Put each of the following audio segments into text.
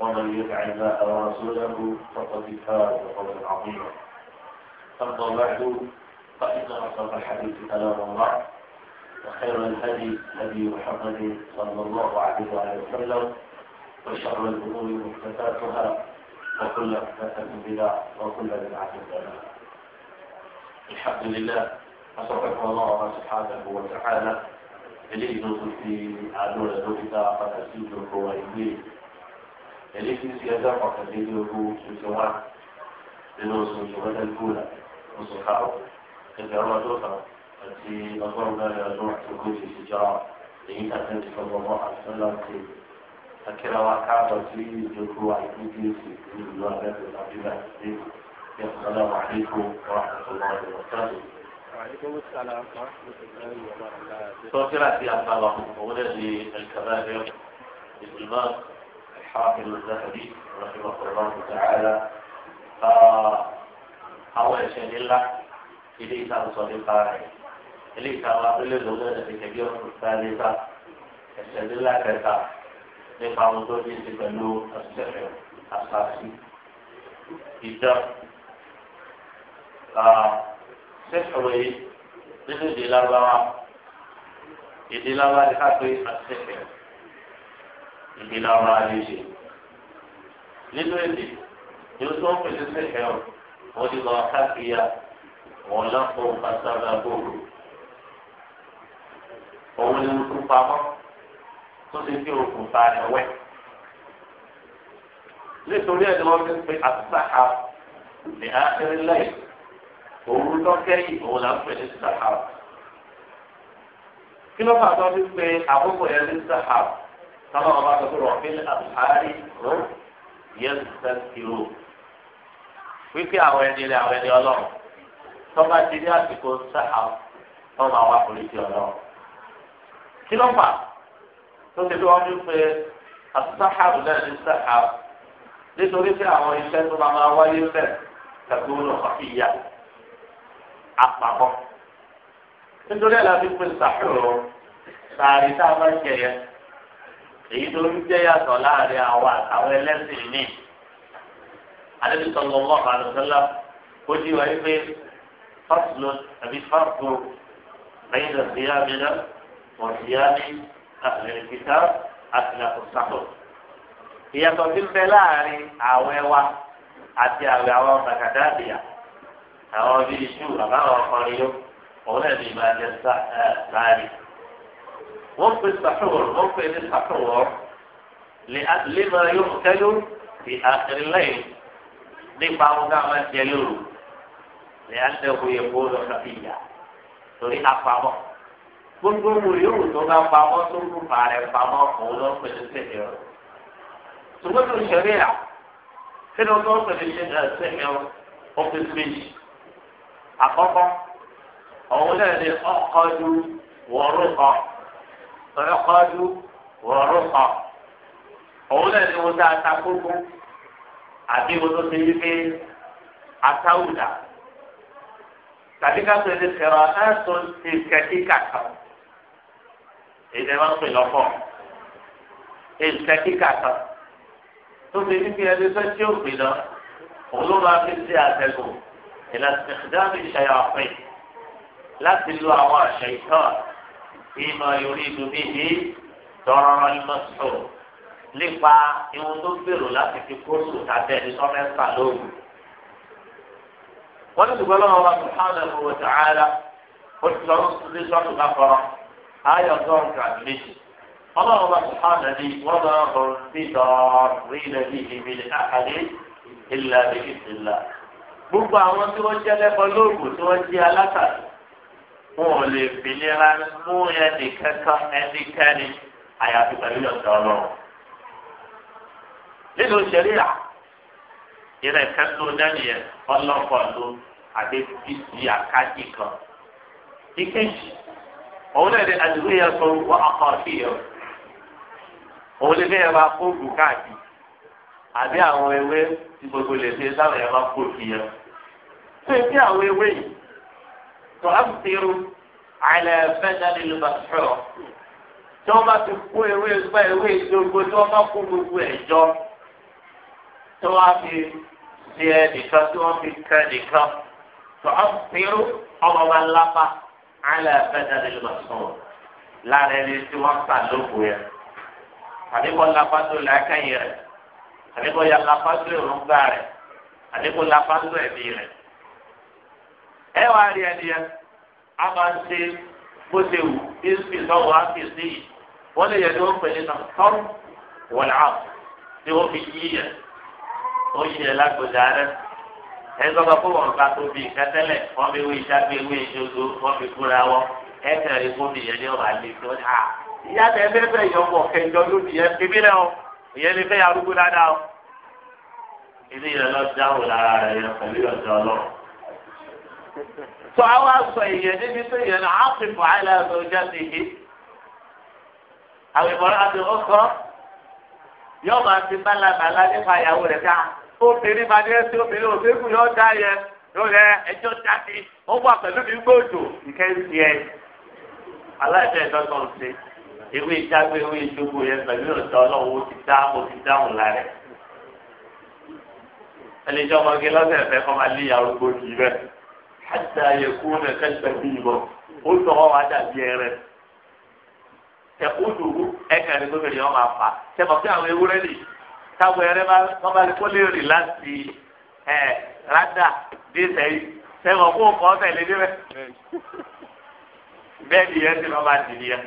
ومن يطع الله ورسوله فقد فاز فوزا عظيما اما بعد فان اصدق الحديث كلام الله وخير الهدي هدي محمد صلى الله عليه وسلم وشر الامور محدثاتها وكل محدثه بدعه وكل بدعه ضلاله الحمد لله أصدق الله سبحانه وتعالى إليه نزل في عدول قد اسجد القوائمين الإبن سيزرع تبيده سلسوان لأنه سلسوان الأولى وصحاءه كثيرا أخرى التي أظهرنا إلى جمعة الكوت الشجاع لإن أتنت صلى الله عليه وسلم في أكرا وكعبة في جوكو عيدي في الوالد والعبيبة السلام عليكم ورحمة الله وبركاته وعليكم السلام ورحمة الله وبركاته. صوتي رأسي أبقى الله هنا للكبائر الإمام الحافظ الذهبي رحمه الله تعالى àwọn ẹ̀ṣẹ̀ ńlá ilé ìta ń sọ nípa rẹ̀ ilé ìta wa abúlé lòlú ẹ̀ ti kẹ̀kẹ́ ọ̀sùn sáré bá ẹ̀ṣẹ̀ ńlá kẹta nípa ohun tó ní ti pẹ̀lú ọ̀sẹ̀rẹ̀ àṣàṣì ìjọ sẹ́sọ̀rọ̀ ah, yìí nínú ìdílábáwá ìdílábá ni ká pé àṣẹ̀fẹ̀ ibi lọ́rọ̀ ayé ṣe. nínú èdè yóò tó ń pèsè sèkẹ́ ọ̀ wọ́n ti lọ káàkiri wọn lọ́pọ̀ pátákà bòrò. òun ni wọ́n tún pamọ́ tó ti fi òkùnfà ẹ̀wẹ́. nítorí ẹ̀ ni wọ́n fi ń pe àtúntàkà ní ákéré lẹ́yìn òun lọ́kẹ́yìn òun là ń pè ní kí ló fà tó fi pe àkókò yẹn ní sàkàrà? sábà wọn bá sọ pé rọ̀fíl àbùhárí ró yẹn sẹ́kìrò wípé àwọn ẹni rẹ̀ àwọn ẹni ọlọ́run tọ́ba ti ní àsìkò sáà wọ́n máa wá polisi ọlọ́run. kí ló fà tó ti fi wọ́n fi pe àtúnṣáhàbù náà ní sáà nítorí pé àwọn iṣẹ́ tó máa wáyé bẹ́ẹ̀ tàbí wọn lọ́ọ́ fi yá àpapọ̀ nítorí ẹ̀ la fi pe sàhùrù sàárì tá a máa ń jẹ yẹn èyí tó ń jẹ́ yàtọ̀ láàrin àwa àtàwọn ẹlẹ́sìn ní alẹ́bí sọ̀rọ̀ mọ́ àlùsọ́lá ó di wáyé pé fásilọ àbí fáàpù bẹ́yìn lọ sí àmìlá wọ́n sì á ní àtìlẹ́kìtà àtìlẹ́kùsàkọ̀. ìyàtọ̀ ti ń bẹ láàrin àwẹ̀ wa àti àwẹ̀ àwọn bàkàtà àbíyà àwọn bíi iṣu àbáwọn ọkọrin yó òun náà ní ìbàjẹ́ sáà láàrin wọ́n pè sàhùr wọ́n pè ní sàhùr lè máa yọ kẹ́lú ti àkìrìlẹ́yìn nípa àwọn táwọn jẹ lóru lè á dẹ́kun yẹ kó lọ sàbí ìyá torí apamọ́ gbogbo wòlíwò tó bá pamọ́ tó kú parẹ́ pamọ́ kò lọ pè ní sèkìrò ṣùgbọ́n tó ṣẹlẹ̀ yà kí ló tó pè ní sèkìrò ọ́fíìsì méjì àkọ́kọ́ ọ̀hún náà ni ọkọ̀ ju wọ́ọ́rù kan ọlọ́kọ́dú wọ̀ọ́rọ́kọ̀ òun náà ni mo dá ata kókó àbí mo tó ṣe wípé atáwùdà tàbí ká pè ní kẹrọ ẹ̀sùn ti kẹ́kíkà kan èyí ni wọ́n ń pè lọ́pọ̀ èyí kẹ́kíkà kan tó ṣe wípé ẹni tó tí ó pè lọ òun ló máa fi ṣe àtẹ̀gùn ìlànà ìdáhùn ìṣẹ̀yà ọ̀pẹ láti lo àwọn àṣẹ ìtọ́ọ̀ fíìmọ̀ yorí dùbí yìí tọrọ ìmọ̀sọ̀ nípa ìwọ̀n tó gbèrò láti fi kóòtù tàbí ẹni sọ́mẹ́sà lóògùn. wọ́n ní dùgbọ́ lọ́wọ́ wa subhanahu wa ta'ala ó ti sọ ní sọ́tù bá kọ́ra ayọ̀ dọ́rùn kàbí méjì. ọlọ́run wa subhanahu ni wọ́n bá ọ̀rùn bí dọ̀rí lẹ́bí ìbí àkàlẹ́ ìlà ìbí ìlà wọn ò lè fìlera mú ẹnìkẹ́kọ̀ọ́ ẹnìkẹ́ni àyàfi pẹ̀lú ọ̀dọ́ ọlọ́run. nínú sẹ́ríà ìrẹ kẹtù dẹ́nìyẹ ọlọ́kọ̀ọ́lù àti bíbí àkájì kan. ìkejì òun náà ni àdúgbò sọ wọ́n ọkọ̀ sí yẹ òun ni bẹ́ẹ̀ máa kó gùn àbí àwọn ewé tí gbogbo lè ṣe sáwọn yẹn kó sí yẹ. pé bí àwọn ewé yìí. تؤثر على بدن المسحور tí wọ́n bá ti kó ewé gbá ewé ìdógbò tí wọ́n bá kó gbogbo ẹ̀ jọ tí wọ́n á fi ṣe ẹnìkan tí wọ́n fi kẹ́ ẹnìkan tó ọmọ bá lápá àlẹ́ ẹ̀fẹ́dá lè lọ sùn lára ẹni tí wọ́n sà lóko yẹn àdébọ̀ lápá tó làákàyè rẹ̀ àdébọ̀ ya lápá tó èròǹgbà rẹ̀ àdébọ̀ lápá tó ẹ̀mí rẹ̀ ẹ wá rí ẹni yẹn a máa ń ṣe bó ṣe wù bí bí sọ̀rọ̀ wá fi sí yìí wọ́n lè yẹ ní wọ́n pè ní sọ̀rọ̀ wọ̀n á tí wọ́n fi yí yẹn ó yí yẹn lágbèjà rẹ ẹ sọ́kà fún wọn ká tóbi kẹtẹ́lẹ̀ wọ́n fi wí ìṣàgbé wí ìṣòro wọ́n fi kúra wọn ẹ kẹrin gómìn yẹn ní ọ̀rọ̀ àlè tó ní à ìyá tẹ ẹgbẹ́ fẹ́ yọ ọmọ kẹjọ lónìí yẹn fi mí o ìyẹn lè fẹ́ yà arúgbó dáadáa o ilé yẹn lọ dáhùn lára rẹ yẹn pẹ̀lú ọ̀dọ́ ọlọ́run tó àwọn aṣọ èèyàn níbi tó yẹn náà á fi fún àìlẹ́ àti ọjà nìyí àwọn ìmọ̀ràn àti ọkọ yóò máa fi bálabàlá nípa ìyàwó rẹ̀ ká obìnrin máa ní ẹsẹ̀ obìnrin òṣèlú yóò dá yẹ yóò rẹ ẹjọ́ jáde ó wà pẹ̀lú mi gbòòdò ìkẹ́sì ẹ aláìsẹ̀ ìdọ́gbọ̀n ṣe ewé ìjágbé ewé ìjókòó yẹn pẹ̀lú ọ̀dọ́ ọlọ́wọ́ ti dá o ti dáhùn lárẹ̀ ẹnìjọ́ ọmọge lọ́sẹ̀ fẹ́ kọ́ máa lé ìyàwó gbòòdì bẹ́ẹ̀ hàtà yẹkú nà kẹsà bí ibọ ó sọ̀rọ̀ wà dàbí ẹrẹ ẹkúdù ẹkẹrin tó fẹ̀yìn ọmọ àfà sẹ́kọ̀ fí àwọn ewúrẹ́ nì táwọn ẹrẹ bá wọ́n bá lè kó lè rìn láti ẹ̀ rádà dé sẹ́yìn sẹ́kọ̀ kó kọ́ tẹ̀lé débẹ̀ bẹ́ẹ̀ ni yẹn ti lọ́ bá dì níyà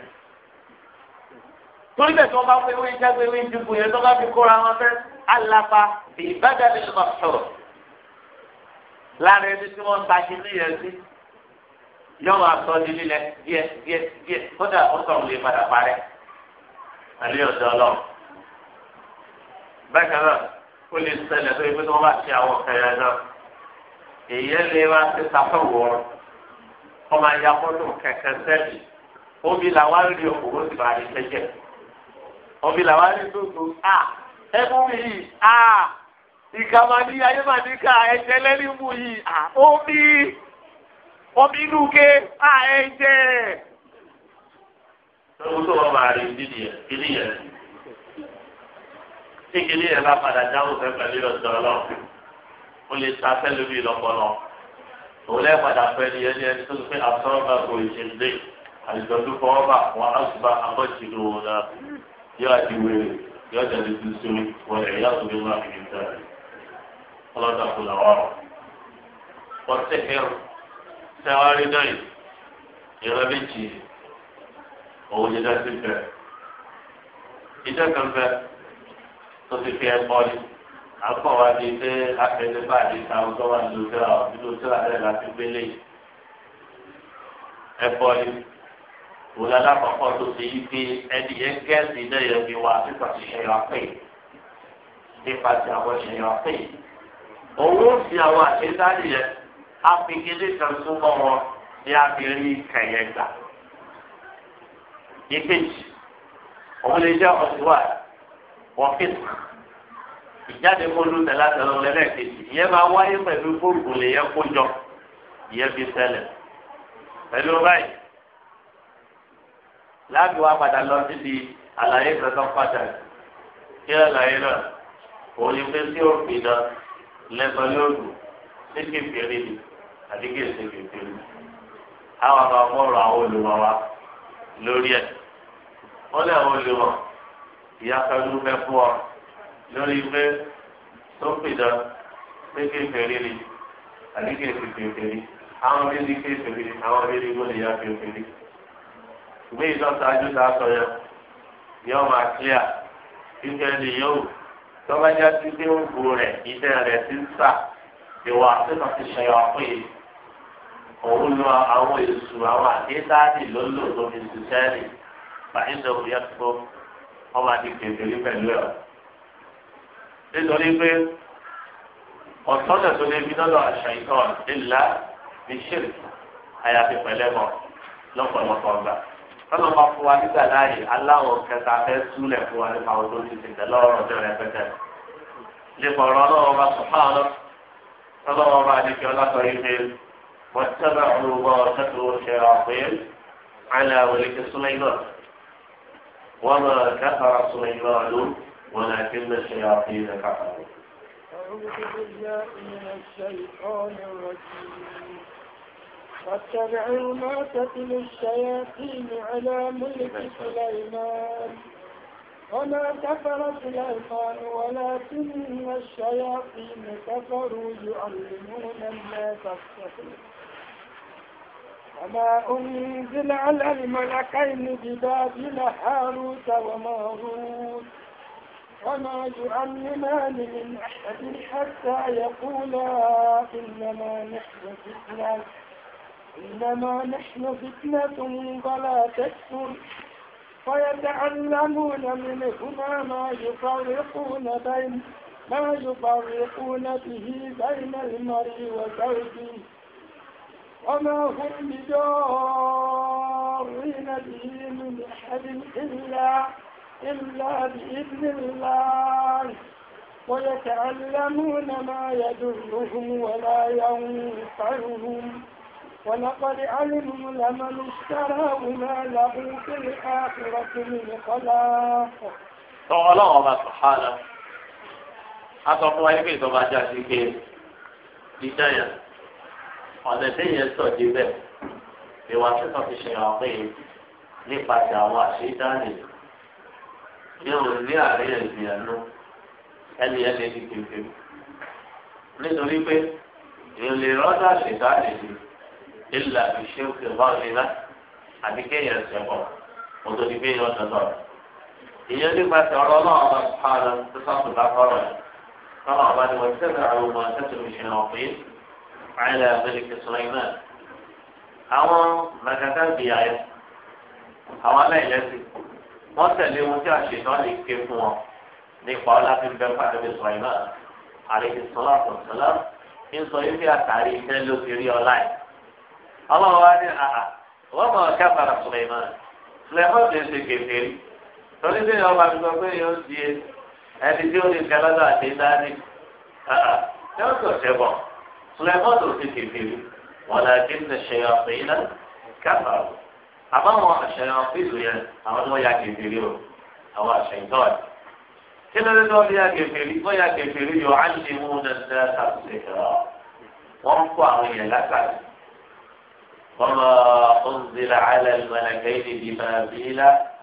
torí bẹ́ẹ̀ tí wọ́n bá pé wíńjágbé wíńjú kù yẹn tó bá fi kóra wọn fẹ́ alapa ìbádàbí lọ́sọ̀rọ̀ lára ẹni tí wọ́n ta kiri yẹn sí yọ̀ọ́ máa sọ ní lílẹ̀ díẹ̀ díẹ̀ díẹ̀ kódà ó sọ̀rọ̀ lè padà parẹ́ àlẹ́ ọ̀dọ́ lọ. bákan náà ó lè ṣẹlẹ̀ tó ibi tí wọ́n bá ṣe àwọn ọ̀kẹ́rẹ́ náà èyí lè wá sí sàfẹ́wọ̀ ọmọ ayé afọ́nù kẹ̀kẹ́ sẹ́ẹ̀lì omi làwọn rí òkòwò sì máa rí jẹjẹ omi làwọn rí tó tó a ẹkún ìkàmà ní ayébàdíkà ẹ̀jẹ̀ lẹ́rìmù yìí omi omi inú ke à ẹ̀jẹ̀. lọ́wọ́ tó wọ́n máa rí ìdílé yẹn kíní yẹn tí kíní yẹn bá padà dáhùn fẹ́ pẹ̀lú ọ̀dọ́ ọlọ́run ó lè ta sẹ́lómi lọ́pọ̀lọ́ òun lẹ́yìn padà fẹ́ ni ẹni ẹni tó ti pé àtọ́rọ́bà kò ìṣèlè àìjọ́dún fọwọ́ bà wọ́n á sì bá abọ́jìlú wọn náà yóò àti wèrè yóò jẹ́ tuntun sí wọn ẹ̀yà tó lè wá ìgbésẹ̀ ọlọ́dọ̀ àbúlà ọ̀rọ̀ pọ̀sẹ̀ hẹ́rù sẹ́wárí náà ìrọ̀ méjì òun yẹn dásí bẹ̀. iṣẹ́ kan bẹ tó ti fi ẹ kọ́ ni àpọ̀ wa di pé afẹ́lẹ́ bá di táwọn tó wà nínú tíra ọ̀ nínú tíra rẹ̀ láti gbélé ẹ ni òun alákọ̀ọ́kọ́ tó ti yí pé ẹni yẹn gẹ́ẹ̀sì náà yẹn fi wá nípa ti ṣẹ̀yọ̀ pé nípa ti àwọn ṣẹ̀yọ̀ pé owó fi àwọn àṣetáàlì yẹn afikele kan tó mọ wọn ní abiri kẹyẹ gbà ìkejì òun lè jẹ ọdúnwà wọfíìs ìjáde kólú tẹ láti lọ lẹ́lẹ́kejì ìyẹn máa wáyé pẹ̀lú gbòògùn lè yẹ kó jọ ìyẹn fi ṣẹlẹ̀ pẹ̀lú báyìí láti wá padà lọ síbi àlàyé kankan pàtàkì kí àlàyé náà òun ni pé sí òfin náà lẹ́sọ lóògùn sékè fèrè ni àti kí èsè fèrè ni. àwọn ọmọ ọgọ́rùn-ún àwọn olùmọ̀ wa lórí ẹ̀ wọ́n lé àwọn olùmọ̀ ìyáfẹ́lú fẹ́ fún ọ lórí pé tó pè dán sékè fèrè ni àti kí èsè fèrè ni àwọn méjì kí èsè fèrè ni àwọn méjì gbọ́dọ̀ ìyá fèrè ni. ìgbé ìtọ́ta ajú ta sọ yẹn yóò máa kílíà kíkẹ́ ni yóò tọ́ba já sí pé ó bu rẹ̀ iṣẹ́ rẹ̀ ti ń sà ìwà àtúntò ti ṣẹyọ pé òun lọ àwọn èṣù àwọn àdéhàdì ló lò tó fi ṣiṣẹ́ rè fàyíṣẹ́ òun yẹ kó ọba ti kékeré pẹ̀lú ẹ̀ nítorí pé ọ̀tọ́jà tó lè fi lọ́dọ̀ àṣà ìtọ́ ìlà ní ṣèlú pẹ̀lẹ́mọ̀ lọ́pọ̀lọpọ̀ gbà. tọ́lọ́ máa fún wa nígbà láàyè aláwọ̀ kẹta fẹ́ súlẹ̀ fún wa nípa àwọn olórí ti tẹ̀lé ọ̀rọ̀ ọjọ́ rẹ̀ pẹ́tẹ́. nípa ọ̀rọ̀ ọlọ́wọ́ bá sọ̀fà ọ̀lọ́ tọ́lọ́ wọn bá ní kí ọlá sọ yìí pé wọ́n tẹ́lẹ̀ olùgbọ́ ọ̀sẹ̀tò ṣe ọ̀pẹ́ àlẹ́ òlìkí súnlẹ̀gbọ̀ wọ́n mọ̀ kẹfàrà súnlẹ̀gbọ̀ ọdún wọn àti ní ṣe ọ̀pẹ́ ilẹ̀ kàfàrà. أعوذ بالله من الشيطان الرجيم واتبع ما تتل الشياطين على ملك سليمان وما كفر سليمان ولكن الشياطين كفروا يعلمون الناس السحر وما أنزل على الملكين ببابل هاروت وماروت وما يعلمان من أحد حتى يقولا إنما نحن فتنة إنما نحن فتنة فلا تكفر ويتعلمون منهما ما يفرقون بين ما يفرقون به بين المرء وزوجه وما هم بضارين به من أحد إلا إلا بإذن الله ويتعلمون ما يدرهم ولا ينفعهم ولقد علموا لمن اشتراه ما له في الآخرة من خلاق Ọlọ́run ọba sọ̀hánà a sọ fún wa yìí pé ìjọba ajá sí pé ìjọyà ọ̀nà téèyàn sọ débẹ̀ ìwà títọ́ fi ṣe hàn pé nípasẹ̀ àwọn àṣeyídáàlì yóò ní àríyànjiyàn ẹni ẹni ti kékeré nítorí pé ìrìn lè rọ́dà ilà ìṣèkè lọ́ọ̀lẹ́lá àbí kéèyàn ṣẹ̀bọ̀ mọ́tò ní bí yọ̀ tọ̀tọ̀. ìyẹn nípa ti ọ̀rọ̀ náà ọba sùpàdé tó sọ̀tún bá kọ́rọ̀ ẹ̀ kọ́nà ọba ni wọ́n tẹ̀lé àwọn ọmọ tẹ̀tún ìṣẹ̀lẹ̀ ọ̀fìn àìlẹ̀ àbẹ̀lẹ̀kẹ sọ̀rọ̀ àwọn mẹ̀kẹ́kẹ́ bìyà yẹn àwọn aláìlẹ́sìn wọ́n tẹ̀lé ohun tí àṣetán lè ké fún wọn nípa ọlá fi ń bẹ́ ọlọ́run wá ní àhà wọ́n mọ̀ káfàrà Suleiman Suleiman ti ṣe kékeré torí bí ọba mi sọ pé yóò di ẹni tí ó ní kẹlẹ́dọ̀ àti dání àhà yóò tó ṣe bọ̀ Suleiman tó ṣe kékeré wọn là kí ní ṣe ọ̀sẹ̀ yìí náà káfàrà àmọ́ àwọn àṣẹ ọ̀sẹ̀ ìlú yẹn àwọn tó yà kékeré o àwọn àṣẹ ìtọ́ọ̀dì kí ló dé tó ń yà kékeré wọ́n yà kékeré yóò á ní mú un náà ṣe é wọ́n kó àwọn èèyàn látàrí وما أنزل على الملكين ببابيل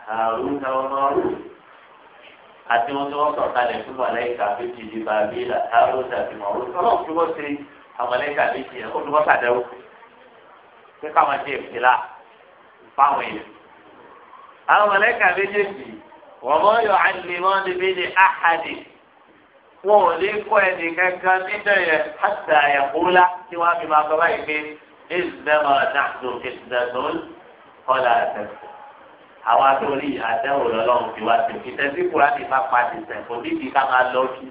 هارون وماروت àti wọn tí wọn sọ kalẹ̀ fún mọlẹka méjì ní babila harun àti mọrún Ọlọ́run tí wọn ṣe àmọlẹka méjì yẹn olùkọ sàdẹwò pé káwọn ṣe ìfìlà fáwọn èèyàn. àwọn méjèèjì wọn mọ yọ àlèmọ níbi ní àhàdì wọn ò ní kọ ẹnì kankan nídẹ yẹn hàtà ẹkúlá tí wọn fi máa sọ báyìí pé. إنما نحن فتنة فلا تكفر àwọn atọ́rí àdéhùn lọ́lọ́run fi wá sí ìtẹ́sí kura ti bá pàdé sẹ̀ kò ní kí ká máa lọ sí.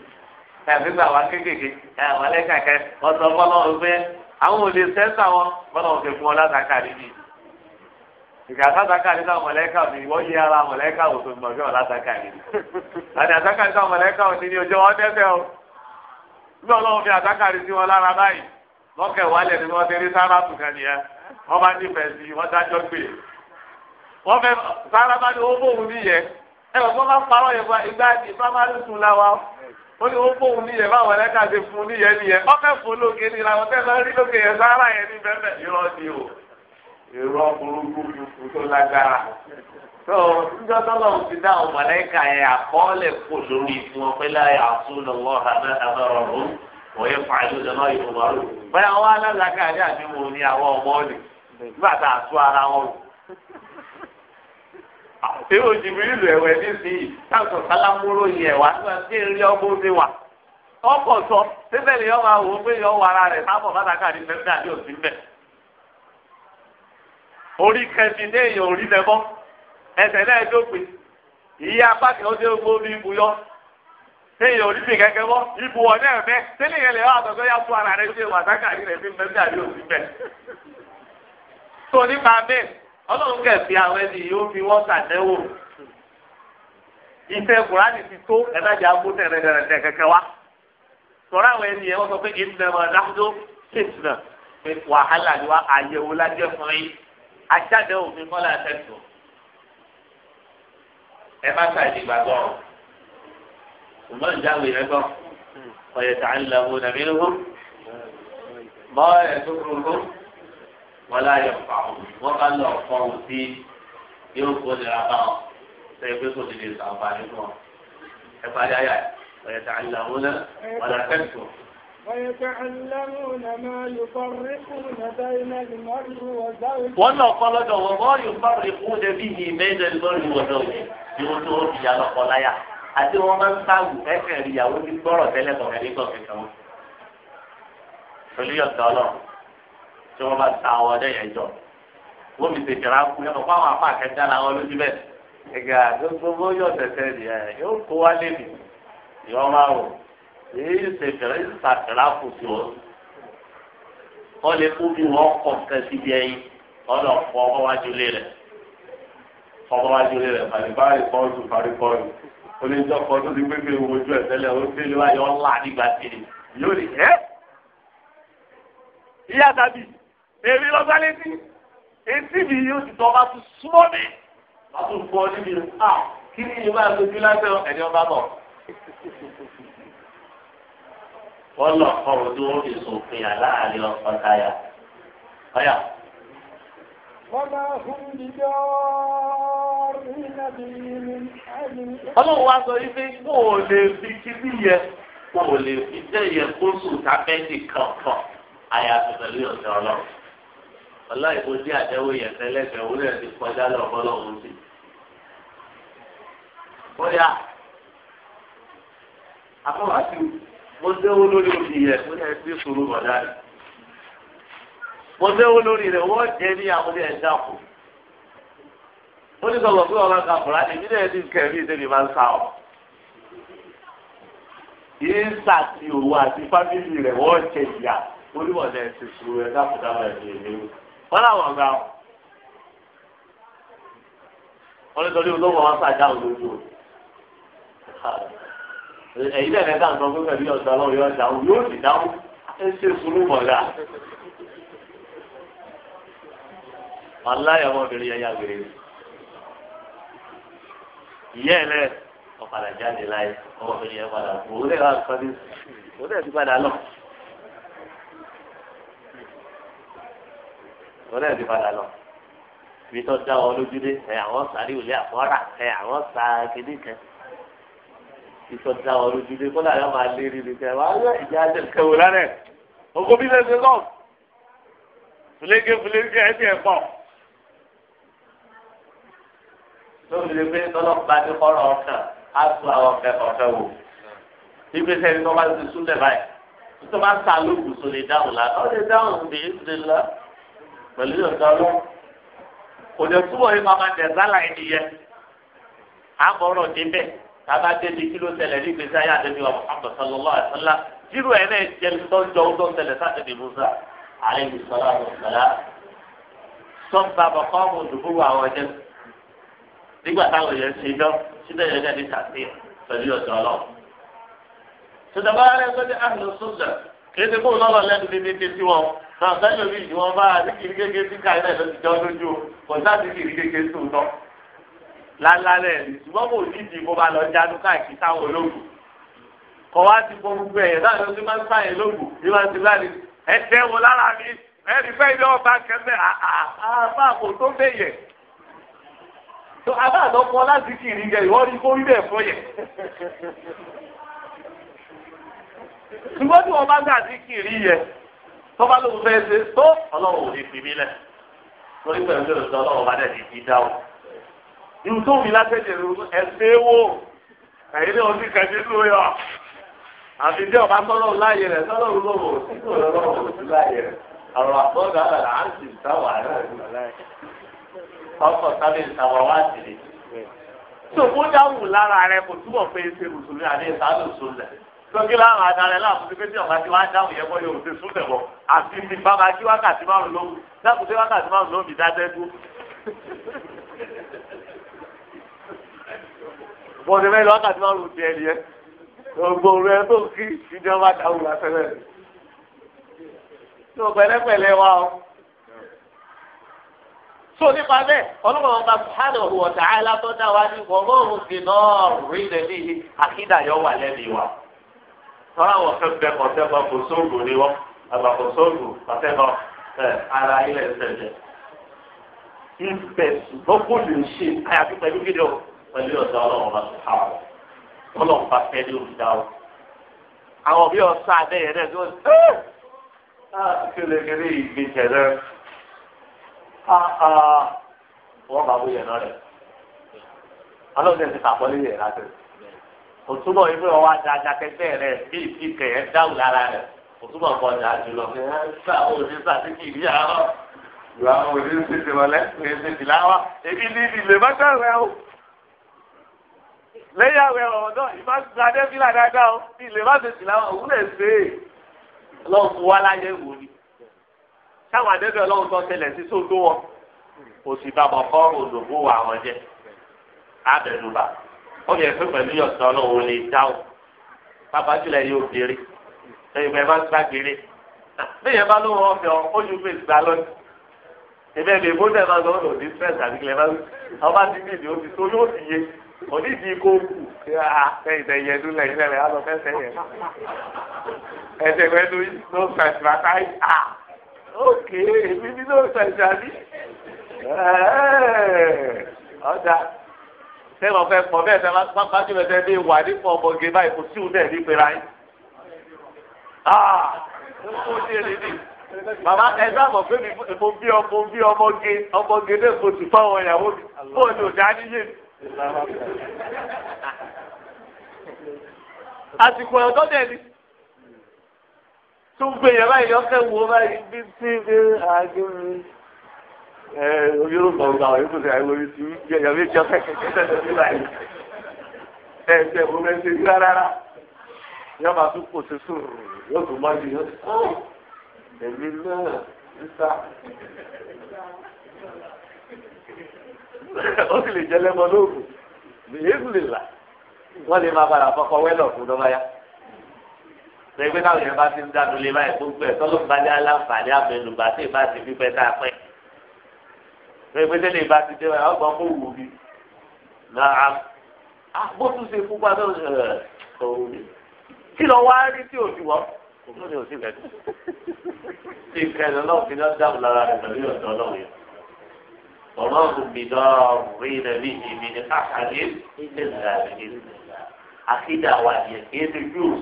ẹ̀fí gbà wá kékèké ẹ̀ wọ́n lẹ́kẹ̀kẹ́ ọ̀sán bọ́lọ́run fẹ́ àwọn ò lè sẹ́sà wọn bọ́lọ́run fi fún ọ látàkàrí ni. ìgbà látàkàrí náà mọ̀lẹ́kà mi wọ́n yé ara mọ̀lẹ́kà òtò ìmọ̀jọ́ látàkàrí ni. àtàkàrí náà mọ̀lẹ́kà òní ni ọjọ́ wọn dẹ́sẹ̀ o. bí ọlọ́run fi àtàkàrí sí wọn lára báyìí wọn kẹ ni wọn ti rí sáràtù kan nìyẹn wọn bá nífẹ̀ẹ́ sí wọn dájọ́ gbé e. wọn fẹ́ sára bá ní owó bóun níyẹn ẹ wọ́n bá parọ́ yẹn fún ìgbà ìfámárì sùn láwa ó ní owó bóun níyẹn báwọn ẹ̀ka ṣe fún níyẹn nìyẹn wọ́n fẹ́ fún lóge ní làwọn fẹ́ máa rí lóge yẹn sára yẹn ní bẹ́ẹ̀ irọ́ ni o irọ́ burúkú burúkú tó lágbára tó níjọ́ tọ́lọ̀ ń ti dá ọmọ yẹn àkọọ́lẹ̀ kò lórí ìfún ọpẹ́lẹ́ àtúnlọ́wọ́ òye fàájú lọ́nà ìfowópamọ́ bóyá wọn alálàáká àdé àdéhùn òní àwọn ọmọ ọ̀nì nígbà tá a tú ara wọn. àti òjì bírílù ẹ̀wẹ̀ nísìnyí táwọn sálámúró yẹ wá tí ń ọmọ òní wà. ọkọ̀ sọ síbẹ̀ ni yọ̀ọ́ máa wò ó pé yọ̀ọ́ wà ara rẹ̀ sábọ̀ bàtàkà ní fẹ́ẹ́ dàbí òsì mbẹ̀. orí kẹfì ní èèyàn orí lẹ́mọ́ ẹsẹ̀ náà dópin ìyá apá kẹ́ téèyàn oníṣẹ́ kẹ́kẹ́ bọ́ ibù wọn náà mẹ́ tẹ́lẹ̀ yẹn lè wá àtọ̀tọ̀ yá fún ara rẹ̀ ṣe wàtákàrí rẹ̀ fi mẹ́rin àbí òsì bẹ́ẹ̀. tó nípa bẹ́ẹ̀ ọlọ́run kẹ̀sì àwọn ẹni yóò fi wọ́n sàdẹ́wò. iṣẹ́ kùránì ti tó ẹ̀dájà kó tẹ̀rẹ̀tẹ̀rẹ̀ kẹ̀kẹ́ wá. sọ̀rọ̀ àwọn ẹni yẹn wọ́n sọ pé ìdìnnàmọ̀ dájọ́ fìtìnà wàhálà ni fún yín ṣùgbọ́n ìjáwé rẹ kọ́ ọ̀yẹ̀ tà ń lọ́wọ́ nàbí lóko mọ́ ẹ̀ tó kúrò kó wọ́n láyé pa ọ́ wọ́n bá lọ fọ́ ọ́ sí yóò kó nira bá ọ́ sẹ́yìn pé kò ní lè sọ àǹfààní fún ọ ẹ parí ayà ọ̀yẹ̀ tà ń lọ́wọ́ náà wọ́n lọ kẹ́kọ̀ọ́. ويتعلمون ما يفرقون بين المرء وزوجه ولا قال وما يفرقون به بين المرء وزوجه يقول يا لقلايا àti wọn máa ń sáwù ẹsẹ̀ rí ìyàwó ní gbọ́rọ̀ tẹ́lẹ̀ kọ̀ọ̀kan ní kọ̀ọ̀kan wọn. olùyọ̀ tọ́ lọ tí wọ́n bá ta àwọn ọdẹ yẹn jọ wọ́n mi tètè ra kú yẹn fún àwọn apá akẹ́kẹ́ ara wọn lójú bẹ́ẹ̀. ìgbà gbogbo yóò tẹ̀sẹ̀ rí ẹ yóò kó wá lébi ìwọ́n máa rò èyí tẹ̀sẹ̀ rí sàkẹ́rà kù sí wọn. wọ́n lè kú bí wọ́n kọ̀ kẹ́sì bí ẹyin ọ̀dọ̀ fọ́ ọwọ́ onídọ́kọ tó ti gbégbé wojú ẹ̀ tẹ́lẹ̀ ó ti lè wáyé ọ̀la nígbà kiri yóò rí ẹ́. ìyá tàbí èmi lọ́gbà létí etí mi yóò ti tọ́ ọba tó súnmọ́ mi wàá tó fọ níbi à kí ni ìyá máa lójú lásán ẹni ọba bọ̀. wọ́n lọ kọ́ ọ̀rọ̀ tó ń ọ̀pọ̀ táyà ọlọ́run wá sọ wípé kó o lè fi kíní yẹ kó o lè fi tẹ̀yẹ kóṣù tábẹ́ẹ̀tì kankan àyàfi pẹ̀lú ọ̀sẹ̀ ọlọ́run ọlọ́run ìbò dí àdéhùn yẹn tẹ́lẹ̀fẹ̀ òwúrọ̀ ti kọjá lọ bọ́lọ́run sí. bóyá afọwọ́sí mo déwó lórí omi yẹn mo ní ẹbí sùúrù bọ̀dá rẹ̀ mo lórí rẹ̀ wọ́n jẹ́ ní àwọn ẹ̀dá kù. ó ní sọ̀rọ̀ pé ọ̀la ka fúra ní ìdílé ẹni kẹ̀mí máa ń sá ọ. yìí ń sà sí àti fámìlì rẹ̀ wọ́n jẹ ìyá onímọ̀lẹ́ ti sùn ẹ̀dá kùdà rẹ̀ ní ìlú. wọ́n làwọn gbà ọ́. wọ́n ní sọ olówó wọn sàdá olójú o. ẹ̀yin náà ẹ̀ka wàláyà ọmọbìnrin yẹn yà wèrè ìyá ẹ lẹ ọ̀padà jáde láyé ọmọbìnrin yẹn padà kú òun lè wà kọ́ni òun lè ti padà lọ. òun lè ti padà lọ ibi tó dá wọn lójú dé ẹ àwọn sáré òlé àkọ́rà ẹ àwọn sá kínní kan ibi tó dá wọn lójú dé kọ́lá yóò máa lé rírì kẹ wàá yọ ìjà àjẹ kẹwò lánàá ogun bí lè ṣe fúlégé fúlégé ẹ ti ẹ pọ. tó fi lè pé tọ́lọ́pàá ní kọ́rọ̀ ọ̀kan á tún àwọn ọ̀fẹ́ ọ̀fẹ́ wò. ìgbésẹ̀ ni wọ́n bá ti súnlẹ̀ báyìí tó bá ta lóògùn tó lè dáhùn la ó lè dáhùn bí ìdílé la pẹ̀lú ìyọ̀dá lọ. kò lè túbọ̀ yìí máa máa dẹ̀sá láì nìyẹn. à ń bọ̀rọ̀ débẹ̀ tàbá débi kí ló ṣẹlẹ̀ ní ìgbésí ayé àdébí wa Muhammad sallallahu alaihi jírò ẹ̀ náà jẹ́ tọ́jọ́ tó ṣẹlẹ̀ sátẹ̀dẹ̀ Musa alaihi salatu wassalam sọ́ńtà bàkọ́ àwọn òdòdó àwọn ọ̀jẹ̀ nígbà táwọn èèyàn ṣe dán síbẹ̀ yẹn náà tàbí pẹ̀lú ọ̀dọ́ ọlọ́run. sọ̀dọ̀bá rẹ̀ tó ní àhùn sọ̀dọ̀ kìí ṣe fóun lọ́lọ́ lẹ́nu ní ní sí wọn náà sẹ́yìn omi ìdí wọn bá àdìkìrí kéke sí káyọ̀ ló ti jọ lójú kò sí àdìkìrí kéke sí òótọ́. lálálẹ̀ ṣùgbọ́n kò ní ìdí mo bá lọ jánu káàkiri táwọn ológun. kọ̀ wá ti fọ gbogbo ẹ̀yẹ náà ló máa ń sáyẹn tó abá àdọ́pọ̀ láti kì í yẹ ìwọ́n ní kó rí bẹ́ẹ̀ yẹ. bá kì í yẹ tó bá lóun fẹ́ ṣe tó ọlọ́run ò ní fi mí lẹ̀ lórí pẹ̀lú ọlọ́run bá dẹ̀ ti dá o. irú tó mi látẹ̀jẹ̀ ẹ̀sẹ̀ wò ẹ̀yin náà ti kẹ̀jẹ̀ ló yọ àfi dé ọba tọ́lọ́run láàyè rẹ̀ tọ́lọ́run lọ́wọ́ ọkọ̀ sábẹ́ ìtawà wá sílẹ̀. tó kó dáhùn lára rẹ kò túbọ̀ pé ṣe mùsùlùmí àti ìsàlù sólẹ̀. lókè láwọn adarẹ láàbù tó kéde ọ̀gá tí wọ́n á dáhùn yẹn bọ́yọ̀ òṣè súnlẹ̀ wọ̀ àti ti bàbá kí wákàtí márùn lóhùn dákun sí wákàtí márùn lóhùn mi dájẹ́ dúró. bọ́ọ̀dé mẹ́rin wákàtí márùn ti ẹni yẹn gbogbo rẹ tó kí ìjọba dáhùn lásán rẹ̀ tó nípa bẹ́ẹ̀ ọlọ́run ọba subhanahu wa ta'ala tó dá wa ní wọ́ọ̀rùn sí náà rí lẹ́lẹ́ yìí àkídàyọ̀ wà lẹ́nu wa. tọ́lá wọn fẹ́ bẹ kọ́sẹ́ bá kò sóògùn ni wọ́n àgbà kò sóògùn kọ́sẹ́ bá ara ilẹ̀ ṣẹlẹ̀. ibẹ̀ ṣùgbọ́n kò lè ṣe àyàfi pẹ̀lú fídíò pẹ̀lú ọ̀dọ́ ọlọ́run ọba subhanahu ọlọ́run bá fẹ́ ní òrìdá o. àwọn bí ọ̀sán wọ́n bá wúyẹ̀ náà rẹ̀ ọlọ́run ti sàpọ́lé yẹ̀ láti òtúbọ̀ yìí pé ọwọ́ adájákẹ́tẹ́ rẹ̀ bí ìfikẹ̀ ẹ̀ dáhùn lára rẹ̀ òtúbọ̀ kọ́ ọjà jùlọ fún ẹ̀ ṣá sàtìkì ìdí àárọ̀ ìwà òní ti ti wọlé òní ti ti láwà èmi ní ìlè mọ́tò rẹ̀ o lẹ́yìn àwẹ̀ ọ̀rọ̀ náà ìbá gbadé fílà dáadáa o ìlè má ti ti òun lè ṣe é lọ́ọ̀ wa láyé wò ni táwọn àdébẹ̀ ọlọ́run tó ṣẹlẹ̀ sí sódó wọn kò sì bá bọ̀kọ́ òdòbó àwọn jẹ abẹnuba ó yẹ fún pẹ̀lú yọ̀sán ọlọ́run lè dá o bàbá jùlọ yóò béèrè ẹ̀yìn bẹ́ẹ̀ bá gbá gbére bẹ́ẹ̀ bá ló wọ́n fẹ́ ọ ó ju gbà lọ́nà ìbẹ́ mi ìbò dẹ̀ máa lọ lò ní stress àti kílẹ̀ máa ọba ti ní ìdí omi tó yóò ti yé òní kó kù ah, ẹ̀yìn tẹ̀ yẹn dúlẹ̀ yìí lẹ́rẹ̀ẹ́ á lọ fẹ́ sẹ́yìn ẹ̀ ẹ̀sẹ̀ pẹ̀lú no stress bàtà yìí òkè èmi ní ló ṣẹ̀ṣẹ̀ àbí ọ̀dà sẹ́wọ̀n fẹ́ pọ̀ bẹ́ẹ̀ sẹ́wọ̀n pápá tí wọ́n fẹ́ bí wà nípa ọmọge báyìí kò sí òun náà ní pera yín. Ah, ó ṣe lè ní. bàbá ẹ sábà pé mi mo bí ọmọ bí ọmọge ọmọge náà mo sì fáwọn ìyàwó mi fóònù ọ̀dà níyè mi àsìkò ẹ̀dọ́ dẹ̀ ni tó ń gbèyàn báyìí lọ́kẹ́ wo báyìí bí tí bí ààgé mi. ẹ oyún ọgbà ọgbà ọ̀yọ́ kò sí àìwọ̀ orí sí yẹ̀yọ̀ méjì ọ̀kẹ́ kẹ̀kẹ́ tẹ̀lé sí báyìí. ẹ ẹ tẹ̀ fún ẹsẹ̀ yí sì lè lóògùn lè là lè sẹ́gbẹ́ káwọn yẹn bá ti ń dànù lé báyìí gbogbo ẹ̀ tọ́lọ́ bá dé aláǹfààní àmẹnugba tí ìbá ti fífẹ́ tá a pẹ́. sẹ́gbẹ́ tẹ́lẹ̀ ìbá ti dé báyìí ọgbọ́n kò wù mí. náà bó tún ṣe fún pàtó kò wù mí. kí lọ wá rí tí òsì wọ́ òkú ni òsì bẹ̀rẹ̀. tí ìkẹyìn fi náà dáhùn lára rẹ̀ pẹ̀lú ọ̀dọ́ ọlọ́run yẹn. ọ̀rọ̀ ọ̀gùn mi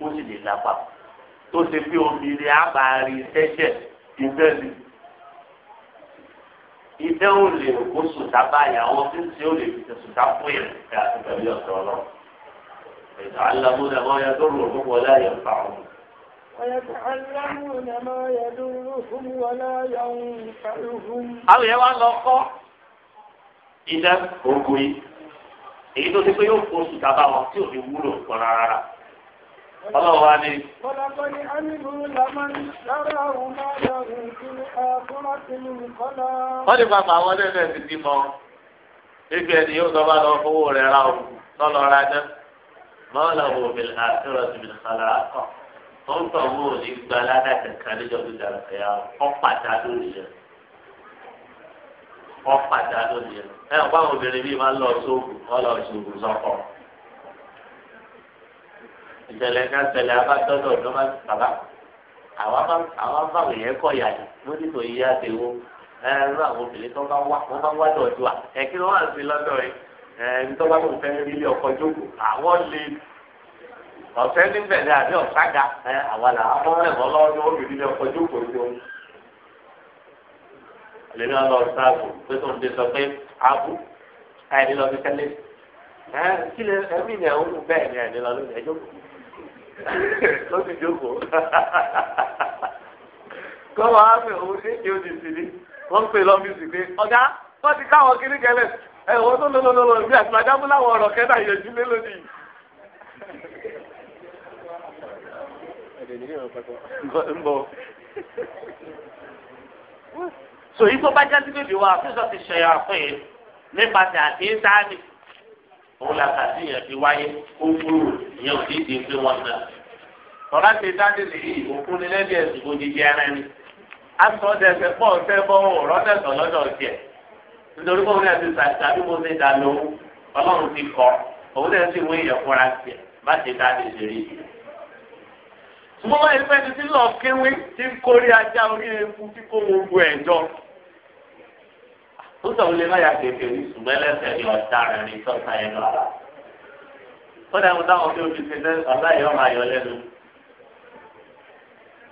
wọ́n sì lè lápá tó ṣe pé obìnrin á bá rí ẹ̀ṣẹ̀ ìfẹ́ ni ìfẹ́ ò lè kó sùtà báyà wọn tí ń ṣe ò lè fi sùtà fún yẹn ẹ̀ àti pẹ̀lú ọ̀sẹ̀ ọlọ́run ètò alámúnà máa yẹ tó rò fún wọn láyé ń fà wọn. àwọn yẹn wá lọ kọ́ iná ogun yìí èyí tó ti pé yóò fún sùtà bá wọn tí ò ní wúlò kan rárá ọlọ́run wá ní. kọ́lákọ́lé amílù lamán lára òun máa yọ òǹkiri àkúrásílù kọ́lá. wọ́n ní pàpà àwọn ẹlẹ́dẹ̀ ti bímọ bíbí ẹni yóò sọ bá lọ fowó rẹ̀ ra o lọ́lọ́ ra jẹ́ mọ́ọ́lá wo bìlì àkúrásílù bìlì kọ́lá kọ́ ó ń tọ̀ wó ní gba aládàkẹ́ kan níjọ́ tó dàrú ẹ̀yà ọ́ pàtà lórí rẹ̀ ọ́ pàtà lórí rẹ̀ ẹ̀ ọ̀pá obìnrin bíi máa ń lọ sóògùn ọ́ lọ sóògùn sọ́kọ̀ọ́ ìṣẹ̀lẹ̀ ká ṣẹlẹ̀ abátọ́dọ̀ ọ̀dọ́ máa ti bàbá àwọn afáwọn èèyàn kọ̀ yà ní mójútó iye àtẹwò ẹ irú àwọn obìnrin tó bá wá wọn bá wá dọ̀dọ̀ à ẹ kí wà sí lọ́dọ̀ rẹ ẹ ní tó bá fẹ́ rí ọkọ̀ jókòó àwọn lè ọ̀fẹ́ níbẹ̀ ní àbí ọ̀sága ẹ àwọn làwọn ọmọ ẹ̀fọ́ lọ́wọ́ ní obìnrin ilé ọkọ̀ jókòó ní o. lèmi ọlọ pé tó ń de sọ pé abu ẹni lọ fi tẹ́lẹ̀ ẹ kí lè ẹ̀mí ni ẹ̀ ń ló sì jókòó kọ́mọ á òun ṣé kí o ti sì ní wọ́n ń pè lọ pé ọ̀gá wọ́n ti káwọn kiri kẹlẹ̀ ẹ̀ wọ́n tó lọ́lọ́lọ́ ìbí àti màdámú láwọn ọ̀rọ̀ kẹ́ta yẹjú lé lónìí. ń bọ̀ tó bá jáde lóde wa àfihàn ti ṣẹ̀yà pé nípasẹ̀ àti sáàmì òun la kà sí yẹn fi wáyé kó kúrò ìyẹn ò di pé wọn nà. tọ́lá ti dáadé nìyí òkun ni lẹ́bi ẹ̀sùn kò di jẹ́ ẹran ni. aṣọ ọ̀dẹ̀sẹ̀ pọ̀ ọ̀sẹ̀ bọ́ ọ̀rọ̀dẹ̀sọ̀ lọ́dọ̀ tiẹ̀. nítorí pé òun ẹ̀sìn tàbí mo ti dà lọ ọlọ́run ti kọ́ òun ẹ̀ sì wọ́n èèyàn fúnra tiẹ̀ bá ti dáadé nìyí. ṣùgbọ́n ìfẹ́ ti ti lọ kéwé ti ń kórè ajá orí eku tí kò wọ́n gbọ́ ẹ̀jọ́ ó sọ wọlé má yà kéèké ní ṣùgbọ́n ẹlẹ́sẹ̀ ni ọ̀daràn ní sọ́ta ẹnu àlá ó dàgbà táwọn bí omi ṣe náà ọ̀la yìí ọmọ ayọ̀ lẹ́nu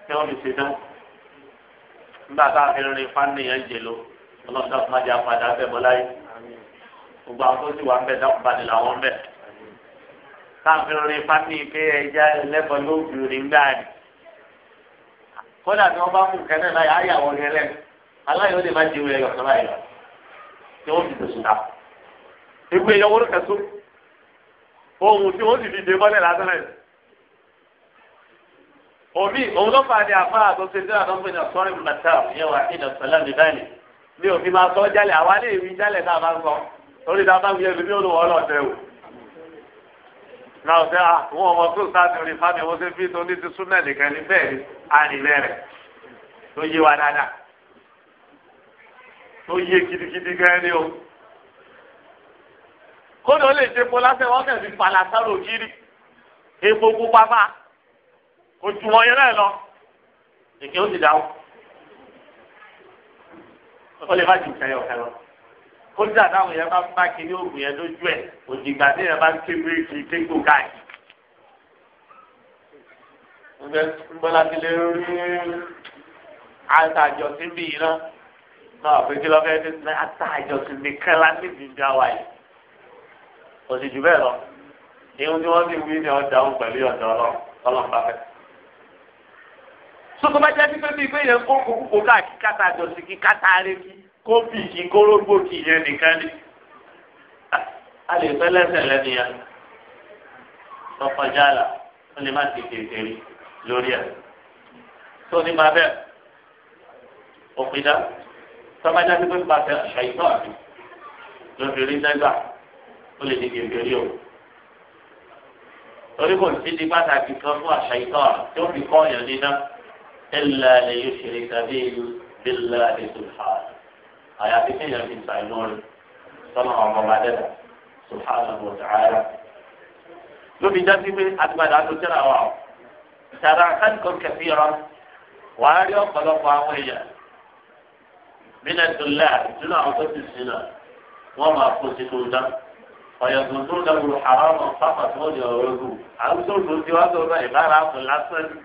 kí wọ́n fi ṣe náà nígbà tá a fi rin fánìyàn jẹ lọ ọlọ́run náà má jà padà bẹ́ẹ̀ mọ́ láyé gbogbo àwọn tó sì wà ń bẹ̀ dákun bá ní làwọn ń bẹ̀ káfíń rin fánìyàn pé ẹja ẹlẹ́bọ̀ ló ń bìrì ń gbà ní kódà tí wọ́n bá mú kẹ́lẹ́ láyé ayàwó rẹ̀ lẹ́nu aláyọ̀ lè má jẹun ẹ̀yọ̀ sọ́láyọ̀ tí wọ́n fi dòṣù ta ìgbé ìyọwọ́ ló kẹsó ohun tí wọ́n sì fi dé mọ́lẹ̀ lásán rẹ̀ omi òun ló fà ní afá àtúnṣe tí wọ́n fi ní ọ̀sán ìlú mẹ́ta ìyẹn wà ní ìdọ̀sọ̀lá ní báyìí ní òfin máa sọ jálẹ̀ àwa lè rí jálẹ̀ náà máa ń sọ torí dáa bá ń yẹ lómi olówó ọlọ́ọ̀tẹ̀ o náà ọ̀sẹ̀ àwọn ọmọ tó sáà ti rí fámi owó sí fi tó ní ti súnmẹ́ nìkan ní bẹ́ẹ̀ ni a nì lẹ́rẹ̀ tó yé wa dáadáa tó yé gidigidi gan ni o kódà ó lè ṣe epo lásán wọn kàn fi kiri epo pupa bá ojú wọn yẹn náà lọ èké ó ti dà ó ó lè má jù kẹyọ kẹlọ kódà táwọn yẹn bá bá kiri oògùn yẹn lójú ẹ òdìgbà tí yẹn bá ń ké bíríkì kéko káàkiri. ǹjẹ́ ń bọ́lá ti lè rí àtàjọ síbí yìí náà náà fi kí lọ́kẹ́ ní sinmi nìkan la níbi ìjà wa yìí kò sì jù bẹ́ẹ̀ lọ ìhun tí wọ́n ti wí ni ọjà òun pẹ̀lú ọ̀dọ́ ọlọ́mọba fẹ́. sọ́kọ́ bá jẹ́ pípé bíi pé yẹn kó kókó káàkiri káta àjọsìn kí káta arẹ́kí kó bì kí kórógbó kì yẹn nìkan ni. a lè fẹ́ lẹ́sẹ̀ lẹ́nu yẹn lọ́kọjá là ó lè má ti tètè rí lórí ẹ̀. tó ní ma bẹ́ẹ̀ òpin tọ́ba jáde pé pàṣẹ àṣàyíkọ́ àbí lóbìnrin dẹ́gbà ó lè di gègèrè o torí kò sí di pàtàkì kan fún àṣàyíkọ́ tó fi kọ́ ọ̀yàn níná ẹ̀là lè yóò ṣe ìtàbí bílà ètò ìfà àyàfi kéèyàn fi ta inú rẹ̀ sọ́nà ọmọ ọba dẹ́gbà subhanahu wa ta'ala lóbi jáde pé àtìgbàdà tó tẹ́ra wa o tàrà kan kan kẹfì rọ wàá rí ọ̀pọ̀lọpọ̀ àwọn èèyàn. nínú ìtòlá ìtòlá àwọn tó ti sin náà wọn máa kó sínú dá ọ̀yọ̀dún tó dàgbò àrọ́mọ pápá tó di ọ̀rọ̀ gù àwùjọ tó ti wá sọ̀rọ̀ ìbára àpò lásán ni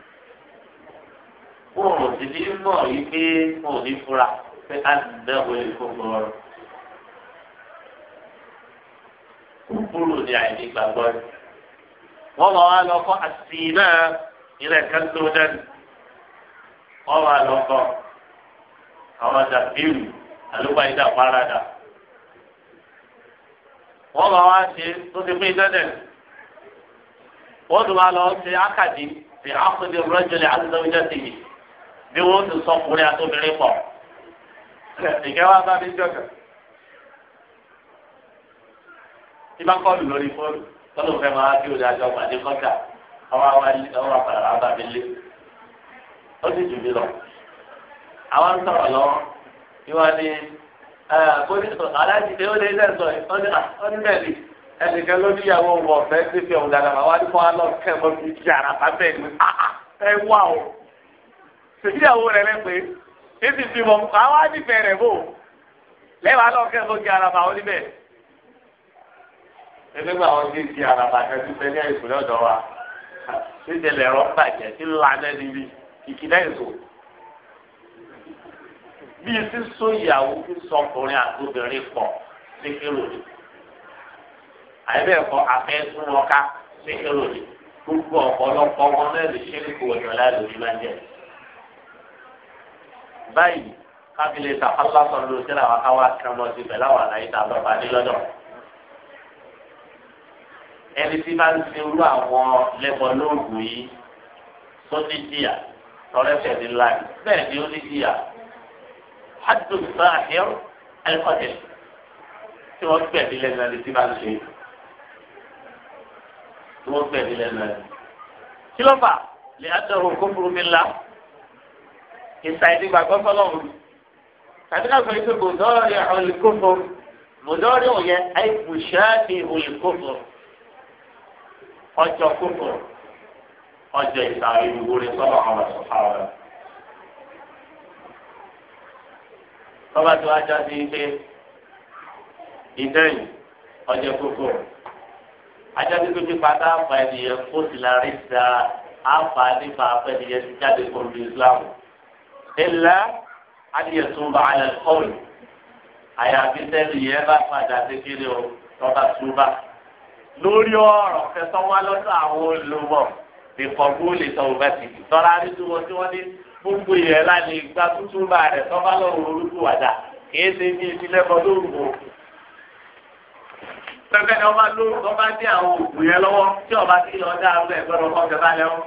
wọn ò sì ní mọ̀ yìí pé wọn ò ní fura pé a ti dẹ́wọ̀ ìkókò ọ̀rọ̀ kúkúrú ni àìní gbàgbọ́ yìí wọ́n máa wá lọ kọ́ àsìmá ilẹ̀ kan tó dẹ́nu wọ́n máa lọ kọ́. àwọn dàbíru àlùbá ìdá parada wọ́n bá wá ṣe tó ti pín dẹ́dẹ̀ wọ́n tún máa lọ ṣe ákàdé ṣe ákàdé rọ́jòlẹ̀ àtúntàwíjà sí i bí wọ́n ti sọ ọkùnrin àtòbìnrin pọ̀ ìkẹ́ wá bá mi jọ̀kẹ́. ìbá kọ́ọ̀lù lórí fóònù tọ́lù fẹ́ máa kí o dájọ́ pàdé kọ́ńtà ọwọ́ àwọn àpàrà àbámi ó sì jù mí lọ. àwọn ń sọ̀rọ̀ lọ́wọ́ ìwọ ni polisi aláàjì tẹ ó lé ilé ẹ̀sọ́ oníbẹ̀lì ẹnìkan ló níyàwó wọ̀ fẹ́ sí fi ọ̀hún dáadáa wá nípa wọn lọ kẹ́kọ̀ọ́ fi jẹ àràbà bẹ́ẹ̀ ni ẹ wá o ṣèjìyàwó rẹ lẹ́pẹ́ ètò ìfimọ̀ àwọn àdìbẹ̀ rẹ̀ bò lẹ́wàá lọ kẹ́kọ̀ọ́ jẹ àràbà oníbẹ̀ ẹgbẹ́gbẹ́ àwọn bíi ti àràbà kẹ́kọ̀ọ́ fẹ́ ní àìsàn lọ́dọ̀ bí sísọ ìyàwó sísọ ọkùnrin àti obìnrin pọ̀ síkírò ni àyẹ̀bẹ̀ ẹ̀kọ́ afẹ́sùn ọ̀ka síkírò ni gbogbo ọ̀pọ̀lọpọ̀ wọn náà lè ṣe é kó ọ̀nà láàlú ní máa báyìí kábílẹ̀ tàfàlà sọ̀rọ̀ ló tẹ́lẹ̀ àwọn akáwá kan lọ sí pẹ̀lú àwọn àlàyé tá a lọ bá lọ́dọ̀. ẹni tí bá ń fi irú àwọn lẹ́bọ̀ lóògùn yìí tó ní tọ́lẹ́sẹ̀ ní láàyè bẹ́ẹ̀ ni ó ní jìyà hadu sahir alikọtẹl tí wọn gbẹ̀bí lẹ́nu ẹni tí bá ń ṣe tí wọn gbẹ̀bí lẹ́nu ẹni. kí ló fà lè adọ̀rọ̀ kófúrú mi la ìta ìdí gbàgbọ́ fọlọ́run tàbí náà sọ pé bòdọ́ọ̀rì olùkófò bòdọ́ọ̀rì òye àìbùṣáàdì olùkófò ọjọ́ kófò ọjọ́ ìta ìdúgbò rẹ̀ sọ́dọ̀ àwọn ọ̀sán àwọn ọ̀sán. tọ́ba tó ajá sí ilé ìdẹ́yìn ọjọ́ kókó ajá sí tó ti pátá àpá ènìyàn kó sì lárí sa àpá nípa àpá ènìyàn ti jáde kó lu Islam ilà adìyẹ tó bá alẹ kọ́ọ̀lù àyàfi sẹ́ni yẹn bá padà sí kiri o tọ́ba túbà lórí ọ̀rọ̀ kẹsàn-án wá lọ́dọ̀ àwọn olùmọ̀ ìfọ̀gbọ́n lè sọ òbẹ́sì tọ́ra rí tí wọ́n ti wọ́n ní gbogbo yẹn la lè gba tuntun bá rẹ̀ tọ́ba lọ́wọ́ olùkúwàdà kìí ṣe bí ìdílé kan tó rù ú. pẹpẹ ni ọba ló ọba dé àwọn òògùn yẹn lọ́wọ́ tí ọba ti lọ dá arúgbó ẹgbẹ́ lọ kọ́ fẹ́ẹ́ bá lẹ́wọ́.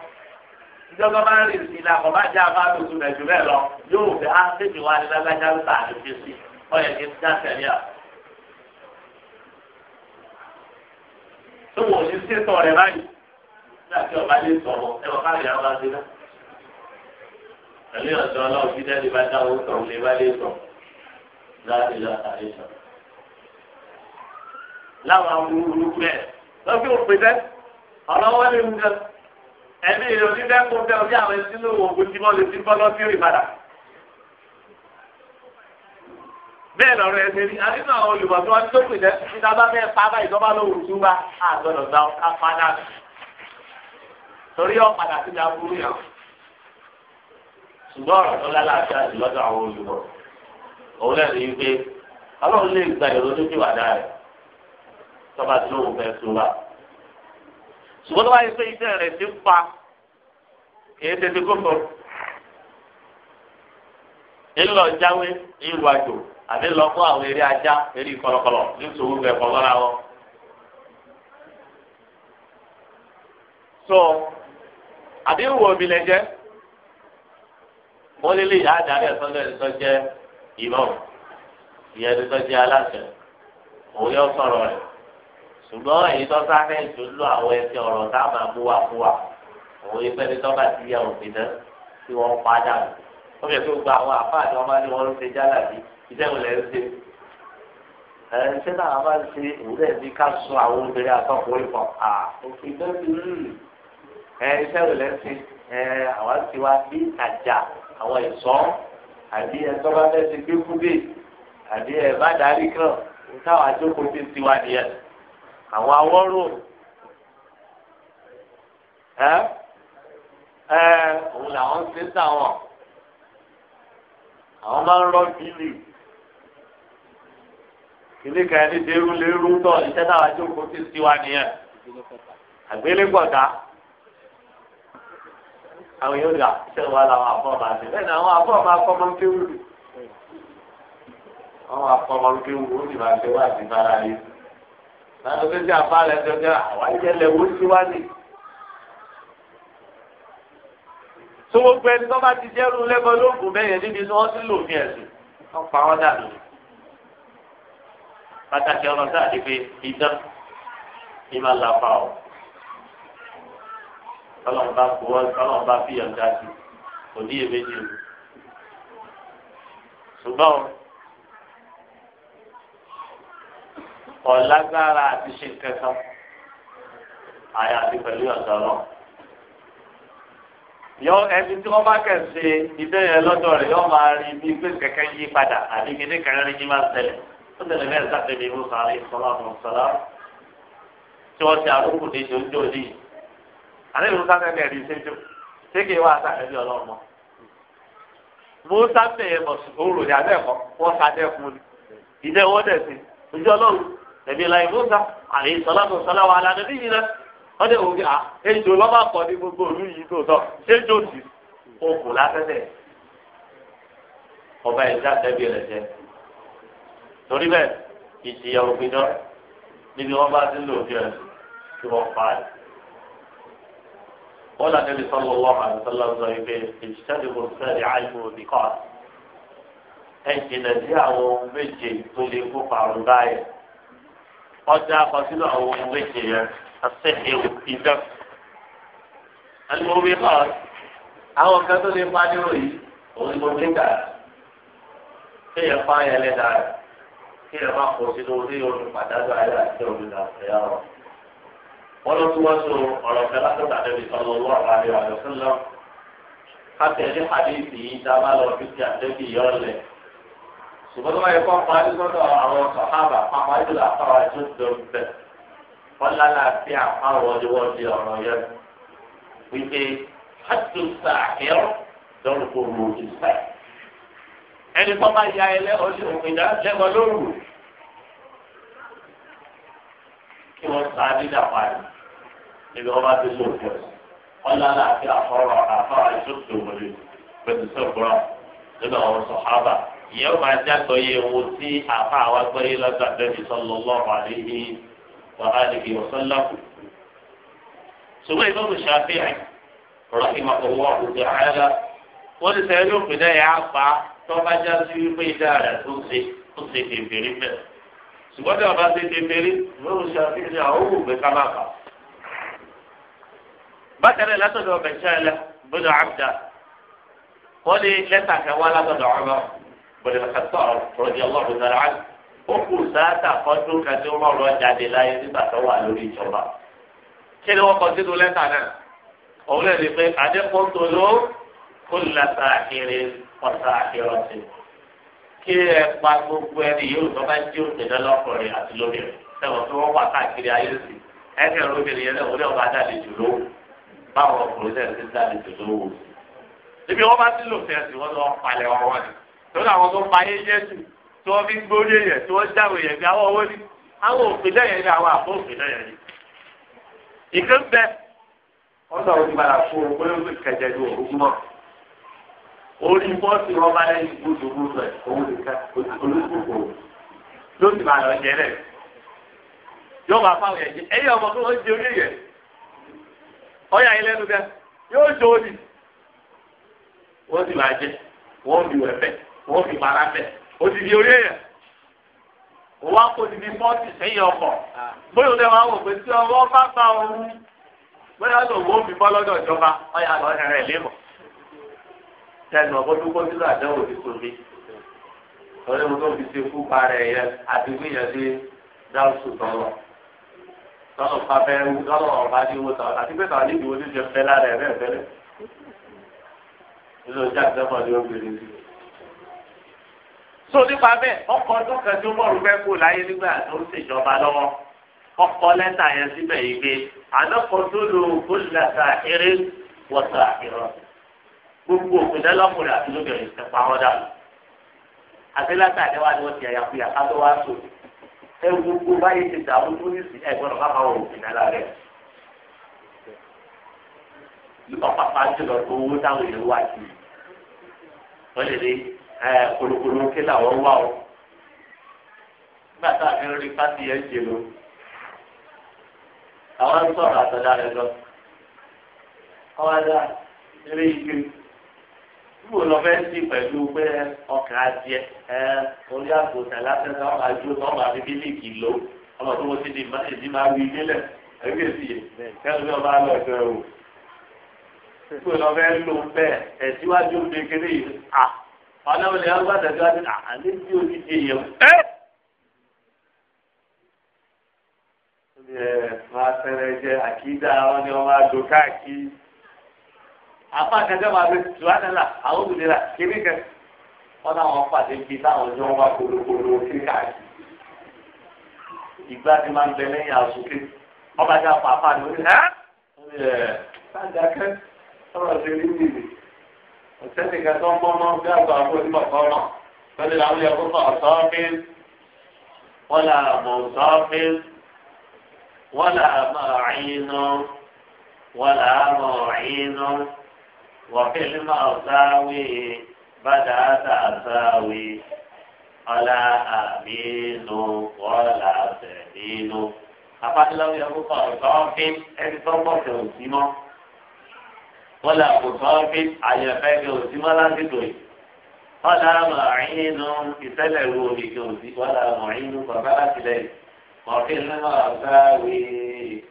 ìjọba bá ń rìn sí i la kọ́ bá jẹ́ afá tuntun rẹ̀ jù bẹ́ẹ̀ lọ yóò fẹ́ á tètè wá ní lágbájá ń tà àdó fi sí ọyẹ kí n dá tẹ̀lé à. tó wò ó ní sẹ́tọ̀ rẹ̀ báyìí pẹ̀lú ọ̀dọ́ ọlọ́run bí dẹ́ni bá dáwọ́ sọ òun lè bá lè sọ láti lọ àlè sọ. láwọn awúrúurú bẹ́ẹ̀ lọ́sí òpin dẹ́ ọlọ́wọ́ lè mú dẹ́ ẹ̀mí ìlú onídẹ́kùn bẹ́ẹ̀ orí àwọn ẹtí ló wọ ogun tí wọ́n lè ti bọ́ lọ́sí rì padà. bẹ́ẹ̀ lọ́rọ̀ ẹsẹ̀ rí àdínú àwọn olùbọ̀ tí wọ́n ti tókùn dẹ́ títa bá bẹ́ẹ̀ pa báyìí tó bá ṣùgbọ́n ọ̀rọ̀ tó lálàáfíà sí lọ́dọ̀ àwọn olùkọ́ òun lẹ́nu yìí pé ọlọ́run lè gba ìrònú bí wàdà rẹ̀ tọ́ba tí òun fẹ́ sùnwà. ṣùgbọ́n tó bá yẹ pé iṣẹ́ rẹ̀ ti ń pa kìí ṣe ti kókó ńlọ jáwé ìlú àjò àbí lọ fún àwọn eré ajá kọlọkọlọ ní bẹ wọn. so àbí wọ́n lé lè yá àdáyé sọ́dọ̀ ẹni tó jẹ́ ìmọ̀ ìyẹn ẹni tó jẹ́ aláṣẹ òun yóò sọ̀rọ̀ rẹ̀ ṣùgbọ́n èyí tó sáré jù lọ àwọn ẹsẹ̀ ọ̀rọ̀ tá a máa mú wa fún wa òun yìí pẹ́ẹ́ni tó bá ti yẹ òfin náà tí wọ́n padà wọ́n fi ẹ̀fọ́ gba àwọn àfáà tí wọ́n bá ní wọ́n ń ṣe jálà bí iṣẹ́ ìwòlẹ̀ ń ṣe ẹ̀ṣẹ́ náà máa ń ṣe ìwúrẹ́ bí ká sọ àwọn obìnrin àtọkùnrin pọ̀ à òfin náà ti rí ẹ̀ iṣẹ́ ìwòlẹ̀ ń ṣe ẹ̀ àwọn ti wá bí àjà àwọn ìsọ́ àbí ẹ̀tọ́ bá fẹ́ ti gbé kúndé àbí ẹ̀ bá darí kan táwọn àjókòó ti tiwa nìyẹn àwọn awọ́rò ẹ ẹ òun làwọn ń ṣe sáwọn àwọn máa ń rọ bílì kìlí kan ní dérú lérú tọ iṣẹ́ táwọn àjókòó ti tiwa nìyẹn àgbélébọ̀dá àwọn yóò gbà ṣé wà láwọn afọ́ọ̀mà ṣe bẹ́ẹ̀ ni àwọn afọ́ọ̀mà akọ́mọ ń kéwù àwọn afọ́ọ̀mà ń kéwù ó sì máa ṣe wá sí fara yìí láti ọjọ́ tí a bá rẹ̀ ṣe àwọn ìjẹ́lẹ̀ wo sí wá ní. tó gbogbo ẹni tó bá ti jẹ́rú lẹ́gbọ́n lóògùn bẹ́yẹn níbi tí wọ́n ti lò ní ẹ̀sìn wọ́n pa wọ́n dànù. pàtàkì ọ̀rọ̀ pé ìdán ni ọ̀ kọlọ́n bá gbowó kọlọ́n bá fi yọ̀ǹda sí kò ní èméjì o. ṣùgbọ́n ọ̀lágbára àti ṣe kẹsàn àyà àti pẹ̀lú yọ̀ǹda náà. yọ ẹni tí wọ́n bá kẹ̀sì ibẹ̀ yẹn lọ́dọ̀ rẹ̀ yọ máa rí bí pé kẹ̀kẹ́ yí padà àbí kíní kẹrin yí máa tẹ̀lé ó tẹ̀lé bẹ́ẹ̀ sáfẹ́ mi mú sàárè sọ́lá ọ̀sán tí wọ́n ti àrùkù ní ìjọ́jọ́ yìí àlẹ́ ìlú sáfẹ́ ní ẹ̀rí ìṣẹ́jú ṣé kí wọ́n àtà ẹ̀rí ọlọ́run mọ́. musa bẹ̀yẹ mọ̀sùlùmí òrò ní abẹ́ẹ̀kọ́ wọ́n sa dẹ́kun ni ìdẹ́ wọ́n dẹ̀ sí ojú ọlọ́run ẹ̀mí la ìmúta àlẹ́ ìsọ̀lámù sọ̀láwà alẹ́ níyì náà wọ́n dẹ̀ wọ́n à ejò lọ́ba kọ́ ní gbogbo òru yìí tó tọ́ ejò sì okùn lásẹ̀sẹ̀ ọba ẹ̀dá tẹ́bi rẹ̀ jẹ́ torí bẹ́ẹ̀ ìjìyà òfin náà níbi wọ́n bá ti lò ó jẹ́ kí wọ́n pa á wọ́n النبي صلى الله عليه وسلم ń sọ ife ìṣẹ́lẹ̀ kò sẹ́lẹ̀ àìmọ̀ nìkan ẹ̀ jìnà sí àwọn ohun méje tó lè kó parun báyìí ọjà akọ sínú àwọn ohun méje yẹn asẹ́hìn ìdá alimobi kan àwọn kan tó lè pa nírò yìí òun ló dé kà kéèyàn pa yẹn lẹ́dàá kéèyàn má kó sínú orí olùpàdánù ayé àti olùdàgbé àwọn wọ́n lọ tún wá sọ ọ̀rọ̀ fẹ́ látọ̀tà Ànábì sallallahu alaihi wa sallam kátẹ́lí hadithi yìí dábà lọ fi ti Ànábì yọ̀ọ̀lẹ̀ ṣùgbọ́n wọ́n yẹ kó pa ẹ̀dúgbọ́dọ̀ àwọn sọ̀hábà pàpà ìdúrà àpáwà tó dọ̀bẹ̀ wọ́n lálẹ́ àti àpáwọ̀ ọdíwọ́dí ọ̀rọ̀ yẹn wípé hàtú sàkẹ́rọ̀ dọ́rùkọ lòdì sẹ́ ẹni tó níbi wọn bá ti sọ fún ẹ wọn lára àti àfọwọ́ àfọwọ́ àìsókè òmòlè pẹ̀lú sọgbọràn nínú àwọn sọhábà ìyẹn máa jágbọ yẹ wo tí àfa àwa gbẹyẹ lọgbà bẹbí sọlọ lọrùn àlejò wà á lè gbé ọsán lápò. ṣùgbọ́n ìbọn Shafi'i rahimahullah ta'ala wọ́n ti sẹ́yìn lópin náà yà á pa tọ́ba já sí wípé ìdá rẹ̀ tó ṣe tó ṣe tèbèrè bẹ́ẹ̀. ṣùgbọ́n tí wọ́n bá ṣe tèbèrè lóòrùn Shafi'i ni àwọn òògùn ká má bà á bákan náà látọ̀dọ̀ bẹ̀ṣẹ́lẹ̀ bọ́dọ̀ abdá wọ́n ní lẹ́tà kan wá látọ̀dọ̀ ọ̀rọ̀ bọ́dọ̀ kàtọ́ rọ̀dí ọlọ́run náà rà ó kù sáátà kọ́dún kan tí wọ́n rọ̀ jáde láyé nígbà tó wà lórí ìjọba kí ni wọ́n kọ sínú lẹ́tà náà òun lè rí pé adékòtò ló kó lásà àkèrè ọ̀sà àkèrè kí ẹ pa gbogbo ẹni yóò tó bá jí òṣèlú lọ́kùnrin àti lóbìnrin sẹ́wọ̀n tí wọ́n wà káàkiri ayé sí ẹ̀kẹ́ lóbìnrin yẹn lẹ́wọ̀n ní ọba adáde jù lówó báwo ọkùnrin náà ti dáàbò tó lówó. ibi wọn bá ti lò fẹ́ sí wọn lọ palẹ̀ ọmọ wọn lórí àwọn tó ń pa ayé jẹ́ sí tí wọ́n fi ń gbórí èèyàn tí wọ́n jáwé èèyàn bí àwọn owó ní àwọn òfin lẹ́yìn ní àwọn àbó òfin lẹ́yìn ní. ìké ń bẹ wọ́n sọ òun padà fún un pé ó fi kẹ̀jẹ̀ ju òun mọ́ orí bọ́ọ̀sì wọn bá lẹ́yìn gbódògbódò ẹ̀ olùkókò ló sì máa lọ jẹ ọyà yìí lẹ́nu yóò jó o di wọ́n sì máa jẹ wọ́n fi wẹ̀ fẹ́ wọ́n fi para fẹ́ òdìdí orí èèyàn wọ́n kò dìdí mọ́tì sẹ́yìn ọkọ̀ ah. bóyá ọdẹ wọn wò pé tí ọwọ́ bá bá òun bóyá lò wọ́n fi bọ́ lọ́dọ̀ ìjọba ọyà lọ rẹ̀ lébọ̀ tẹnu ọgbọ́dún kó sílẹ̀ àdéhùn ti sọmi ọdẹ mo tó fi ṣe fún parẹ́ yẹn àti gbìyànjú dáhùn sùn tọ́lọ̀ tọ́lọ̀ bá fẹ́ wú tọ́lọ̀ ọ̀rọ̀ bá ní owó tọ́ àti pé tọ́lọ̀ níbi ojú ṣe fẹ́ lára ẹ̀ bẹ́ẹ̀ fẹ́lẹ́ nínú ìjà ìjọba ni ó gbèrè sí. so nípa bẹ́ẹ̀ ọkọ̀ ọdún kan tí ó mọ̀rù fẹ́ kó láyé nígbà tó ń ṣèjọba lọ́wọ́ ọkọ̀ lẹ́tà yẹn síbẹ̀ yìí pé ànákọ̀ tó lo kólùlàtà eré wọ̀tà ìrọ̀ gbogbo òpinlẹ̀ lọ́kùnrin àti lóbìnrin ti pa wọ́n dà àti látà ẹwù gbogbo báyìí ti dàrú tó ní sí ẹgbọ́n bá máa wọ òfin ara rẹ̀. Lọ pàpà jùlọ tó owó táwọn èèyàn wá sí i. lè rí kolokolo ké làwọn wá o. Nígbà tá a fi rí yẹn ṣe lọ. Àwọn sọ̀rọ̀ àtọ̀dá lọ. dá eré tí o lọ fẹ́ sí pẹ̀lú pé ọkà adìẹ ẹ orí àpò tẹ̀lásẹ̀sẹ̀ ọkà ju ọmọ àti bílíkì lò ọmọ tó wọ́n ti di máa ti máa wí nílẹ̀ ẹgbẹ́ sì yẹ kẹ́lu ní ọba lọ ẹ̀fẹ́ o tí o lọ fẹ́ lò bẹ́ẹ̀ ẹ̀síwájú mi kéde yìí à ọ̀nà òní ọgbà tẹ̀síwájú à àlẹ́ tí o ti di yẹ o. ẹ máa tẹ̀lé àkídá wọn ni wọn máa dò káàkiri àfa kẹsẹ máa fi tùwánilà àwọn òbílẹ̀ kébí kẹ wọn náà wọn pàdé bíi táwọn ọjọ́ wọn wá polówó kíkà ìgbà tí máa ń bẹ lẹ́yìn àsùnké ọba jẹ àpò àfa ni ó ní ẹ ẹ sàdákẹ ọ̀rọ̀ ṣe ní bìbì ọ̀sẹ̀ nìkan ń bọ́ mọ́ bí àgbà àpò onímọ̀ kan náà pẹ̀lú làwọn yẹ kó fà ọ̀sọ́fín wọ́n là mọ̀ ọ̀sọ́fín wọ́n là mọ̀ ọ̀rìn náà wọ́n là mọ̀ ọ̀rìn náà. وفي المأساوي بدأت أساوي ولا أمين ولا سمين أفعلوا يقول أصاب أن تنبط أسيما ولا أصاب أن يفعل أسيما لا تدوي ولا معين يسلعوا بك ولا معين فبرت إليه وفي المأساوي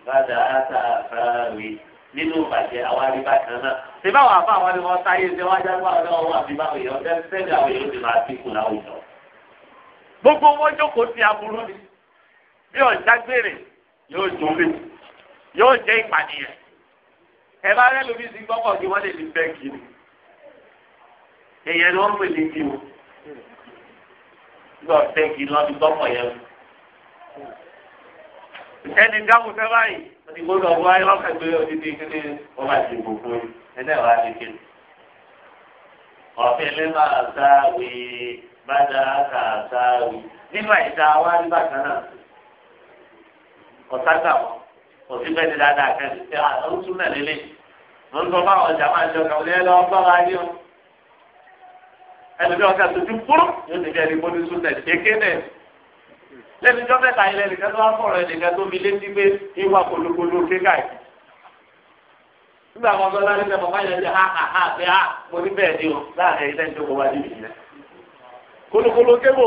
بدأت أساوي nínú ìbàjẹ́ àwọn arígbá kan náà síbá wà fún àwọn ẹnìkan sáyé ṣe wá jágbá ọ̀dọ́ ọwọ́ àbíbá èèyàn ọ̀dẹ́ sẹ́ẹ̀dì àwọn èèyàn ti máa ti kù láwùjọ. gbogbo wọn jókòó ti aburú ni bí ọ̀já gbèrè yóò jòlè yóò jẹ́ ìpànìyàn. ẹ bá rẹ́ lómi sí gbọ́kọ̀ kí wọ́n lè ní bẹ́ẹ̀ kiri. èèyàn ni wọ́n pè ní kí o. gbọ́ bẹ́ẹ̀ kiri lọ́dún gbọ́kọ̀ yẹn. ẹnì dáhùn fẹ́ báyìí. wọ́n ti gbọ́dọ̀ wá ẹlẹ́wà àdìgbè ọ̀fẹ́ lẹ́bà sáwì bàdà kà sáwì nígbà ìta wá nígbà kan náà ọ̀sáńgà wọn òsì bẹ́ẹ̀ ti dáadáa kẹ́lẹ́ ṣe àwọn tún náà lélẹ̀ mo ń sọ fún àwọn ọjà máa ń jọ kàwé lẹ́yìn lọ́wọ́ bọ́ra ayé o ẹlòmíràn ọ̀sẹ̀ tuntun kúrò yóò ti bẹ́ẹ̀ ni mo ní sún náà kéèké náà lẹ́nu jọ́ mẹ́ta ilẹ̀ nìkan tó wá fọ̀rọ̀ ẹ̀ nìkan tó mi létí pé ìwà kòlòkòlò kéka yìí nígbà wọn sọlá nígbà bàbá yẹn ti ha ha ha pé ha mo ní bẹ́ẹ̀ ni o láàrin ẹ̀yìn lẹ́yìn tó kọ wá níbi yẹn. kolokolo kébò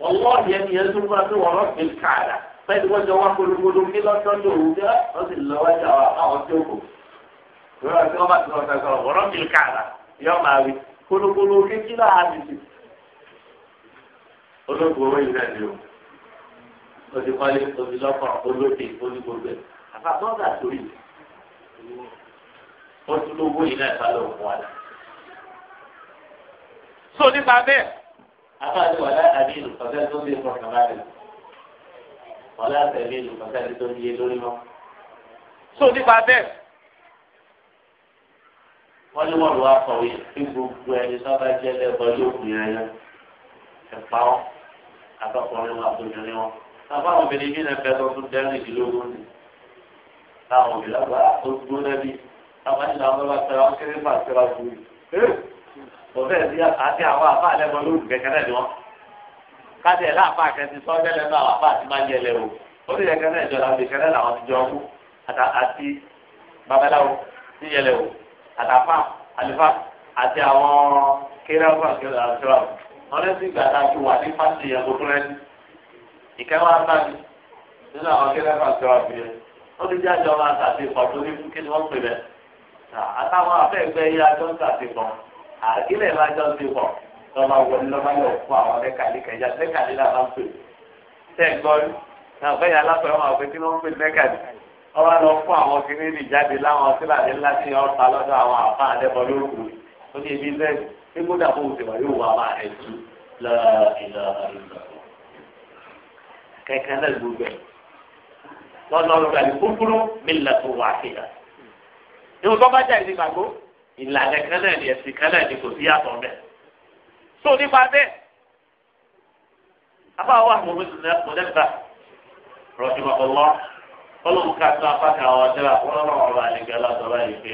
wọ́n yẹn ni yẹn tó bá tó wọ́n rọ́ọ̀kì káàdà pẹ́ẹ́ni wọ́n jọ wá kolokolo kí lọ́sọ̀ tó wù jẹ́ wọ́n sì lọ wájà àwọn tó kù. lọ́wọ́ tí wọ́n bá ti lọ́sọ̀ sọ̀rọ̀ wọ́n rọ́ọ̀kì káàdà yọ máa wí kolokolo kéjì láàbìsì. olóògùn owó yìí náà ni o o ti kọ́lé o ti ó tún lówó yìí náà sálọ òun wà láti. so nípa bẹ́ẹ̀ afáàlú wàlá àbí ìlùkọ́sẹ́ tó lé fún ọ̀kan báyìí wàlá àtẹ̀lé ìlùkọ́sẹ́ tó lé lórí mọ́. so nípa bẹ́ẹ̀ wọ́n ní wọ́n lù wá kọ̀wé bí gbogbo ẹni sábà jẹ́ lẹ́kọ̀ọ́ yóò gbìn ẹyẹ ẹ̀pá wọn àtọkùnrin wọn àtọkùnrin wọn. àbáwọn obìnrin bí nàfẹ́ tó tún dẹ́rìn ìdílógún ni láwọn òbí lágbára ó dúró lẹ́bí àwọn ìlànà àwọn ọlọ́wà tẹ̀lé wọn kéré fà tẹ̀lé wọn kúrú. òfé ẹ̀sì àti àwọn àfa àlẹ́gbọ̀n lóògùn kẹ̀kẹ́ náà ni wọ́n. káṣí ẹ̀ láàfà kẹ́sì sọ́jẹ́ lẹ́nu àwọn àfa àti máa ń yẹlẹ o. ó lè kẹ́kẹ́ náà ìjọba àti kẹ́kẹ́ làwọn ti jọ ọkú àti babaláwo ti yẹlẹ o àtàfà àlùfà àti àwọn kéré àwọn àkérò àtúrà wọn lè sì gbà láti wà ní fásitì yẹn gbogbo rẹ ìkẹwàá bá nínú àwọn kéré àwọn àtúrà fi ó ti jẹ́ àjọ máa ṣàfihàn tó ní kí ni wọ́n pè bẹ́ẹ̀. àtàwọn afẹ́gbẹ́ yìí àjọ ń ṣàfihàn àkílẹ̀ máa jọ ń ṣàfihàn lọ́ máa wọlé lọ́ máa yọ̀ fún àwọn lẹ́kàlíkẹ̀yà lẹ́kàlílà máa ń pè. tẹ́ ẹ gbọ́ náà fẹ́ yà lápẹ̀ wọn àpè kí ni wọ́n pè lẹ́kàlí. wọ́n wá lọ fún àwọn kìnìún ìjáde láwọn sílàdé ńlá tí wọ́n pa lọ́dọ̀ àwọn àfa àdẹ́bọ lórúkú lọ́nà ọ̀gbà ìkúkúrú mílíọ̀tù wàhídà. ìwọ tó bá jáde gbàgbó ìlànà kan náà ni ẹ̀sìn kan náà ni kò sí yàtọ̀ bẹ́ẹ̀. tó nípa bẹ́ẹ̀ abá wà mọ̀mí mọ̀lẹ́bà rọ̀jùmọ̀ ọlọ́ ọlọ́run ká tó apá kan àwọn ọjọ́ àkọ́lọ́rọ̀ ọ̀rọ̀ àlejò aláṣọba yìí pé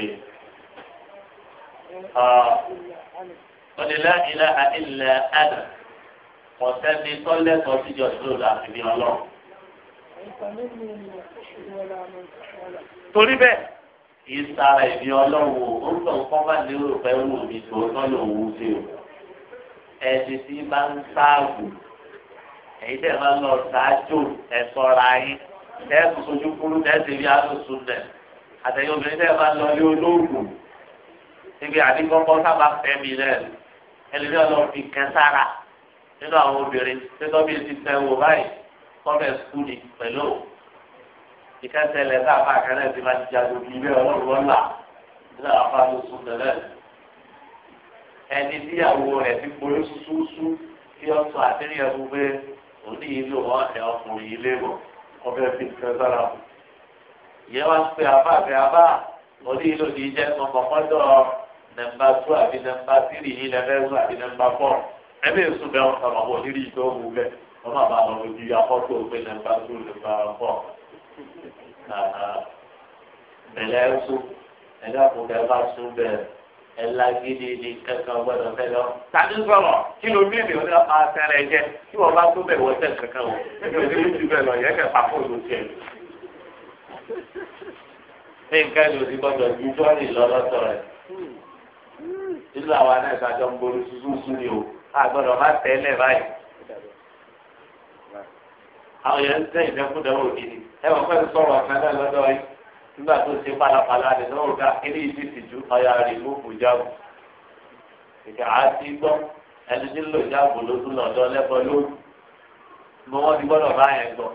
ọ̀nìlá ìlà àìlẹ̀ àdà ọ̀sẹ́ni tọ́lẹ̀ tọ́síjọ́ torí bẹ́ẹ̀ ìsara ìbí ọlọ́wọ́ ó ń tàn kọ́ bá lérò pé wù mí tó tọ́lọ̀ wù sí o ẹni tí bá ń sáàbù èyí tẹ̀ máa ń lọ sáájú ẹ̀sọ́ra yín tẹ́ẹ̀sì sojú kúrú tẹ́ẹ̀sì bí alùsù nẹ̀ àtẹ̀yìn obìnrin tẹ́ẹ̀ máa ń lọ ní olóògùn níbi àdínkọ́kọ́ sábà fẹ́mi rẹ̀ ẹni tí fi kẹ́ sára nínú àwọn obìnrin tí tọ́bí ti tẹ̀ wò báyìí kọ́mẹ̀ sukù ni pẹ̀lú ìkẹsẹ̀lẹ̀ tá a bá kẹlẹ̀ ti máa ti jagun bíi bẹ́ẹ̀ ọlọ́run wọn là nígbà wà fún àwọn sùn tẹ̀lẹ̀ ẹni tíyàwó rẹ̀ ti polú súsú tí ó sọ àtẹ́rìn ẹ̀kú pé òní ìlú ọ̀rẹ́ ọkùnrin ilé wọ̀ ọbẹ̀ fi kẹ́ sára o ìyẹn wá pé abá àti abá òní ìlú ni jẹ́ ọmọkọ́dọ̀ nẹ̀mbà tú àbí nẹ̀mbà tírì yìí lẹ́fẹ̀ẹ́ sọ àbí nẹ̀mbà fọ́ ẹ wọ́n má bàa lọ lójú ya fọ́tò pé nàìjíríà tó nàìjíríà pọ̀ bẹ̀lẹ̀ ẹ̀kú ẹ̀dá kò bá sún bẹ́ẹ̀ ẹ̀ lágídí ni kankan gbọ́dọ̀ fẹ́ lọ. tàbí sọ̀rọ̀ kí ló bí èmi ò ní ọ̀pá sẹ́rẹ̀ jẹ́ tí wọ́n bá tó bẹ̀ wọ́n tẹ̀ kankan o èmi ò ní bí jù bẹ́ẹ̀ lọ yẹ kẹ́ pa fóònù tiẹ̀. ní nǹkan ìlú ti gbọ́dọ̀ ju jọ́ọ̀nì lọ́lọ́sọ rẹ̀. ìlú àwa náà ìgbàjọ́ ń borí tuntun ni o àgbọ̀dọ̀ má tẹ́lẹ̀ báyìí àwọn yẹn ń tẹ ìfẹ́kúndẹ̀wò ni. ẹ wọ́n fẹ́ẹ́ sọ̀rọ̀ ọ̀kan náà lọ́dọ̀ yìí nígbà tó ṣe pálapàla rẹ̀ náà ga kíní yìí ti ju ọ̀yà rẹ̀ mọ́fù jáàbù ìkà àti gbọ́ ẹni tí ń lò jáàbù ló tún lọ́dọ̀ lẹ́kọ̀ọ́ lóru mo wọ́n ti gbọ́dọ̀ bá yẹn gbọ́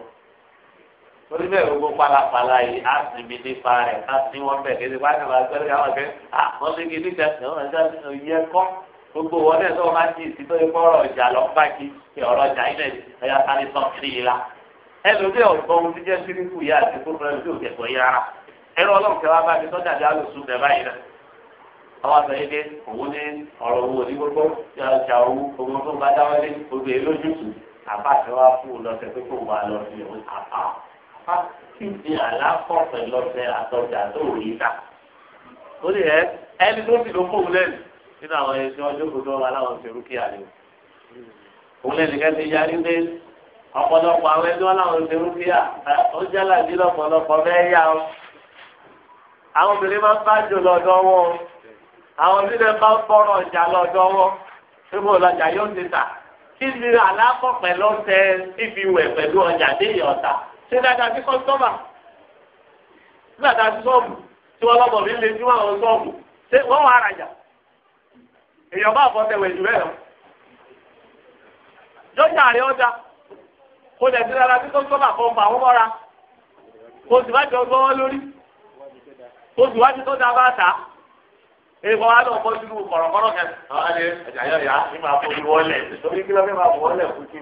torí bẹ́ẹ̀ gbogbo pálapàla yìí á sì mi nípa rẹ̀ ká sí wọn bẹ̀ kéde wá ní wàá gbẹ́rẹ́ káwọn kẹ́ à wọ́n ti kiri kẹsàn-án wọn ṣáà gbogbo wọn náà wọn máa ń ti ìsìn tó ọjà lọ́ọ́ bá kí ọ̀rọ̀ ọjà yìí náà ẹ̀yà sáré sọ̀kiri yìí la ẹlòmíì ọ̀gbọ́n ohun jíjẹ́ síríkù yá àti kókòrò ẹni tí ò kẹ̀kọ́ yá ara ẹ̀rọ ọlọ́run kẹwàá bá mi sọ́jà dé alùsùn bẹ̀ báyìí náà àwọn àgbà yìí dé òun ní ọ̀rọ̀ owó ní gbogbo ṣà owó gbogbo tó bá dáwọ́ lé gbogbo èyí lójútùú àbáṣe wa fún un lọ́sẹ̀ pé kò wá lọ sí òun àpá àpá kí ni àlákọ̀ pẹ̀lú ọ̀sẹ̀ àtọ̀jà tó rí ta. ó lè ẹ ẹni tó sì ló fóun lẹ́nu nínú àwọn ẹni tí wọ́n jókòó tó wà láwọn ṣerú kíá òun lẹ́nu kẹ́ ọ̀pọ̀lọpọ̀ àwọn ẹni wọn làwọn ṣe ń fi à ó jẹ́ làbí lọ́pọ̀lọpọ̀ bẹ́ẹ̀ yá o. àwọn obìnrin máa ń bá jò lọ́dọ̀ wọn o àwọn obìnrin máa ń fọ́rọ̀ ọjà lọ́dọ̀ wọn níbo lọ́jà yóò ti tà kí ni àlápọ̀ pẹ̀lú ọ̀sẹ̀ fífi wẹ̀ pẹ̀lú ọjà déyìí ọ̀tà ṣé dáadáa sí kọ́sítọ́mà nígbà tá a ti sọ́ọ̀bù tí wọ́n lọ́mọ mi lè tí wọ́n àwọn sọ́ọ̀bù ṣé wọ́n wà rajà èèyàn bá àfọ́sẹ̀wẹ̀ jù bẹ́ẹ̀ lọ. jọ́jà kó dẹ̀ sí rárá títọ́ sọ́mà kó ń fa àwọn mọ́ra kó sì má jọ gbọ́ wọn lórí kó sì wájú tó dáa bá ta èèkọ́ wa lọ bọ́ sínú kọ̀rọ̀kọ̀rọ̀ kẹ ọ̀hánlẹ̀ ẹ̀jẹ̀ ayọ̀ yá ní máa fọ́ wọlé torí kí ló fẹ́ máa wọlé fún kí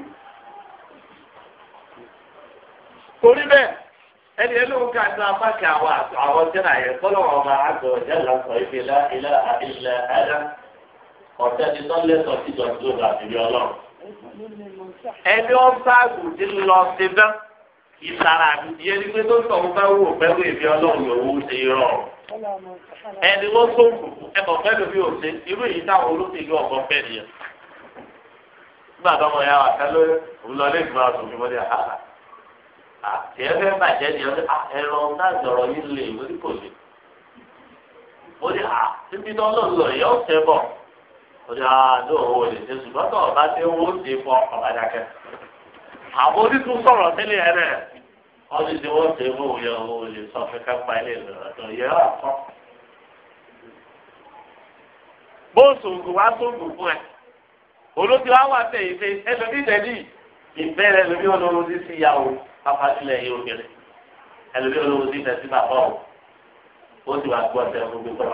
torí bẹ́ẹ̀ ẹni ẹlòmíì ká ní apákẹ́ àwọn àwọn jẹ́nà yẹn kọ́lọ́ ọmọ àgọ́ jẹ́nà sọ ibi ilá ẹni wọn bá gùdí lọ sí bẹ́ẹ̀ ìsara ìyẹn ni pé tó sọ wọn bá wù pẹ̀lú ìbí ọlọ́run lòun ṣe rọ ẹni wọn tó kù ẹkọ pẹ̀lú bí òun ṣe irú èyí táwọn olóṣèlú ọgbọ́n fẹ́ nìyẹn nígbà tó wọn yà wà kálọ òun lọ lé ìgbà ọsùn ìmọdé àhàhà àti ẹgbẹ́ bàjẹ́ ni ọdún ẹ̀rọ náà sọ̀rọ̀ yìí lè wọlé kò lè wọlé à níbi tó lọ lọ yọ ọsẹ bọ ọjà àdó owó lè ṣe ṣùgbọ́n ọba tí owó ti fọ ọ̀bàdàkẹ́. àwọn onítún sọ̀rọ̀ sílẹ̀ yẹn rẹ̀ wọ́n ti ṣe wọ́n ṣe owó yẹ owó lè sọ fún kápá ilé ìrọ̀lọ́tọ̀ yẹ wà kọ́. bó sòǹgù wá sòǹgù fún ẹ olóti wá wà bẹ́ẹ̀ yìí pé ẹlòmí ìdẹ́lì ìbẹ́rẹ̀ ẹlòmí olóró ti sí ìyàwó pápá sílẹ̀ yìí obìnrin ẹlòmí olóró ti fẹ́ sí bàbá ọ̀ ó sì wá gbọ́ ọ̀sẹ̀ fún gbígbọ́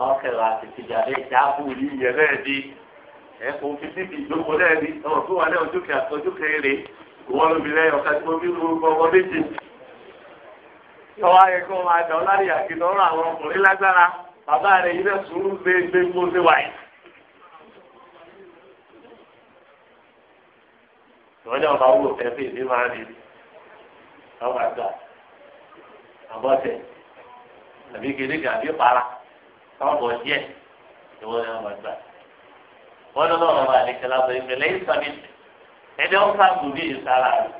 àwọn kẹwàá ti ti jà lẹ́yìn jáàbù yìí yẹn náà di ẹ kò fi síbi ìjókòó náà di ọ̀rọ̀ fún wa náà ojú kẹ àtọ́jú kẹrẹ lẹ́yìn ọ̀ka tí mo ọmọ kí wọ́n máa àwọn ọkùnrin lágbára bàbá rẹ̀ yìí náà sùúrù gbé gbé gbó ṣe ìwọ́n wúlò máa rí gbà àbọ̀tẹ̀ àbí sọ́ọ̀bù díẹ̀ ìwọ ni wọ́n máa gbà. wọ́n lọ́wọ́ ọ̀rọ̀ àdékẹ́ lábẹ́ ìfẹ́ lẹ́yìn sọ́mi ẹni wọ́n ká gùn bí ìsara rẹ̀.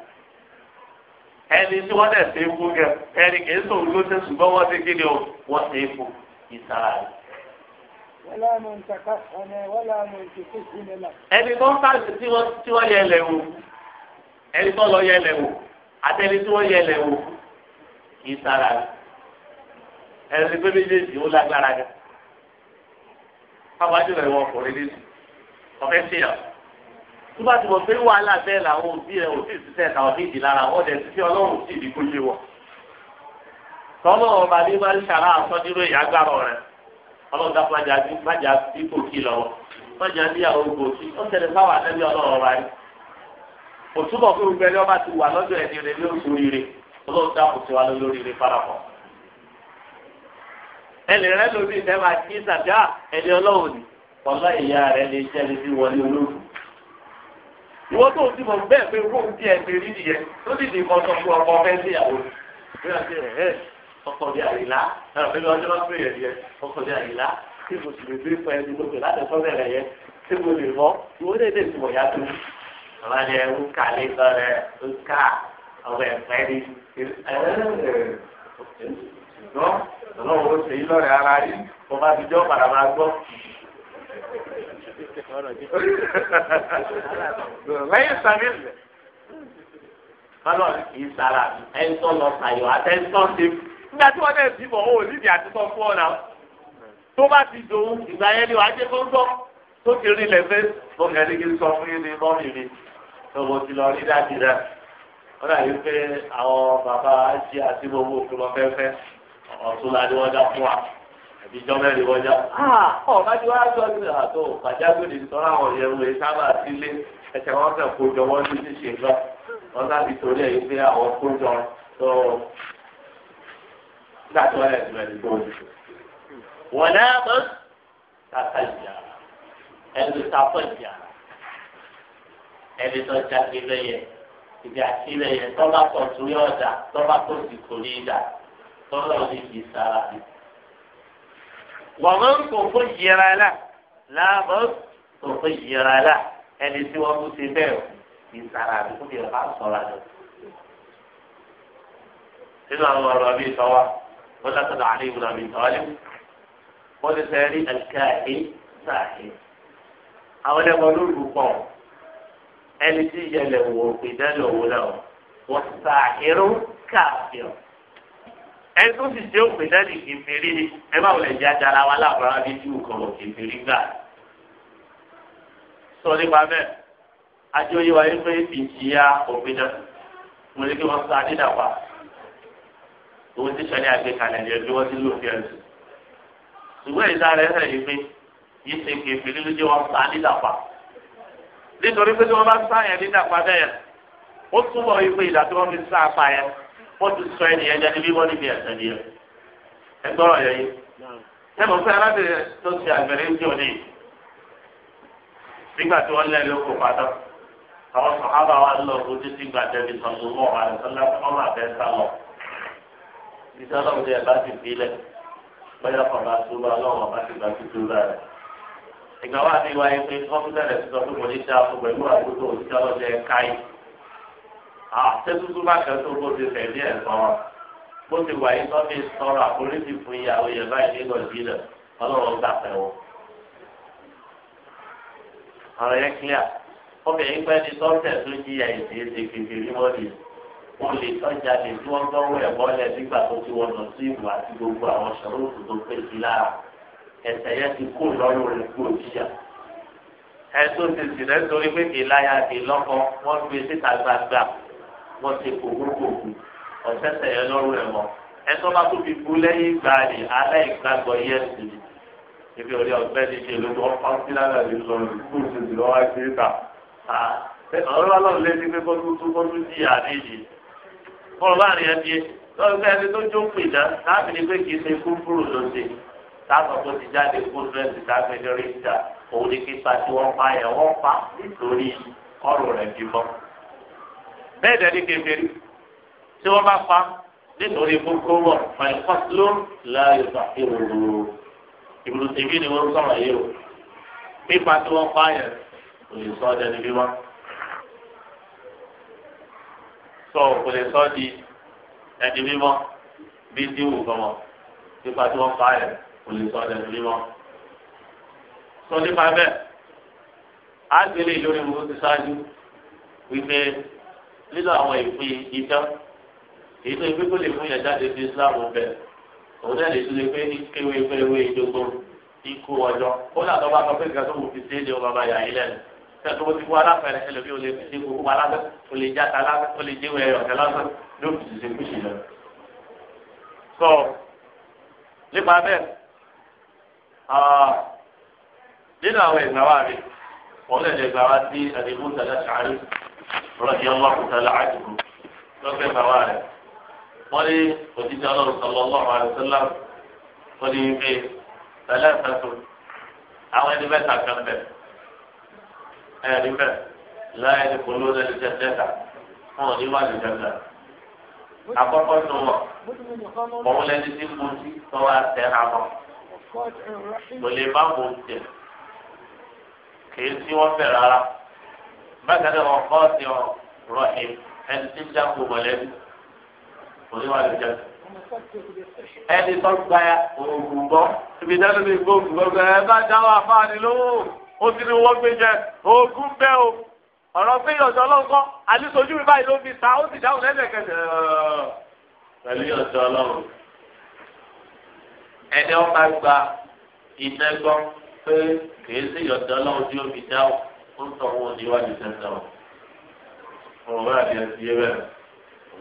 ẹni tí wọ́n dẹ̀ ṣe é fún gẹ̀ ẹni kì í sọ òun ló ṣe ṣùgbọ́n wọ́n ti kéde o wọ́n ṣe é fún ìsara rẹ̀. ẹni tó ń ká tí wọ́n yẹ lẹ̀ wò ẹni tó lọ yẹ lẹ̀ wò àtẹni tí wọ́n yẹ lẹ̀ ìsara rẹ̀ ẹni pé méjèèjì ó lágbára gan. àwọn àjọ ìwọ ọkùnrin nínú ọ̀fẹ́ sí ọ̀. tó bá ti mọ̀ pé wàhálà bẹ́ẹ̀ làwọn òbí ẹ̀ ò sì ṣiṣẹ́ ẹ̀ka ọ̀dí ìdí lára ndị dẹ̀ sí ọlọ́run sì ìdí kójú wọ̀. tọ́lọ́ ọba ní máa ń ṣàrà àsọdúró ìyágbárọ̀ rẹ̀ ọlọ́run dá májà bí àwọn ògbò ó fáwọn ọba yìí. ọba ti wà ẹnì rẹ lóbi ìfẹ́ máa kí sàdá ẹni ọlọ́run ni ọlá ìyá rẹ lè jẹ́ ẹni tí wọlé olóògùn. ìwọ tó ti mọ̀ bẹ́ẹ̀ pé owó ti ẹ̀ ti rí nìyẹn tó sì di nǹkan tó fún ọkọ fẹ́ sí ìyàwó ọkọ di àyílá ẹ̀rọ mi lọ́jọ́ bá pè é yẹ ọkọ di àyílá tí mo sì lè gbé fún ẹni lókè láti sọ́dọ̀ rẹ̀ yẹ tí mo lè mọ́ ìwọ lè dé ìtumọ̀ yá tó ọba ọlọ́run ó ṣe yí lọ́rẹ̀ ara rí kó bá ti jọ́ padà máa gbọ́. lẹ́yìn sàmì lẹ̀ kọ́lọ́ọ̀nù kì í sara ẹ̀ńtọ́ lọ sàyọ̀ àtẹ̀ńtọ́ ṣe. nígbà tí wọ́n dẹ̀ bí bọ̀ ó nídìí àtúntọ́ fún ọ̀nà tó bá ti dòun ìgbà yẹn ni wàá jẹ́ kó ń gbọ́ tó ti rí lẹ́fẹ́ mo kẹ́ni kí n sọ fún yín ní mọ́mì mi tó mo ti lọ rí dájú rẹ̀ wọ́n dàbí pé àwọn bàbá jí àti gbogbo òkú lọ fẹ́fẹ́ ọ̀tún la ni wọ́n já fún wa àbí jọ́mẹ́rin wọ́n já. ọ̀bá ti wá sọ ní àtò pàjáwìrì sọ́ra àwọn yẹn wọ́n sábà sílé ẹsẹ̀ wọn kàn kójọ wọn ní ṣíṣe lọ wọn sábì torí ẹ̀ pé àwọn kójọ tó gbàtọ́ ẹ̀ ti rẹ̀ nígbò. wọ́n náà mọ̀ kàkà ìjà ẹnu sáfọ̀ ìjà ẹni tó jáde lẹ́yẹ ìdí àti lẹ́yẹ tọ́ba kọ̀ torí ọ̀dà tọ́ba kò sì torí ìdà tọ́lá ní kì í sára bí. wọ́n kò kó yẹra la láàbọ̀ kò kó yẹra la ẹni tí wọ́n kú sí bẹ́ẹ̀ kì í sára bí kó kì í bá sọ̀rọ̀ àjọ. nínú àwọn ọ̀rọ̀ bíi tọ́wá wọ́n lọ́sọ̀dọ̀ àlẹ́ ìwúrọ̀ bíi tọ́lẹ́ wọ́n ti sẹ́ rí ẹ̀ka ẹ̀ sáàkì. àwọn ẹ̀kọ́ lóru pọ̀ ẹni tí ìyẹlẹ̀ wò pé dẹ́lẹ̀ òwúrọ̀ wọ́n sáàkì káàkiri ẹni tó sì ṣe òpè náà ní kìfìrí ni ẹ bá wọlé jẹ ajara wa lábàárà bí tí òkò rò kìfìrí gbà. sọ nípa bẹ́ẹ̀ ajóyè wa yìí pé ìjìyà òpè náà mo ní kí wọ́n sọ adídàpá owó tí sọ ní àgbékalẹ̀ ní ẹgbẹ́ wọn ti lò fi ẹ̀sùn. ṣùgbọ́n ìdá rẹ̀ rẹ̀ yìí pé yìí ṣe kìfìrí ló jẹ́ wọ́n sọ adídàpá. nítorí pé tí wọ́n bá sáyẹn dídàpá bẹ́ẹ̀ ó túbọ̀ wípé ìdá tí wọ́n fi sá apá yẹn wọ́n ti sọ ẹnìyẹn jáde bí wọ́n níbi ẹ̀sẹ̀ nìyẹn ẹgbọ́rọ̀ yẹn yìí tẹ́lọ̀ fún arábìnrin tó ti àgbẹ̀rẹ̀ ń jò ní nígbà tí wọ́n lẹ́nu kó padà àwọn sọ̀hábà wa lọ ojú sí gbàdẹ́bí sọ̀tún mọ́ àlùfáà ọmọ àbẹ́ sá lọ ìṣọ́nà òde ẹ̀ bá ti bílẹ̀ bóyá kọ̀ọ̀bá túbọ̀ ọlọ́wọ́ bá ti gbà tuntun rẹ̀ ìgbà wa ti wáyé pé kọ́mpútà rẹ̀ ti sọ fún mọ̀ níta fún pẹ̀lú àgbótó òṣìṣẹ́ ọlọ́dẹ káyìí àtẹ́tútù ah, bá kẹ́tọ́ bó ti tẹ̀lé ẹ̀ sọ́wọ́ bó ti wà yìí sọ́fì sọ́rọ̀ àforíjì fún ìyàwó yẹn báyìí ní nàìjíríà ọlọ́run gbà pẹ̀wọ́. ọ̀rọ̀ yẹn kílíà obìnrin pẹ́ ní sọ́fẹ̀ tó jìyà ìdí èdè kékeré mọ́lì wọ́n lè tọ́jà lè tí wọ́n gbọ́wọ́ ẹ̀ mọ́lẹ̀ nígbà tó ti wọ́n lọ sí ìwà àti gbogbo àwọn ṣòro tó pé sí lára ẹ̀sẹ̀ yẹn ti kó lọ́rùn rẹ̀ kú òjìyà ẹ̀sùn ti sì lẹ́sọ̀rí pé kì í láyà kì í lọ́kọ wọ́n gbé síta gbangba wọ́n ti kòkókòkò ọ̀sẹ̀sẹ̀ yẹn lọ́rùn ẹ̀ mọ́ ẹ̀tọ́ bá tó fi kú lẹ́yìn ìgbà ni aláìgbàgbọ́ yẹn sì ni ibi orí ọgbẹ́ ti ṣe lójú ọ̀pá sí lára lè lọ ìlú òṣèlú lọ́wọ́ àti ìta ọ̀rọ̀ bá lọ́ọ̀ lé ní pé kọ́tún tún kọ́tún sí àdéjì kọ́rọ̀ bá rìn ẹbí lọ́ọ̀ fẹ́ ẹni tó jó pè dá láti ní pé kì í ṣe kúrúkúrú ló ṣe táwọn tó ti jáde kó dúrẹ́sì táfẹ́ lórí ìjà òun ni kí pàṣẹ wọ́n pa yẹn wọ́n pa nítorí ọ̀rọ̀ rẹ̀ bímọ bẹ́ẹ̀ dẹ́ni kékeré tí wọ́n bá pa nítorí gbogbo wọ̀ fàìkọ́síló láàyè fàìrò ìbùdó tèmi ni wọ́n sọ̀rọ̀ yìí o pípa tí wọ́n pa yẹn kò lè sọ dẹni bí wọ́n sọ kò lè sọ di ẹni mímọ́ bí díwù kọ́mọ pípa tí wọ́n pa yẹn kò lè sọ dẹni mímọ́ sọ nípa bẹ́ẹ̀ á sì rí lórí ìbùdó ti ṣáájú wípé lílo àwọn ìpín idán èyí tó ìpín tó lè fún yẹn jáde sí islam bẹ òun náà lè tún lè pé ní kéwé kéwé ìdógó ikú ọjọ́ ó là tó bá sọ pé ìgbàsọ wò fi sí èdè ọba bá yà ilẹ̀ nù tẹ̀sí wo ti wá aláfẹ̀rẹ̀ ẹlòmí ò lè fi sí gbogbo aláfẹ̀ ò lè játa aláfẹ̀ ò lè jẹ́wọ́ ẹ̀yọ̀ ọ̀tẹ̀ lásán ló fi sì kú sí lọ. sọ nípa bẹ́ẹ̀ nínú àwọn ìgbà wa rè wọ́n lè lè gbà wá sí àdébùtà láti àárín rọ̀jì ọlọ́kùnrin àdìgbò lọ́gbẹ́ bàbá rẹ̀ wọ́n ní òjijì ọlọ́run sọ̀rọ̀ ọlọ́run àdìsọ́lá wọ́n ní wípé tẹ̀lé ẹ̀fẹ̀tò àwọn ẹni mẹ́ta kan bẹ̀ ẹ̀rí bẹ̀ láyé ní polówó lẹ́nu jẹ́jẹ́ta wọn ò ní wà ní jẹ́jẹ́ta àkọ́kọ́ tó wọ̀ òun lẹ́ni tí mo ti tọ́wọ́ àtẹ̀ àmọ́ kò lè má mo jẹ kì í sí wọ́n bẹ̀ rárá bákan náà wọn kọ́ sí ọ rọ̀hìn ẹni tí ń já kó mọ̀lẹ́bí oníwà ló jẹ́ ẹni tó gba oògùn bọ́ ibi dáná ní gbóògùn gbọ́gbẹ́ ẹ bá dáwọ́ afáàní lówó ó ti ní wọ́n gbé jẹ oògùn bẹ́ẹ̀ o ọ̀rọ̀ pé ìyọ̀dọ̀ ọlọ́gọ́ àlùsọ̀jú mi báyìí ló fi ta ó sì dáhùn lẹ́sẹ̀kẹsẹ̀ pẹ̀lú ìyọ̀dọ̀ ọlọ́run ẹni ọba gba ìnẹgbọ́n pé kèé sí ìyọ̀dọ̀ ọlọ́run tí ó fi dáhùn ó ń tọ̀ wọ́n níwájú sẹ́ńtà ọ̀ ọ̀rọ̀ bá àti ẹtì yé bẹ́ẹ̀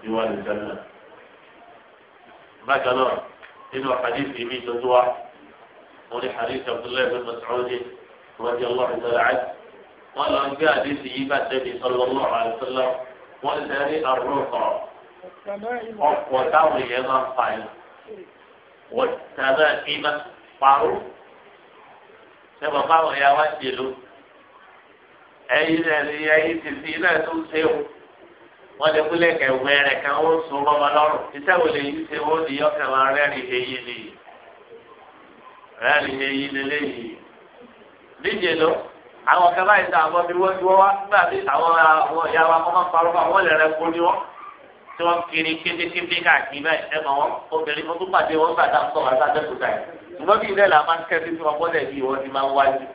níwájú sẹ́ńtà. bákan náà nínú àdìsí mi tuntun wa mo ní àdìsí abdullahi bin masoudi rọ́jì ọlọ́run tó láàyè wọ́n lọ gbé àdìsí yìí bá tẹ̀lé sọlọ́lọ́ àlùsọ́lá wọ́n ní àrùn kọ̀ ọ̀pọ̀ táwọn èèyàn máa ń fa yìí wọ́n tẹ̀lé ìmọ̀ pàrọ̀ sẹ́wọ̀n báwọn ya wá ṣe lóko ẹyin ẹyin ẹyin títí náà tó ń ṣe o wọn lè kú lẹkẹ wẹrẹ kan ó ń sun bọmọ lọrùn iṣẹ́ wo lè yí ṣe wọn nìyọ kan máa rẹ́rìn eyín ni rẹ́rìn eyín ni léyìí níjẹ lọ àwọn kan báyìí sọ àwọn bí wọn bí wọn wá nígbà tí àwọn àwọn ìyá wa kọ́ máa ń parọ́ àwọn lẹ́rẹ̀ kó ní wọn tí wọn kiri kétékété káàkiri báyìí ẹ mọ wọn obìnrin wọn tún pàdé wọn gbàdá sọ wọn sáà dẹkùtà yìí ṣùgbọ́n bí ilé làwọn máa ń kẹ́sí tí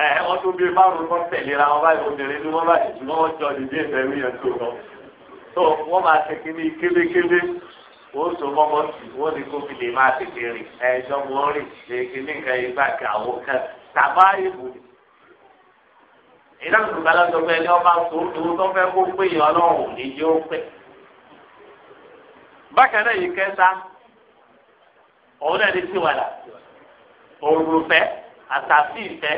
ẹ wọ́n tún bí márùn kan tẹ̀léra wọn báyìí obìnrin ní wọ́n báyìí tí wọ́n jọ ní bí ìbẹ̀rù yẹn tó lọ. tó wọ́n máa ṣe kí ní kélekélé wọ́n so mọ́mọ́ sí wọ́n ní kó fi lè máa tètè rìn ẹ̀jọ́ wọn rìn ṣe kí ní nǹkan yìí bá kí àwọn kan tàbá ìbò ni. ìdáhùn ìgbà lọ́sọ pé ẹni ọba tó tó tó fẹ́ kó pé yọ ọlọ́run ní yóò pẹ́. bákan náà yìí kẹta òun náà ní tiwàlà òrùfẹ́ àtàfíìfẹ́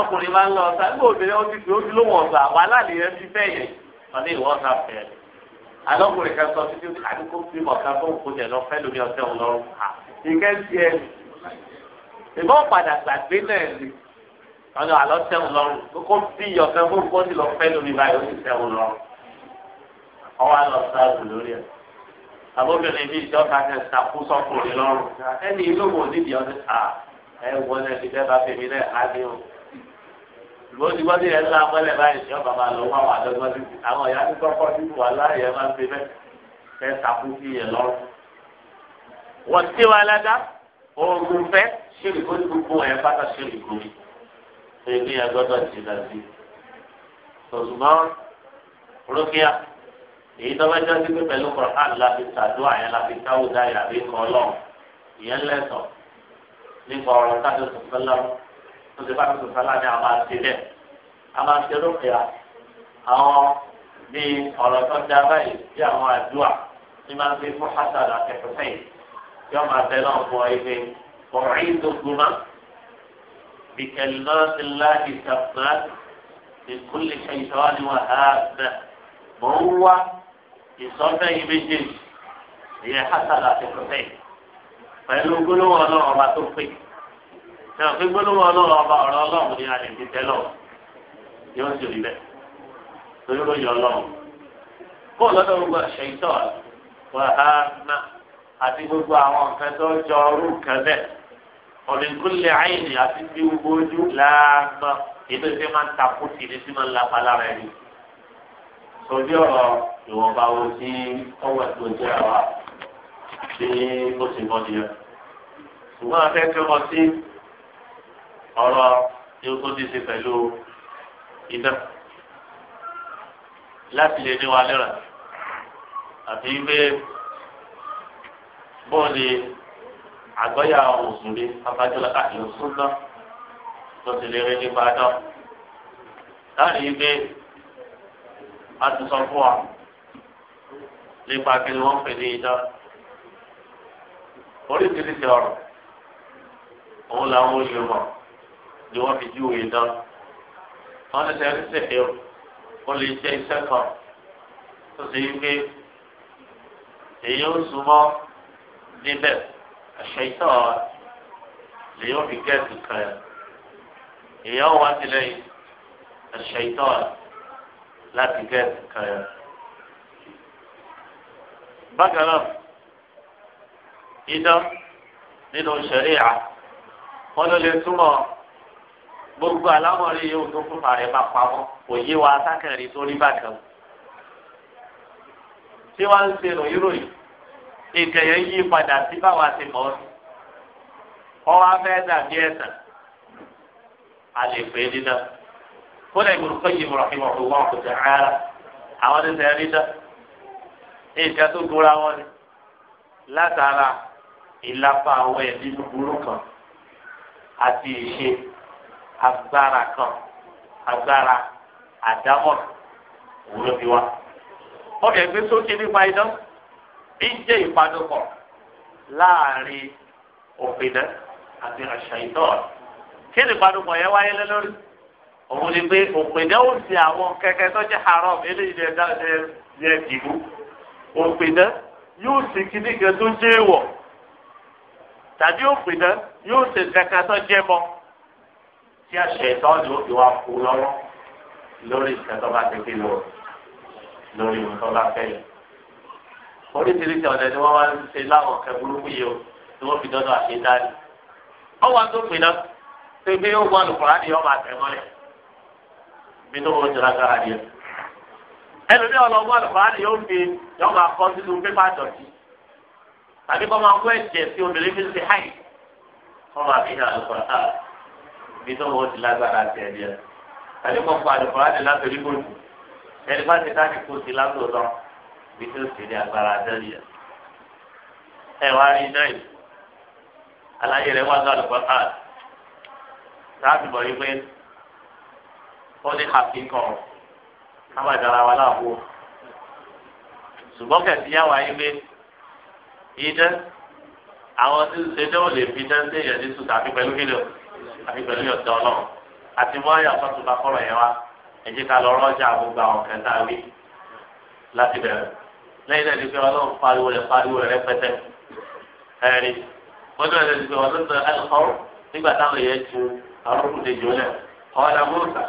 ọkùnrin máa ń lọ ọ̀sà nígbà obìnrin ó ti fi ojú ló wọ̀n ọ̀sà wàhálà lè yẹn ti fẹ́ yẹn wọn ní ìwọ ọ̀sà fẹ́ ẹ̀ alọ́kùnrin kan sọ títí àdúgbò fi mọ̀ká tó ń kojẹ lọ fẹ́ lómi ọ̀sẹ̀ òun lọ́rùn ha ìkẹ́ ti ẹ̀ ìbọn padà gbàgbé náà ni ọ̀nà àlọ́ tẹ̀ òun lọ́rùn kókó bí ọ̀kan fún kọ́ni lọ fẹ́ lómi báyìí ó sì tẹ̀ òun lọ́rùn ọwọ́ àlọ́ sáàbù lórí ẹ̀ àbóbìnrin bíi ìjọba kan sàkú sọkùnrin lọ́rùn ẹni ìlú ṣùgbọ́n ti gbọ́ sí yẹn ńlá mọ́lẹ̀ báyìí ṣé ọba máa lọ wọ́n àwọn àdọ́gbọ́n sí i àwọn ìyá tó kọ́kọ́ sí wà láàyè máa ń pe bẹ́ẹ̀ fẹ́ sàkú sí yẹn lọ́rùn. wọ́n ti wá ládá oògùn fẹ́ ṣèlìkó ní gbogbo ẹ̀ pátá ṣèlìkó mi ṣé ilé yẹn gbọ́dọ̀ ti dà sí i. ṣùgbọ́n rúkìá èyí tó bá jẹ́ sí pé pẹ̀lú kọ̀ọ̀kan láti ṣàdúrà yẹn láti káwọ́ dáyà àbí kọ́ ọlọ́run ìyẹn lẹ́tọ̀ọ́ nípa ọ̀rọ̀ káàdùn tó fẹ́ lọ́rùn tó ti bá tó sálá ní àwọn àti bẹ́ẹ̀ àwọn àti olókèá àwọn bíi ọ̀rọ̀ tó ń da báyìí bí àwọn àdúrà ní máa ń gbé fún hasan àti hussein tí wọ́n máa bẹ náà fún ọ ife ọ̀rọ̀ yìí tó gbóná bìkẹ́lẹ́ ti láti sàbà ìkúlẹ̀ ṣèṣọ́ ni wọ́n á bẹ̀ mọ̀ ń wá ìsọ́fẹ́ yìí méjèèjì ìyẹn hasan àti hussein pẹ̀lú gbólóhùn ọlọ́run ọba tó pè é ṣe òfin gbólóhùn ọlọ́run ọba ọ̀rọ̀ ọlọ́run ni a lè fi tẹ́lọ̀ yóò sì rí bẹ́ẹ̀ torí ló yọ ọlọ́run. kó lọ́dọ̀ gbogbo ẹ̀ṣẹ̀ ìtọ́ wàhánà àti gbogbo àwọn nǹkan tó jọ ọrú kẹlẹ̀ ọ̀dìnkúnlẹ̀ àìní àti bí gbogbo ojú láàmà ètò ìfẹ́ máa ń takò sí ní sí máa ń lapa lára ẹni. sọdí ọ̀rọ̀ ìwọ̀nba wo sí ọwọ́ tó jẹ́ àwa tí ó sì mọ́ sí ọ̀rọ̀ tí ó tó ti ṣe pẹ̀lú iná láti lè ní wa lẹ́rà àti pé bọ́ọ̀lì àgbọ́yà òṣèré abájọ́lá káàkiri súnná tó ti lè rí nípa náà láàrin pé a ti sọ fún wa nípa kí wọ́n pè ní iná oríṣiríṣi ọ̀rọ̀ òun làwọn olùmọ̀ ni wọ́n fi júwe náà wọ́n ní sẹ́yìn sèké o ó lè jẹ́ iṣẹ́ kan tó ṣe wípé èyí ó súnmọ́ níbẹ̀ ẹ̀ṣẹ̀ ìtọ́ lèyìn ó fi gẹ́ẹ̀sì kan ẹ̀ èyí ó wá sílẹ̀ yìí ẹ̀ṣẹ̀ ìtọ́ láti gẹ́ẹ̀sì kan ẹ̀ bákan náà idán nínú ṣẹ̀ríà wọ́n lè túmọ̀ gbogbo alámọ̀rí yóò tó fún ààrẹ máa pamọ́ kò yé wa sákẹ̀rì tó rí bákan. tí wọ́n ń ṣe ròyìnròyìn ìkẹyẹ yí padà sí báwa ti mọ̀ ọ́ sí. ọwọ́ afẹ́ dàbí ẹ̀sán a lè pè é dídá. kódà ìgbòho kọ́ yìí mọ̀rọ̀ ìmọ̀ òwò ọ̀kọ̀ tẹ̀ rárá àwọn ti tẹ̀ dídá. nǹkan tó gbóra wọn ni látara ìlàpá àwọn ẹ̀mí búburú kan àti ìṣe agbára kan agbára àdámọ̀ òwúrọ̀ bí wa. ọ̀rọ̀ ẹ̀gbẹ́ sókè nípa idán bí ń jẹ́ ìpadùkọ̀ láàrin òfin náà àti àṣà ìtọ́ọ̀. kí ni ìpadùkọ̀ yẹn wáyé lé lórí? òun ni pé òpèdè ó sì àwọn kẹ̀kẹ́ tó jẹ́ haram eléyìí lè dá ẹ yẹ dìbò òpèdè yóò sì kíní kan tó jẹ́ èèwọ̀ tàbí òpèdè yóò sì kẹ̀kẹ́ tó jẹ́ bọ́ tí àṣẹ ìtọ́jú òfin wa kú lọ́wọ́ lórí ìṣẹ́tọ́ bá ti fi lọ lórí ìwòsàn bá fẹ́ yìí. oríṣiríṣi ọ̀dẹ ni wọ́n wá ń ṣe láwọn ọ̀kẹ́ burúkú yìí o tí wọ́n fi dọ́dọ̀ àṣẹ dání. ọwọ́ àti òfin náà ṣe pé ó gbọ́n lùkùrá ni ọmọ àtẹ̀mọ́lẹ̀ mi tó wọ́n jọra gara ni ẹlòmí ọlọmọ àlùfáà ni yóò fi yọ máa kọ sínú pépà dọ̀tí tàbí kọ́ máa kó ẹ̀jẹ̀ sí obìnrin fi ń ṣe háì kọ́ máa fi hàn àlùfáà bí tó wọ́n ti lágbára ti ẹ̀ díẹ̀. àdéhùn kọ́ àdìkọ́lá ti látòrí bòtù ẹni bá ti dáàbì kó ti látòtọ́ bí tó sì ní agbára dẹ́rì ẹ̀. ẹ wá rí náà yìí aláyé rẹ̀ wá sọ́ọ́ àdìkọ́ káàd láti bọ̀ yí pé ó ní hàpí kan kábàdàrà wa láàbò ṣùgbọ́n kẹ̀sí yá wáyé pé yí dẹ́ àwọn tí ò lè fi dẹ́ ṣe ìyẹn ní sùn tàbí pẹ̀lú kílò àti pẹ̀lú ọ̀dọ́ ọlọ́run àti wọ́n yà sọ́tún bá kọ́rọ̀ yẹn wá ẹ jẹ́ ká lọ rọ́jà gbogbo àwọn kẹta wí láti bẹ̀rẹ̀ lẹ́yìn náà ni pé ọlọ́run pariwo rẹ̀ pariwo rẹ̀ rẹpẹtẹ ẹ̀rí ọdún ẹ̀rẹ́ ni pé ọdún tó ẹ̀kọ́ nígbà táwọn yẹn tu àwọn olùdíje olẹ̀ ọ̀ọ́dà mọ́ọ̀sà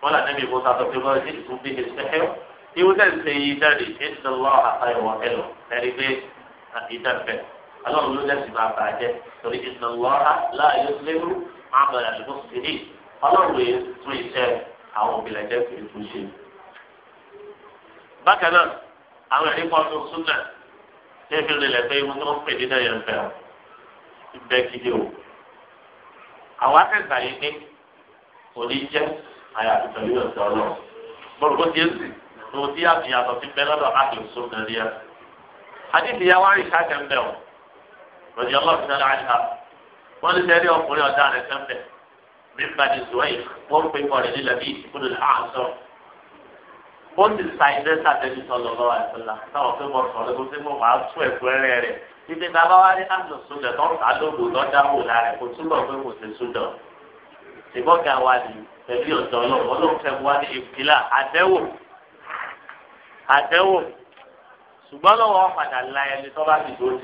wọn là níbi ìbùsà tó fi bọ́ọ̀sì ìtúndì ìṣẹ́hẹ́ ìwú tẹ̀ ṣe yí dáre ìṣẹ́lọ́ àtàyẹ̀wọ̀ ẹ̀lọ́ ẹ̀rí pé ìdàgbẹ́ ọlọ́run ló dẹ̀ sì máa bàjẹ́ torí ìṣẹ́lọ́ àbẹ̀rẹ̀ àdúgbò sílẹ̀ ọlọ́run yìí tún iṣẹ́ àwọn òbílẹ̀ jẹ́ kì í tún ṣe. bákan náà àwọn ẹ̀rí kan tún súnà lébi rinlẹ̀ pé irun tí wọ́n pè nínú ẹ̀yẹ̀ ń fẹ́ ọ bẹ́ẹ̀ kíde o. àwọn akẹ́kọ̀ọ́ àyè ní òní jẹ́ àyàfi pẹ̀lú ọ̀sẹ̀ ọlọ́run bọ́ọ̀lù kó ti ń sìn ní o ti àfi bẹ́ẹ̀ lọ́dọ̀ àkìlù súnà wọ́n ní sẹ́rí ọkùnrin ọ̀dà rẹ̀ sẹ́ńbẹ̀ mímba ní zuwai wọ́n pè kọ́ rẹ̀ nílẹ̀ bíi ìsìnkú ní àǹsọ̀ ó sì sa ilé sàtẹ́bí sọ̀lọ̀ lọ́wọ́ àìsílá táwọn fẹ́ mọ̀ sọ̀rọ̀ tó fẹ́ mọ̀ wá tún ẹ̀kọ́ rẹ̀ rẹ̀ títí bàbá wa ní àǹsọ̀ sódà tó ń ta lóògùn tó dáwò lára kò túbọ̀ pé kò sí sódà ṣùgbọ́n kí a wá pẹ̀lú ọ̀dọ́ ọlọ́run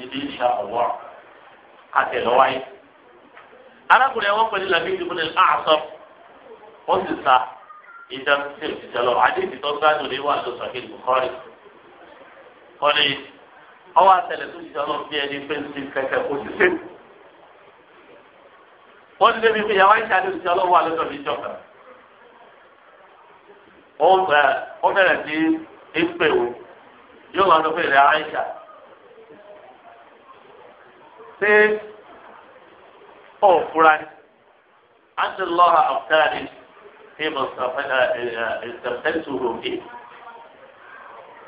ọlọ́run fẹ́ arákùnrin wọn pẹ̀lú làbíyí ìdìbò ní àṣọ wọn sì sa ìjà sí ìjà lọ àdéhùn tó gbádùn ní wàá lọsọ kí nìkan kọrin kọrin ọwọ́ àtẹlẹ tó ìjà lọ bí ẹni pé ní kẹ̀kẹ́ kò sí sí. wọn lé mi pé yàrá ìjà ní lọ wà lọsọ mi jọba ó bẹ̀rẹ̀ sí ìpè wò yóò wá lọ pé ìrẹ àìsà ọ̀ fura ni àti lọ́ha àfúkàrà ni ṣé mo ṣàfẹ́tù òbí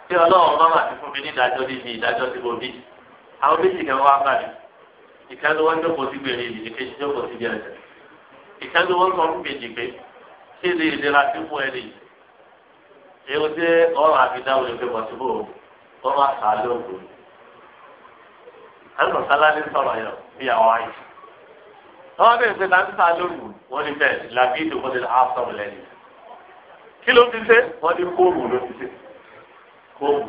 ṣé ọlọ́run má má ti fún mi ní ìdájọ́ níbi ìdájọ́ tí mo bí àwọn méjì kan wá bá mi ìkànnì wọn jókòó sí gbèrè ìlú ìkejì jókòó sí bí ẹsẹ̀ ìkànnì wọn sọ fún méjì pé ṣé ilé ìlera ti mú ẹ nìyí èyí tí ọ̀rọ̀ àfidáwò ìfẹ́ bọ̀ síbò ọ̀rọ̀ àṣà lóògùn. àlùfáà sálá ní sọ̀rọ̀ yẹn bí àwọn àyè wọ́n bẹ̀rẹ̀ pé láti ta lóru wọ́n ní bẹ́ẹ̀ làbí ìdò wọ́n ti lọ́ àfọ̀mù lẹ́yìn. kí ló ti ṣe wọ́n ní kóòmù ló ti ṣe kóòmù.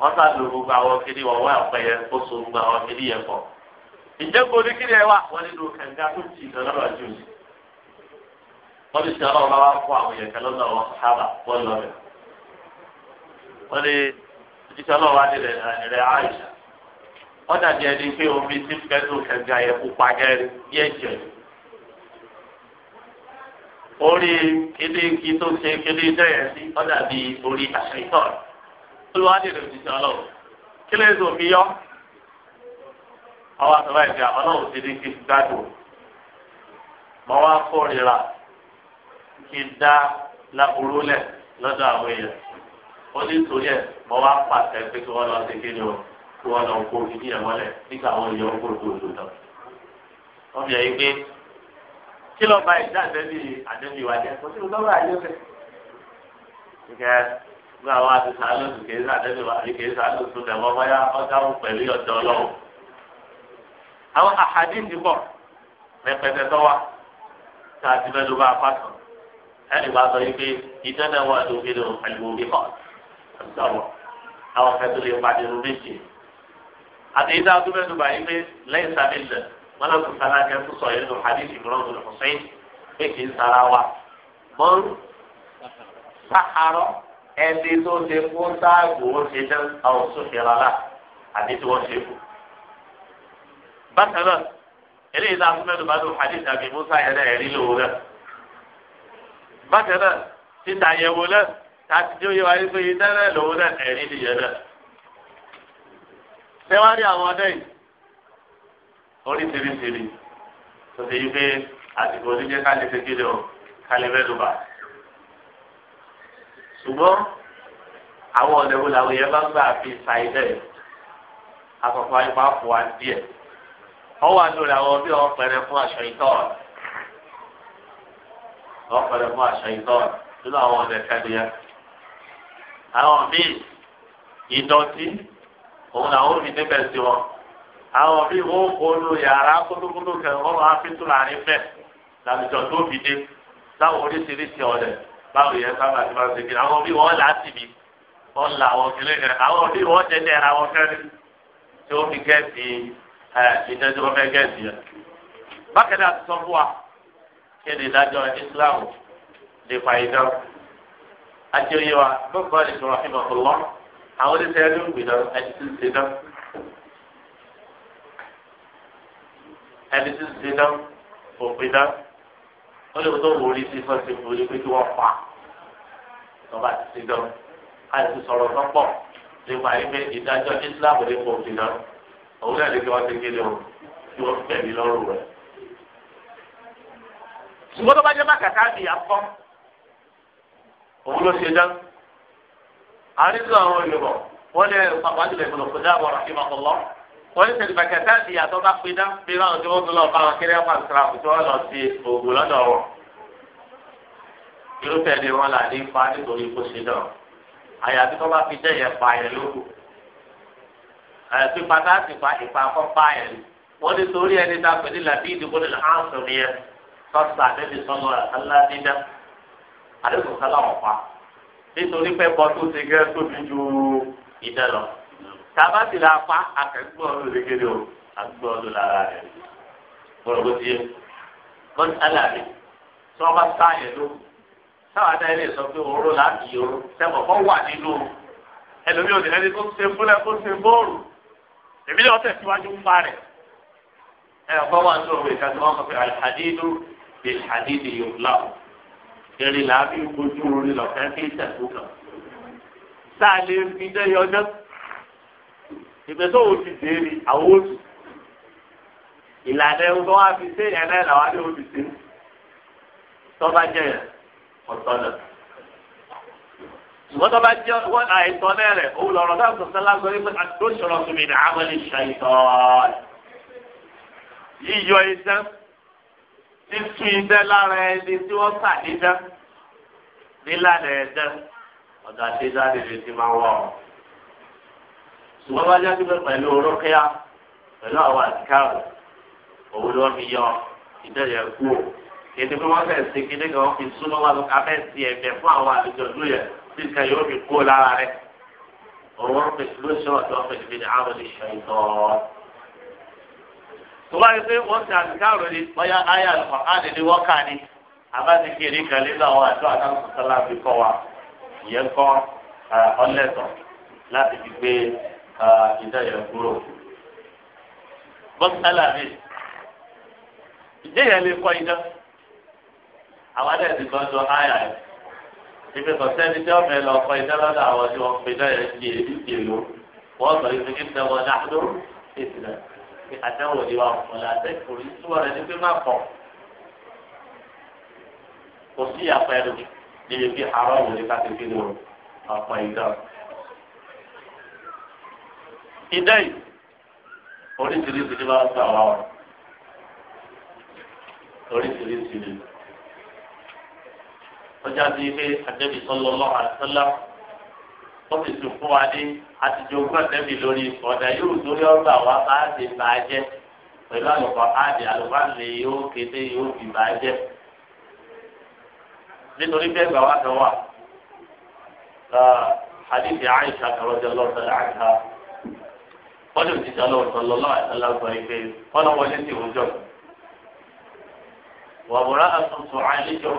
wọ́n ta lò gbogbo àwọn kiri wọ́n wá àpẹyẹ kó so gbogbo àwọn kiri yẹn pọ̀. ìjẹ́ ní kiri ẹ wà wọ́n nínú kẹ̀ǹgá tó ti ìdáná lọ́wọ́ jù sí. wọ́n ti ṣe ọlọ́run bá wá kó àwọn yẹn kẹlọ́ náà wọ́n sábà wọ́n lọ wọ́n dàbí ẹni pé omi ti fẹ́ tó kẹ̀kẹ́ yẹ kó pàjẹ́ yẹ jẹ. orí kíndìnkì tó ṣe kíndìn dẹ́yẹ sí wọ́n dàbí orí àṣẹ ìtọ́ olùwádìí rẹ̀ ti sọ lọ́wọ́ kí lè zò mí yọ. àwọn àtàwọn ẹ̀jẹ̀ ọlọ́run ti ní kí n gbádùn mọ wá kórìíra kí n dá láburú lẹ̀ lọ́dọ̀ àwọn èèyàn ó ní torí ẹ̀ mọ wá pàṣẹ pé kí wọ́n lọ sí kí ni o kí wọ́n lọ kó fìdí ẹ̀ mọ́lẹ̀ nígbà wọn yọ kó lòdò lọ. wọ́n fi ẹ̀yìn pé kí lọ́ọ́ bá ìdá àtẹ́bí àtẹ́bí wa jẹ́ kó tí mo lọ́wọ́ àyè fẹ́. ìkẹ́ gbà wá ti sàá lóṣù kìí sàá àtẹ́bí wa àti kìí sàá lóṣù dẹ̀mọ́ báyà ọ̀dáhùn pẹ̀lú ọ̀dọ́ ọlọ́run. àwọn àhàdí ti bọ̀ rẹpẹtẹ tọ́wà tá a ti fẹ́ ló bá a pàtó ẹnì bá sọ yìí pé ìdáná wà lóbi lò àti ìdá àdúgbò báyìí pé lẹ́yìn sábẹ́ ilẹ̀ wọn náà tún sára kẹ́ tún sọ yẹn nù hadith Imran bin Hussein pé kì í sára wa mọ́n sàárọ̀ ẹni tó ṣe fún sáàgùn ó ṣe dán àwọn sóṣèlálà àti tí wọ́n ṣe fún. bákan náà eléyìí tá a tún mẹ́nu bá lò hadith àbí Musa yẹn náà ẹ̀rí lòun náà. bákan náà títa yẹ̀wò náà tá a ti dé oyè wáyé pé iná náà lòun náà ẹ̀rí nìyẹn náà tẹ́wárí àwọn ọdẹ yìí orí tèmítèmí tó ti yí pé àsìkò oníjẹ kálí kékeré o kálí mẹ́lúbà ṣùgbọ́n àwọn ọ̀dẹ̀ wo làwọn yẹn bá gbà fi sa ilẹ̀ àkọ́kọ́ ayé bá fò wá díẹ̀ ọwọ́ àdúrà làwọn bí wọ́n pẹ̀rẹ̀ fún aṣọ ìtọ́ọ̀ wọ́n pẹ̀rẹ̀ fún aṣọ ìtọ́ọ̀ nínú àwọn ọ̀dẹ̀ kẹ́lẹ́yẹ àwọn míì ìdọ̀tí òun làwọn òbí níbẹ̀ sí wọn àwọn bí wọn kò lu yàrá kótókótó kẹrin wọn máa fi tún láàrin bẹ́ẹ̀ làbìjọ tó fi dé láwọn oríṣiríṣi ọ̀dẹ̀ báwo yẹn sábà ti máa ń segin àwọn bí wọn là á sì bí wọn là àwọn kìlẹ̀ kẹrin àwọn bí wọn tẹ̀lé ara wọn kẹrin tí ó fi gẹ̀ẹ́sì ẹ̀ ìdájọ́ wọn fẹ́ gẹ̀ẹ́sì yẹn. bákan náà ti wa kéde ìdájọ́ Islam lè fa ìdán àti oyè wa gbọ́dọ̀ ìṣòro àfihàn àwọn oníṣẹ́ ẹni ń gbìnà ẹni tí ń ṣe náà ẹni tí ń ṣe náà òpin náà ó lè tó wò ó rí sí fún ẹsẹ̀ ìwé pé kí wọ́n pa lọ́ba ti ṣe náà àìsí sọ̀rọ̀ lọ́pọ̀ nípa ẹgbẹ́ ìdájọ́ Islam nípa òfin náà òun náà lè fi wọ́n ti kéde o kí wọ́n tẹ̀lé lọ́rùn rẹ̀. ṣùgbọ́n tó bá jẹ́ bá kàkà bì àkọ́ òun ló ṣe dáná àrídùn àwọn olùbọ̀ wọ́n lé pàpàdé lè gbọdọ̀ kọjá àbọ̀ ràhìmà ọlọ́ wọ́n ní sẹ́ni bàkẹ́tà àti ìyàtọ̀ bá pé dá pé láwọn tí wọ́n tún lọ bá wọn kéré wọn sara kò tí wọ́n lọ sí oògùn lọ́dọ̀ wọn. irúfẹ́ ni wọ́n là ní ipa nítorí kó ṣe náà àyàfi tó bá fi jẹ́ yẹn pa yẹn lóko àyàfi pàtàkì pa ìpa kọ́ pa yẹn wọ́n ní torí ẹni tá a pè ní làbí ìdìbò ní àǹsọ̀ nìyẹn tọ́sà nítorí pé bọ́ tó ti gẹ́ tóbi ju ìdẹ lọ. tàbá sì la fa akẹ́gbọ́ olùdíkejì o akẹ́gbọ́ olùlára rẹ̀ gbọ́dọ̀ bó ti yẹ. bọ́dí aláàbí tí wọ́n bá sáyẹn ló táwọn adáyé lè sọ pé òru láti yòrò sẹ́wọ̀n kọ́ wà nínú ẹlòmí ò ní ẹni tó ṣe fúnlẹ̀ kó ṣe bóòrù èmi náà tẹ̀síwájú ń pa rẹ̀ ẹ̀ ọ̀pọ̀ wà ń sọ̀rọ̀ ìkàtúwọ́n kọfí èrè làbí ojú orí lọ́fẹ́ fi tẹ̀sùn kan. tá a lè fi dẹ́yẹ ọjọ́ ìgbésẹ̀ òun ti dé ní àwọn oṣù ìlànà ẹ̀rù tó wá fi sí ẹ̀rẹ́ làwọn ní oṣù sí tọ́ba jẹ́ ọ̀tọ̀ náà. ṣùgbọ́n tọ́ba jẹ́ àìsàn náà rẹ̀ òun lọ́rọ̀ náà sọ̀tẹ́ lágbọ́n ní pé àdóṣọ̀rọ̀ fún mi ní àwọn ilé ṣàìsàn yíyọ iṣẹ́ títú idẹ lára ẹni tí wọ́n tà dídá nílànà ẹdẹ ọ̀dà dídá níbi tí máa wọ̀ ọ́. ṣùgbọ́n bá jáde pé pẹ̀lú orókèá pẹ̀lú àwọn àtikáàrò òun ni wọ́n fi yọ idẹ yẹn kú o. kéde pé wọ́n fẹ́ sí kíndé kan wọ́n fi súnmọ́ wá lóka fẹ́ sí ẹ̀fẹ̀ fún àwọn àlejò ìlú yẹn tí nǹkan yóò fi kú lára rẹ̀. òun wọ́n fi lóṣù ọ̀dọ́ fẹ́ tó bá yẹ pé wọ́n ti àtìkáàrò ni bóyá ayé àlùkò áàdì ni wọ́n kà ní abáti kiri kan nínú àwọn àjọ àtàkùn sọlá fi kọ wa ìyẹn kọ ọlẹ́tọ̀ láti fi gbé ìdá yẹn kúrò. bọ́sálà mi ìjẹ́ yẹn lè kọ́ iná àwọn adé ti gbọ́dọ̀ ayà yẹn ibi kò sẹ́ni tí wọ́n fẹ́ lọ kọ́ iná lọ́dọ̀ àwọn tí wọ́n fi iná yẹn di èdè ìlú wọ́n sọ ìfikí tẹ́wọ́n náà ló ètò náà pé àdáwò ni wà fún ọ̀la àtẹ́kùrú ìtumọ̀ rẹ̀ ní pé má pọ̀ kò sí àpẹẹrẹ níbi bí àárọ̀ wò ní káfíńkì ní ọ̀pọ̀ ìdá. ìdá yìí oríṣiríṣi ni wọ́n gbà wá wọn oríṣiríṣi ni ọjà bíi pé àdébìsọ́ lọ́lọ́ àtọ́lá ó sì tún fún wa ní àtijọ́gbọ́n àtẹ́bí lórí ọ̀dà yóò torí ọgbà wá bá a ti bá a jẹ́ pẹ̀lú àlùkò àdì àlùkò àlè yóò kété yóò fi bá a jẹ́ nítorí bẹ́ẹ̀ gbà wá kan wà hadithi aisha radhiyallahu ta'ala anha wọ́n lè jíjà lọ́wọ́ sọlọ́lá àtàlágbà ìgbé wọ́n lọ́wọ́ lé sí ìwọ́jọ́ wà múra àtúntò àìlíjọ́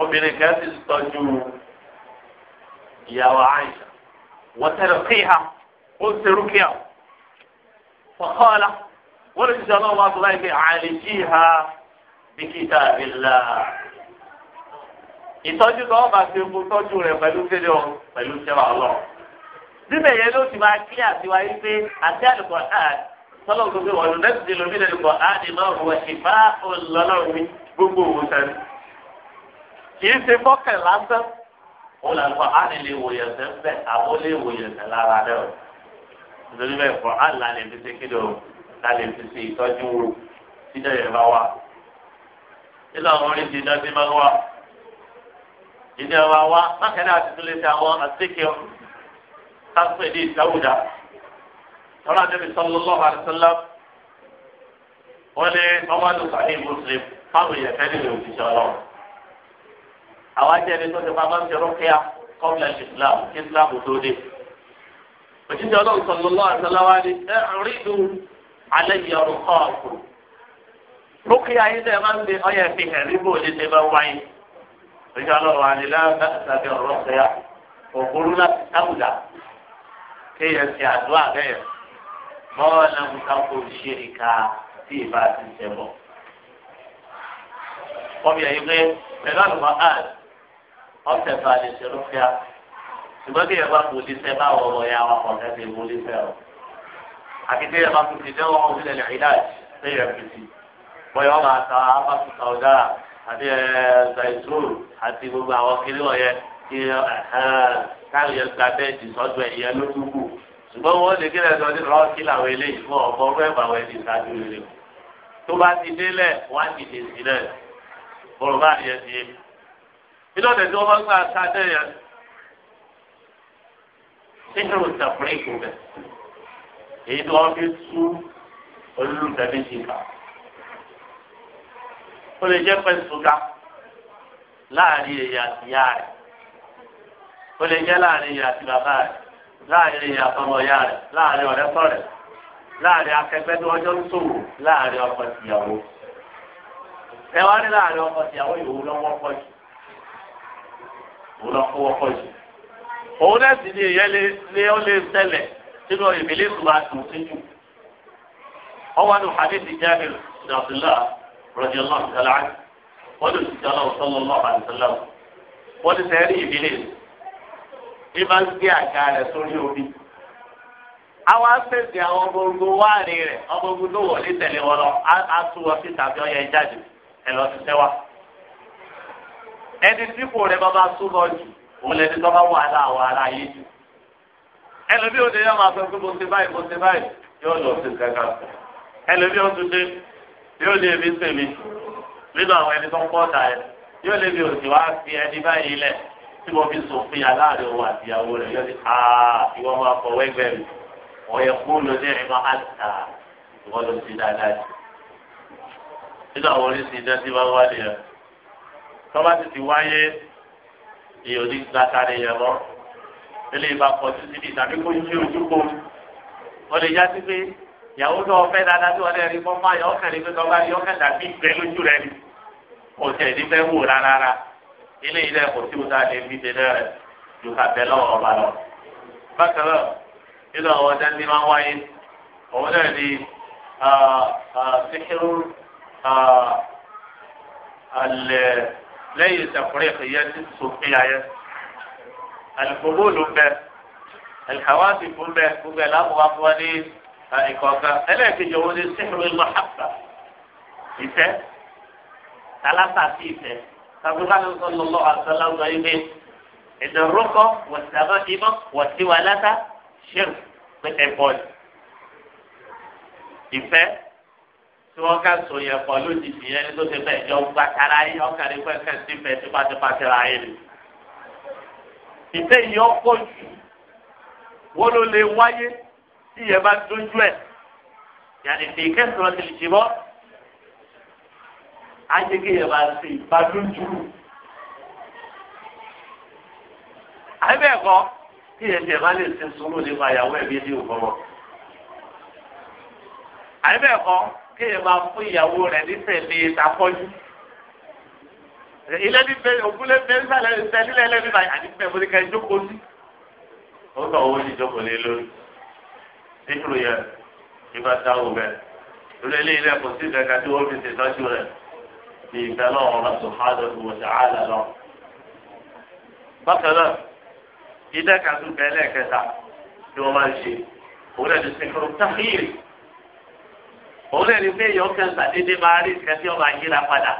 obìnrin kan tọ́jú ìyàwó àìsà wọ́n tẹ̀lé kíhà ó ń serú kíhà fọ́kọ́lá wọ́n lè ṣiṣẹ́ ọlọ́wọ́ àtúláì pé àlejì ha bí kíta àbílà ìtọ́jú lọ́wọ́ bá ṣe mú tọ́jú rẹ̀ pẹ̀lú kéde ọ̀hún pẹ̀lú sẹ́wà ọlọ́run bíbẹ̀ yẹn ló ti máa kí àtiwá yìí pé àti àlùkò àd sọ́lọ́ tó fi wọ̀lú lẹ́sìn ti lómi lẹ́lùkò àd máa wọ ìfá ọlọ́run gbogbo òwúta ni kì í ṣe fọ́kẹ̀ lásán ó lọ kọ á nílé ìwòyàn tẹ ń bẹ àbó lé ìwòyàn tẹ lára rẹ o nítorí bẹ́ẹ̀ kọ á là lè fi ṣe kílò la lè fi ṣe ìtọ́jú wo sídẹ̀ yẹn bá wà nínú àwọn orin ti dájú máa wà ìdílé wa wá mákàdá àti tó lè ṣe àwọn àtẹkẹọ káfíńpé ní ìdáwùdá tọ́lá níbi sallallahu alaihi wasallam wọ́n lé ọmọdé sàhìn muslim fáwọn èèyàn fẹ́ẹ́ nílò òṣìṣẹ́ ọlọ́run àwọn ajẹ́ni tó ti pa máa ń fi rúkìá kọ́mílẹ̀ islam kí islam tó dé. òjijì ọlọ́run sallallahu alaihi wasallam ni ẹ rí du alẹ́ yìí ọ̀rùn kọ́ ọ̀kù. rúkìá yìí dẹ̀ máa ń gbé ọyẹ fi hẹ̀ rí bó lè ṣe bá wáyé. òjijì ọlọ́run àlelá tàbí ọ̀rọ̀ kẹ́yà òkúrú láti tábùdà kéèyàn ti àdúrà bẹ́ẹ̀ mọ́ọ̀lá mùsàkó ọ̀sẹ̀ tó a lè ṣe ló fíà ṣùgbọ́n bí ẹ bá kú oníṣẹ́ bá wọ ọ̀rọ̀ ya wọn ọ̀rẹ́ ti mú oníṣẹ́ o àti bí ẹ bá kú ti dẹ́wọ́ ọ̀hún sílẹ̀ ìdájì ṣé yẹ fi si bọ́yọ̀ ọ̀gá ta abáṣu sàwùdà àti ẹ zaitun àti gbogbo àwọn kiri wọ̀nyẹ kí káàlù yẹn gba bẹ́ẹ̀dì sọ́dọ̀ ẹ̀yẹ ló dúkù ṣùgbọ́n wọn lè kí lẹ́sọ̀ ní lọ́wọ́ kí làwọn eléyìí fún ọ̀bọ mẹ́fà wọn ti ṣáájú rẹ̀ tó bá ti délẹ̀ wọ́n á ti dè sílẹ̀ bọ̀rọ̀ bá yẹ inú ọ̀dẹ̀ tí wọ́n máa ń gbà ká dẹ́yà síhìrù tàbíríkù rẹ̀ èyí tí wọ́n fi tú olùdarí sí ká ó lè jẹ́ pẹ̀sùgá láàrin èyí àti ìyá rẹ̀ ó lè jẹ́ láàrin èyí àti bàbá rẹ̀ láàrin èyí àtọmọ ìyá rẹ̀ láàrin ọ̀rẹ́ sọ̀rẹ́ láàrin akẹgbẹ́ tí wọ́n jọ ń ṣòwò láàrin ọkọ tìyàwó ẹ wá ní láàrin ọkọ tìyàwó ìwò lọ́wọ́ òun náà kó wọ́pọ̀ jù òun náà sì ni lé ó nínú ìbílẹ̀ jù ọwọ́ wọ́n ti sẹ́rí ìbílẹ̀ ní ń gbé àga rẹ̀ sórí omi àwọn wáàrin rẹ̀ ló wọlé tẹ̀lé wọn lọ ẹni tí kò rẹ bá bá súnmọ́ jù òun lẹni tó bá wà láwọn ará yé jù ẹlòmíì ò ní yọ máa sọ pé mo ti báyìí mo ti báyìí yóò lọ sí kankan ẹlòmíì ò tún dé yóò lé ebi sèmi nínú àwọn ẹni tó ń pọ̀ tà ẹ yóò lé mi ò sì wá fi ẹni báyìí lẹ̀ tí mo fi sòfin aláàrẹ òun àtìyàwó rẹ̀ yóò ní aa ìwọ máa fọwọ́ ẹgbẹ́ mi wọ́n yẹ kó lọ ní ẹ̀ma àtà ìwọ lọ sí dáadáa jù nínú àwọn oríṣi iná tí wọ́n wá nìyẹn tọ́ba ti ti wáyé èyí ò ní gba sáré yẹn lọ ilé ìbá pọ̀ sí síbi tàbí kó ń ṣe ojú kó o lè já sí pé ìyàwó tó ọfẹ́ dáadáa tí wọ́n lè rí fọ́nmá yọ ọkẹ́rin pé tọ́ba yọ ọkẹ́ dàbí ìgbẹ́ lójú rẹ ni kò tẹ̀ ní fẹ́ wò rárá ilé ilé kò tí o ta lè fi dé rẹ ju ká bẹ́ lọ́wọ́ ọba lọ. bákan náà nínú àwọn ọ̀dẹ́ tí máa wáyé òun náà ni ah, ah, síkírù ah, alẹ́. lẹ́yìn tẹ̀kùrẹ́kì yẹn ti sòfin ayẹ. Àlùkòbó ló ń bẹ. Àlùkàwáàsì fún bẹ gbogbo ẹ̀ láwọn wá fún wa ní ìkọ̀ọ̀kan. Ẹlẹ́ẹ̀kejì owó ni sẹ́hìn ìlú àbá. Ìfẹ́. Tàlátà sí ìfẹ́. Tàbílá ló sọ lọ́lọ́ àtàlá ọ̀gá ilé. Ìdọ̀rọ̀kọ wọ̀sàmá ìmọ̀ wọ̀síwálátà ṣẹ́rù pé ẹ̀bọ̀n. Ìfẹ́. tí wọ́n ká sọ yẹn pọ̀ lójijì yẹn ní tó ti fẹ́ jọ gba tara yìí ọkàn ní pẹ́ẹ́kẹ́ sí fẹ́ tipátipá tẹ̀ra yìí ni. ìfẹ́ yìí ọkọ̀ jù wọ́n ló lè wáyé tí yẹn bá dójú ẹ̀ yàtì tí kẹsàn-án ti lè ṣe bọ́ ajẹ́gẹ́ yẹn bá ṣe ìbádójú. àbẹ̀kọ́ tí yẹn tiẹ̀ bá lè ṣe sùúrù nípa ìyàwó ẹ̀ bí ẹ̀ ní òkú wọn. àbẹ̀kọ́ kéèyàn máa fún ìyàwó rẹ̀ nítẹ̀lé ìtàkọ́jú. ilé ní bẹ òkúlé bẹ nísàlẹ̀ ìtẹ́lẹ̀ ẹlẹ́ni báyìí àti bẹ́ẹ̀ mo ní ká jókòó sí. ó sọ owó ní ìjókòó lé lórí. nítorí yẹn bí bá dáwọ́ bẹ́ẹ̀ lórí eléyìí rẹ̀ kò sí ìdẹ́ka tí wọ́n fi ṣètọ́jú rẹ̀ bí ìfẹ́ náà wọn sọ hádọ́tù wọ̀ sàádà lọ. bákan náà ìdẹ́ka bẹ́ẹ̀ lẹ́ẹ̀kẹta tí wọ́n máa ń ṣe òun náà ti sìnkúrú òun ẹni pé èèyàn kẹta dédé máa rí ìkẹ́ tí ọba yíra padà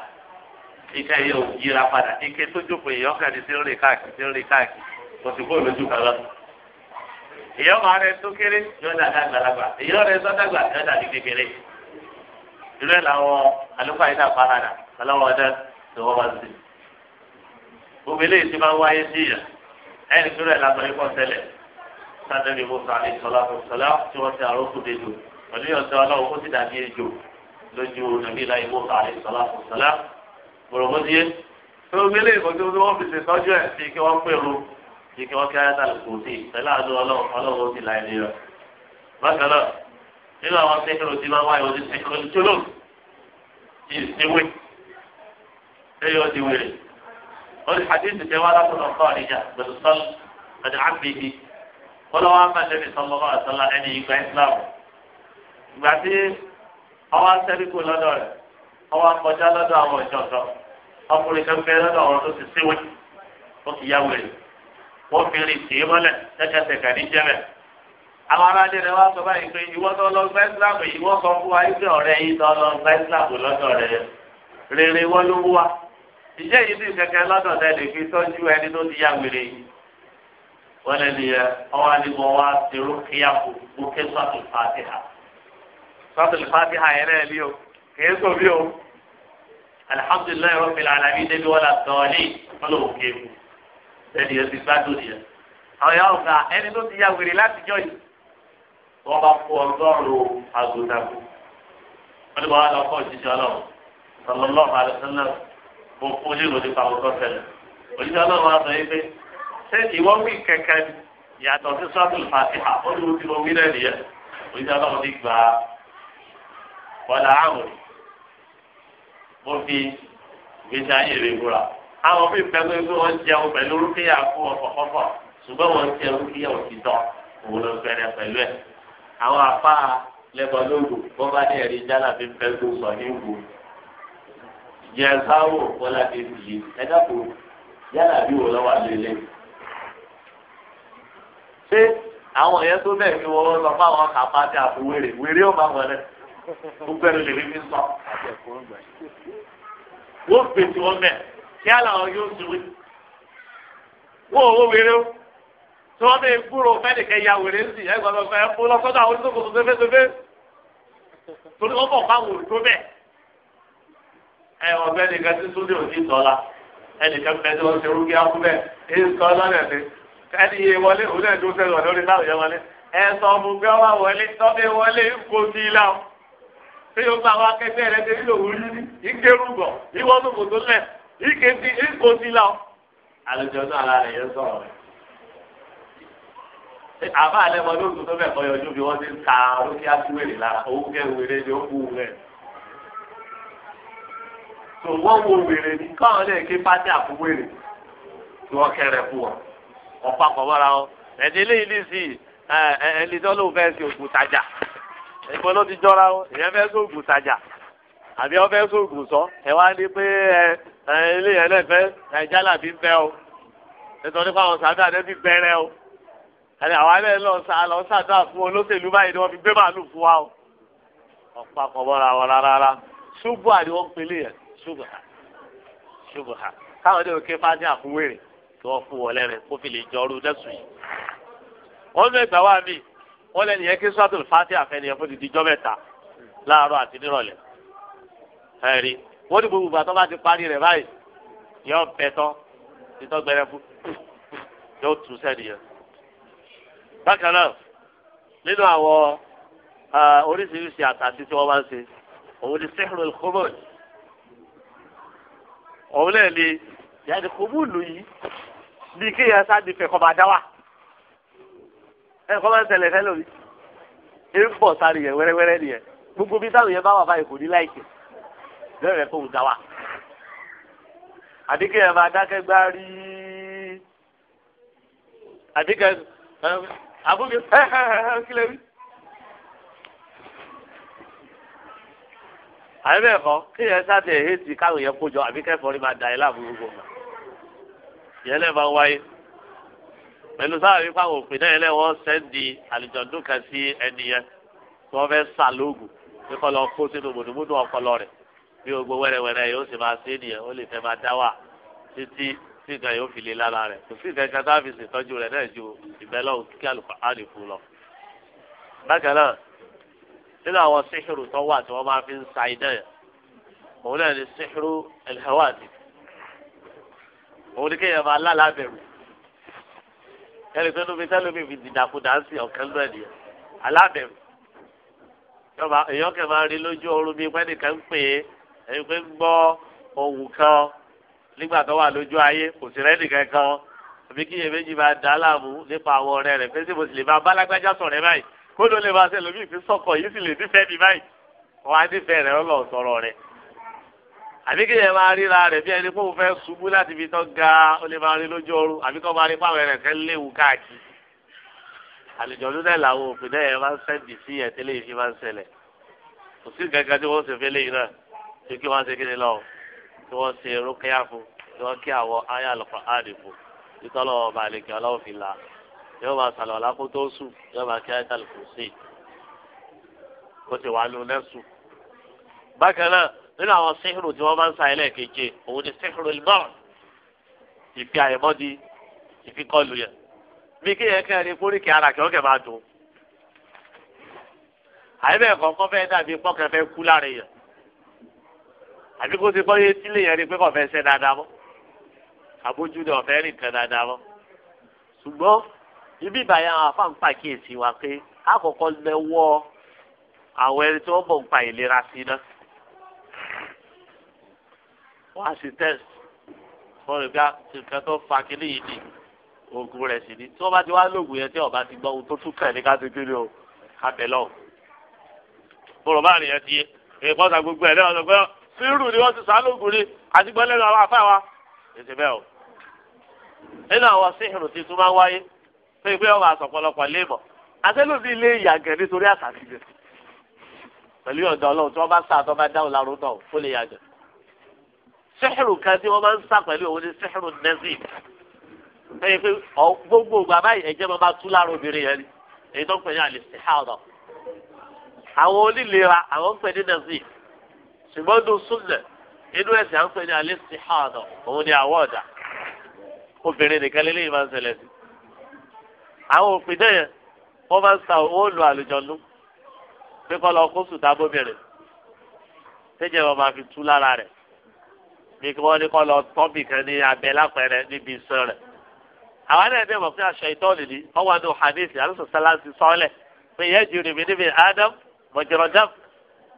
ìkẹ́ yóò yíra padà ìkẹ́ tó jókòó èèyàn kẹta tí ó rìn káàkiri tí ó rìn káàkiri kò sì bóòlù ojú kan lọ. èèyàn máa rẹ tó kéré yóò dàda àgbàlagbà èèyàn rẹ tó dàgbà yóò dàbí kékeré. irú ẹ̀ làwọn àlùfáà yìí náà farada ọlọ́wọ́ ọdẹ tó wọ́n bá ti. gbogbo eléyìí ti máa wáyé sí yẹn ẹnì pẹ̀lú ìyọ̀sẹ̀ ọlọ́run ó sì dàbí ejò lójú nàbí ìlà ìwọ àlẹ́ sọlá sọlá gbọ̀rọ̀mọdé tó gbélé ìkọjú tí wọ́n fi ṣètọ́jú ẹ̀ sí kí wọ́n pèrò sí kí wọ́n kí ayáta kò sí pẹ̀lú àdó ọlọ́run ọlọ́run ó sì la ẹni rẹ̀. bákan náà nínú àwọn sẹ́kẹ̀rù tí máa ń wáyé ojú sẹ́kẹ̀rù jóló ìsinwé ẹ̀yọ́ ti wèrè. ó ní hadith tẹ wá látọ̀nà fún àríyá pẹ̀lú sọ́ọ̀lù ìgbà ọwa ọwọ́ sẹ́ríkù lọ́dọ̀ rẹ̀ ọwọ́ akọjá lọ́dọ̀ àwọn ìjọsọ ọkùnrin kan bẹ lọ́dọ̀ àwọn tó ti síwé ó ti yá wèrè wọ́n fi rìn tì mọ́lẹ̀ tẹ́kẹ̀tẹ̀kẹ̀ ní àwọn wá sọ báyìí pé tó lọ gba fún wa ìgbẹ́ ọ̀rẹ́ yìí tó lọ gba lọ́dọ̀ rere wọ́n ló wá. ìjẹ́ yìí kẹ̀kẹ́ lọ́dọ̀ lè fi tọ́jú ẹni tó ti yá wa ti rú bókè sọ́tò fatiha yẹn náà lé o kìí sọ bí o alihamdulilayi rabbil alamin débi wàlá dọ́ọ̀lì wọ́n lò ó kéwù ẹni yẹn ti gbádùn yẹn àwọn yàrá òkà ẹni tó ti ya wèrè láti jọ yìí wọ́n bá kó ọgọ́rùn-ún agbódàgbò wọ́n ti bá wà lọ́kọ́ òṣìṣẹ́ ọlọ́run sallallahu alaihi wasallam mo fún onílò nípa ọkọ̀ tẹ̀lé òṣìṣẹ́ ọlọ́run wa sọ yìí pé ṣé ìwọ wí kẹ̀kẹ́ yàtọ̀ sí sọ́tò fatiha ó ní mo ti mo wí náà nìyẹn òṣìṣẹ́ ọlọ́run ti gbà á wọlé àrùn mo fi gbèsè ayé rè wúra àwọn bí pẹ̀lú pé wọ́n jẹun pẹ̀lú rúkìyà fún ọ̀fọ̀fọ̀fọ̀ ṣùgbọ́n wọ́n jẹ rúkìyà òtítọ́ òun ló bẹ̀rẹ̀ pẹ̀lú ẹ̀ àwọn apá lẹ́bọ̀ lóògù wọ́n bá ní ẹ̀rí jálà fi pẹ̀lú sọ ní ìwò jẹ sáwò wọlé àti ìdílé ẹ dàpọ̀ yálà bí wò lọ́wọ́ àlélẹ́ ṣé àwọn yẹn tó bẹ̀ fi wọ́n lọ fáwọn kàpá àti àfọwérè wéré ó máa wọlé gbogbo ẹni lè fi sọ wọ́n gbé tí mẹ́ kí á yóò sùn wọ́n ò wéré o tí wọ́n bẹ gbúrò fẹ́nìkẹ́ ya wèrè ń sì ẹ̀ gbọ́dọ̀ fún lọ́sọ́dọ̀ àwọn oníṣòkòtò fẹ́fẹ́fẹ́ torí wọ́n bọ̀ fáwọn òdòdó bẹ́ẹ̀ ẹ ọ̀gbẹ́ni kan tí súnlé òní tọ́lá ẹnìkan bẹ́ẹ̀ tí wọ́n ṣe rúgí akúbẹ̀ èyí ń tọ́lá lẹ́sìn ẹni yé wọlé òun náà dúró sẹ́yìn ọ̀dọ́ ṣé yóò bá wa kẹsẹ́ rẹ ṣe nílò wúrí ní ìkérúbọ̀ ìwọ́n tó kò tó lẹ̀ ìkẹ́sí ìkọ́sí lọ. àlejò náà ara rẹ̀ yẹn sọ̀rọ̀ rẹ̀ àbá alẹ́ mọ lóòótọ́ tó bẹ̀ kọ́ yọjú bí wọ́n ti ń ka lókè àtúwèrè lára òun kẹ́ wèrè ni ó kú rẹ̀. tó wọ́n wo wèrè ní káwọn lè ké pátí àfúwèrè tí wọ́n kẹrẹ̀ fún wọn. wọ́n papọ̀ mọ́ra wọn ẹ̀dín ní sí ẹni tó sí òkú ìbọn ló ti jọra o ìyẹn fẹ́ sóògùn tajà àbí ọ fẹ́ sóògùn sọ ẹ wá ní pé ẹ ẹ ilé yẹn lẹ́fẹ́ ẹ jálà bí bẹ́ o nítorí pé àwọn sàdúrà lẹ́ fi bẹ̀rẹ̀ o ẹni àwọn alẹ́ lọ sá lọ sàdúrà fún olóṣèlú báyìí ni wọ́n fi gbé màálù fún wa o ọ̀pá kan wọn rárá ṣubú àdé wọn pélé yẹn ṣubú ha ṣubú ha káwọn ní òkè fájì àfúwèrè kí wọ́n fún wọlé rẹ̀ kó fi lè jọ ọrú yìí wọ́n fẹ́ gbà wá mí wọ́n lẹ́nu yẹn kí sọ́tò fati àfẹnìyàn fún didi jọ́ mẹ́ta láàárọ̀ àti nírọ̀lẹ́ ẹ̀rí wọ́n ní gbogbo àtọ́ bá ti parí rẹ̀ báyìí yọ pẹ̀tọ́ títọ́ gbẹrẹ fún yóò tún sẹ́niyàn. bákan náà nínú àwọn oríṣiríṣi àtàtì tí wọ́n máa ń ṣe òun ni sẹ́hùn ìkómọ̀n òun náà ni yàtì kòmùlù yìí bí kéèyàn sáà ní kọ́ máa dá wà ẹ kọ́ máa ń ṣẹlẹ̀ fẹ́ lómi ẹ ń bọ̀ sáré yẹn wẹ́rẹ́wẹ́rẹ́ nìyẹn gbogbo bí táwọn yẹn bá wà báyìí kò ní láìsí lẹ́rẹ̀ẹ́ kó ń ga wa àdìgẹ́ yẹn máa dákẹ́ gbá rí àdìgẹ́ àbúgbé kílẹ̀ rí. àbí bẹ́ẹ̀ kọ́ kí yẹn sáté èyí ti káwọn yẹn kó jọ àbí kẹ́fọ́ máa da ẹ láàbù gbogbo ìyẹn lẹ́ẹ̀ máa wáyé pẹ̀lú sáà wípé àwọn òfin náà ẹlẹ́wọ̀n sẹ́ndì àlùjọ̀dún kan sí ẹni yẹn tí wọ́n fẹ́ sà lóògùn bí kò lọ kó sínú mùdùmùdù ọpọlọ rẹ̀ bí gbogbo wẹ́rẹ́wẹ́rẹ́ yóò sì máa ṣe nìyẹn ó lè fẹ́ máa dá wà títí tí nǹkan yóò fi lè lára rẹ̀ kò sí nǹkan kan tá ṣètọ́jú rẹ̀ náà ju ìbẹ́lọ́ kí àlùfáàdì fún lọ. bákan náà nínú àwọn síhìrù ẹni tó lómi tẹ́lómi fi dìdàkudà ń sìn ọ̀kẹ́ lọ́ẹ̀ nìyẹn alábẹ̀rù yọba èèyàn kẹ máa rí lójú oorun bíi pẹ́ nìkan ń pè é ẹni pé ń gbọ́ ohùn kan nígbà tó wà lójú ayé kò sí rẹ́nìkan kan àbí kí iye méjì máa dá láàmú nípa àwọn ọ̀rẹ́ rẹ̀ pé sí mo sì lè máa bálágbájá sọ̀rọ̀ ẹ báyìí kó ló lè máa ṣe lómi ìfín sọ̀kọ̀ yìí sì lè nífẹ̀ẹ́ mi báyìí wọ́n á nífẹ̀ẹ́ rẹ̀ ọlọ́ọ̀ sọ̀rọ̀ rẹ̀ àbí kí yẹn máa ríra rẹ̀ bí ẹni pé òun fẹ́ ṣubú láti fi tán ga ó lè máa rí lójú oorun àbí kọ́ máa rí pàwọn ẹ̀rẹ̀ kẹ́ léwu káàkiri àlejò ọdún náà làwọn òfin náà yẹn máa ń sẹ́ǹdì sí yẹn tẹ́lẹ̀ yìí fi máa ń ṣẹlẹ̀ kò sí gẹ́gẹ́ tí wọ́n ṣe fẹ́ léyìn náà ṣé kí wọ́n ṣe kí ni lọ kí wọ́n ṣe rókẹ́yà fún kí wọ́n kí àwọ̀ ayé àlùfà áàdì fún títọ́lọ́ ọba ọlọ́run nínú àwọn síhìrù tí wọ́n bá ń sa ẹlẹ́ẹ̀keje òun ni síhìrù ìmọ̀ràn ìfi àyẹ̀mọ́dì ìfikọ́lù yẹn bí kéèyàn kẹrin kórìkì ara kí wọ́n kẹ̀ máa dùn àyẹ̀bẹ̀ kọ̀ọ̀kan fẹ́ dàbí pọ́kẹ́ fẹ́ kú lára yẹn àbí kó ti kọ́yé sílé yẹn ni pé kò fẹ́ ṣe dáadáa mọ́ àbójú ni ọ̀fẹ́ rìn kan dáadáa mọ́ ṣùgbọ́n ibi ìbàyà àwọn afáǹfà kíyèsí wa pé àkọ́kọ́ lẹ́wọ́ àwọn ẹni tí wọ́n bọ̀ ń pa ìlera sí náà wọ́n á sì test wọ́n rí ká nǹkan tó fa kínní yìí ni oògùn rẹ̀ sì ni tí wọ́n bá ti wá lóògùn yẹn tí ọba ti gbọ́ ohun tó tún tẹ̀lé ká ti kiri o abẹ lọ. bọ̀rọ̀ bá rìn yẹn ti yé èyí pọ́n sa gbogbo ẹ̀ lẹ́wọ̀n sọ pé sírù ni wọ́n ti sá lóògùn ni àti gbọ́ lẹ́nu àwọn afáwa èsì bẹ́ẹ̀ o. nínú àwọn síhìrù ti tún máa ń wáyé pé ìgbé ọba àsọ̀pọ̀lọpọ̀ léèmọ̀ àtẹ́lómi ilé ìyàgẹ̀ nítorí àtàkì pẹ̀lú ọ̀dọ́ ọlọ́run tí wọ́n bá sá àtọ́ bá dáhùn lárúntọ̀ ó lè yàgẹ̀ sẹ́hìrù kan tí wọ́n máa ń sá pẹ̀lú òun ni sẹ́hìrù nẹ́sì ẹ̀yìn pé gbogbo ìgbà báyìí ẹ̀jẹ̀ máa bá tú lára obìnrin yẹn ni èyí tó ń pè ní àlìsíhàrọ̀ àwọn onílera àwọn ń pè ní nẹ́sì ṣùgbọ́n ní súnlẹ̀ inú ẹ̀sìn à ń pè ní àlìsíhàrọ̀ òun ni àwọ̀ ọ̀dà obìnrin nìkan lélẹ́yìn máa ń ṣẹlẹ̀ sí àwọn òpin náà yẹn wọ́n máa ń bí wọ́n ní kọ́ lọ tọ́bì kan ní abẹ lápẹ̀rẹ̀ níbi iṣan rẹ̀. àwọn náà dẹ̀ mọ̀ pé aṣọ ìtọ́ nìyí wọ́n wà ní hadith alonso salasi sọ́ọ̀lẹ̀ pé ìyá ìjì rèmi níbi adam mọ̀jọ̀rọ̀dam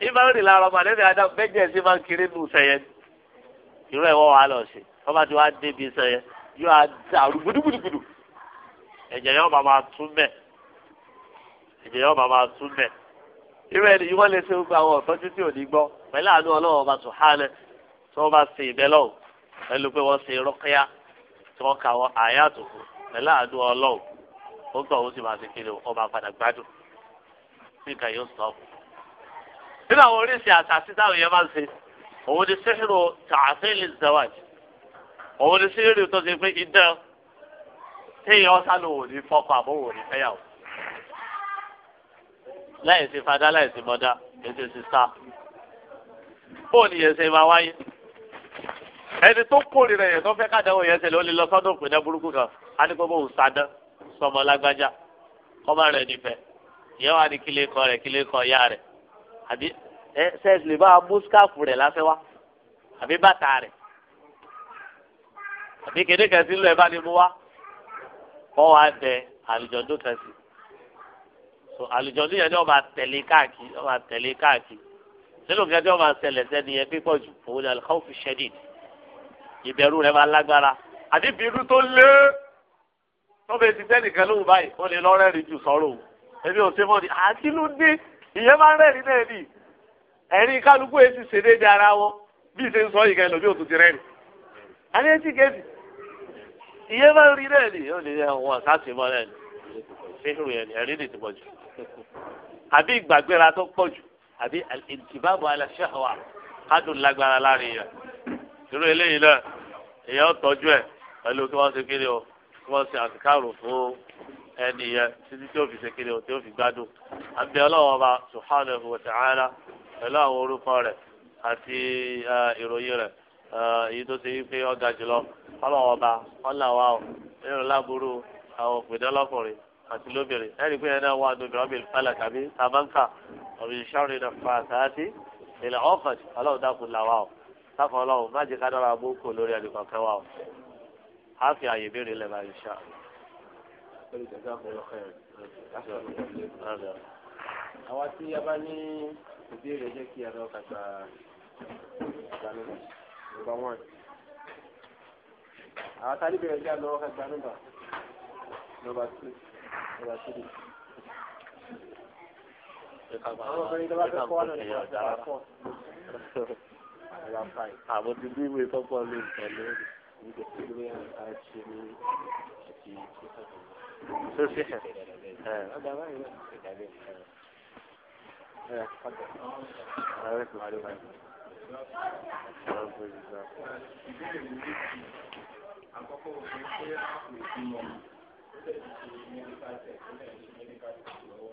ìmọ̀ rìn lára ọmọ níbi adam bẹ́jẹ̀ sí máa ń kiri nù sẹ́yẹ irú ẹ̀ wọ́n wà lọ sí wọ́n bá ti wá débi sẹ́yẹ yóò á dàrú gbùdùgbùdùgbùdù ẹ̀jẹ̀ yóò bá máa tún lè ṣe gbogbo àwọn ọ̀tọ́jú tí ò ní gbọ́ pẹ̀lú àánú ọlọ́wọ́ bá tún hánẹ́ tí wọ́n bá ṣe ìbẹ́lọ̀ pẹ̀lú pé wọ́n ṣe rọ́kíá tí wọ́n kà wọ́n àyà àtòkù pẹ̀lú àdúrà ọlọ́wọ́ ó gbọ́ òun sì máa ṣe kiri ó máa padà gbádùn bí nǹkan yóò sọ. nínú àwọn oríṣi àṣàṣì táwọn èèyàn máa ń ṣe òun ni síhìrò tààfẹ́lì zawaj òun ni síhìrò tó ti pé idán téèyàn sálò wò ní fọkọ àbọ̀wò ní fẹ́yàwó láì sí fadá láì sí mọ́dá ètò ìsìsá bóòlù yẹn ṣe máa wáyé ẹni tó kórìíra yẹn tó fẹ́ kádàwọ̀ yẹn tẹ̀lé ó lè lọ sọ́dọ̀ òpinna burúkú kan á ní gbogbo òsàdán sọmọ lágbájá kọ́mọ rẹ̀ nífẹ̀ẹ́ ìyẹn wà ní kílé kan rẹ̀ kílé kan ya rẹ̀ àbí ẹ sẹ́ẹ̀sì lè bá a mú skáàfù rẹ̀ lásẹ̀ wá àbí bàtà rẹ̀ àbí kéde kẹsì ńlọ ẹ bá lè mú wá kọ́ wa bẹ àlùjọ́dún kẹsì so àlùjọ́dún yẹn ni wọ́n máa tẹ̀lé káàkiri wọ́n máa tẹ̀lé káàkiri ìbẹ̀rù rẹ̀ máa lágbára àti bírú tó lé tọ́bẹ̀ ti tẹ́nìkan lóhùn báyìí ó lè lọ rẹ́rìn jù sọ́rọ̀ o ẹbí ò ṣe mọ́ ni àti ló dé ìyẹn máa rẹ́rìn náà ni ẹ̀rín kálukú yẹn ti ṣèdè di ara wọn bí ṣe ń sọ yìí kẹlẹ́ òbí òtún ti rẹ́rìn. àní etí kejì ìyẹn máa rí náà ni ó lè wọn sáàsì mọ́ náà ni fíhùn yẹn ni ẹ̀rín ti pọ̀ jù àbí ìgbàgbéra tó pọ̀ jù àbí ìtìbábọ̀ aláṣẹ́ wa irú eléyìí náà èèyàn tọ́jú ẹ̀ pẹ̀lú kí wọ́n ṣe kí ni o kí wọ́n ṣe àtikáàrò fún ẹni yẹn títí tí ó fi ṣe kí ni o tí ó fi gbádùn àbí ọlọ́wọ́n ọba subhanahu wa ta'ala pẹ̀lú àwọn orúkọ rẹ̀ àti ìròyìn rẹ̀ èyí tó ṣe wípé ọ̀gá jùlọ ọlọ́wọ́n ọba ọ̀làwà ò nínú láburú àwọn òpèdán lọ́kùnrin àti lóbìnrin ẹni pé ẹni àwọn àdóbìnrin ọbẹ̀ ìpalẹ̀ tàbí tabanka ọ̀bìnrin sáré fà sáà sí ilẹ̀ ọ̀fà ọlọ́wọ́n dákun làwà sáfún ọlọ́run má jẹ́ ká dára bókò lórí ẹnì kankan wa o á fi àyè béèrè lẹ́ba ìṣá. àwa tí a bá ní ìbéèrè jẹ́ kí a lọ kàgbà ìgbà nọ́mbà nọ́mbà one. àwa tá a ní ìbéèrè jẹ́ àlọ́ kàgbà nọ́mbà nọ́mbà two nọ́mbà three. Àwọn ọmọ ìjọba fẹ́ kọ́ ọ́ lọ́nà ìjọba fọ́ àmọ́ ti bí ìwé tọ́pọ̀ lè tẹ̀lé nígbà tí ìwé àgbà ṣe ní ti tó sì hẹ̀. Àkọ́kọ́ òfin pé àpò ìdímọ̀ ó lè ṣe mẹ́ríkà tẹ̀ ó lè ṣe mẹ́ríkà tẹ̀ lọ́wọ́.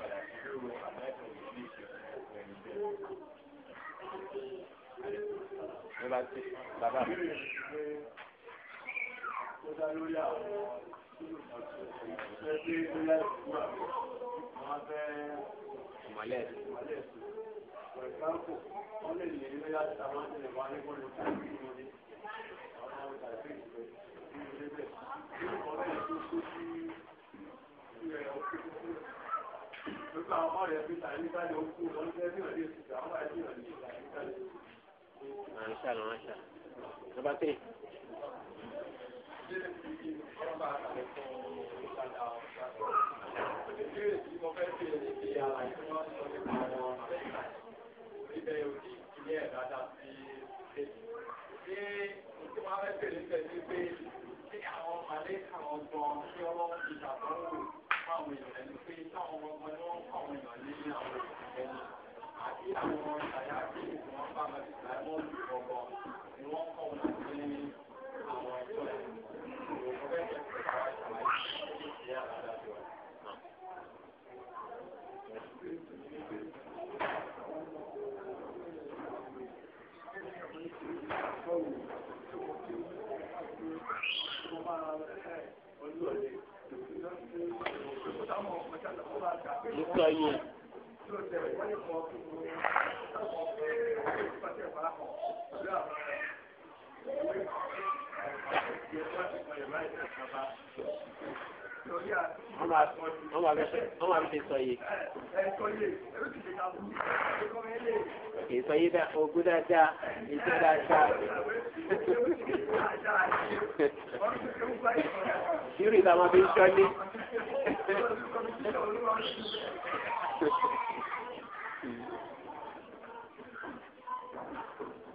Ìmọ̀lẹ́ for example, wọ́n lè lè ní láti àwọn ẹni wà ní bọ́ọ̀lù tó ń bí wọn ní àwọn ọmọ ìgbà tó ń bẹ̀rẹ̀ nínú ọdún tó tó sí nípa àwọn ọmọ rẹ̀ fi tà ní báyìí ó kú wọn jẹ́ bí wọ́n lè fi tà wọ́n bá jìnnà ní ìgbà ní báyìí. Màṣá lọ, màṣá. Nọmba tírì. Ìbéèrè tí mo fẹ́ ṣe ni bí àwọn ìṣúná sọ nípa àwọn àfẹ́kà níbẹ̀ òdì ìpínlẹ̀ ẹ̀dáta sí ṣe tí wọ́n fẹ́ ṣe níbẹ̀ ni pé kí àwọn màlẹ́ àwọn gan-an kí wọ́n fi ṣàtọ́wò àwọn èèyàn ẹni pé táwọn ọmọ ni wọ́n kọ́ àwọn èèyàn ní àwọn ẹni àti àwọn ọmọ ìyá tí wọ́n bá máa ti gbà mọ́ ìgbọ̀ngàn ni wọ́n kọ́ lọ́dọ̀ yín. Thank you wọ́n máa fi sọ yìí. ìsọyí dá ogún dáadáa ìjọ dáadáa. irú ìta máa fi ń sọ́lé.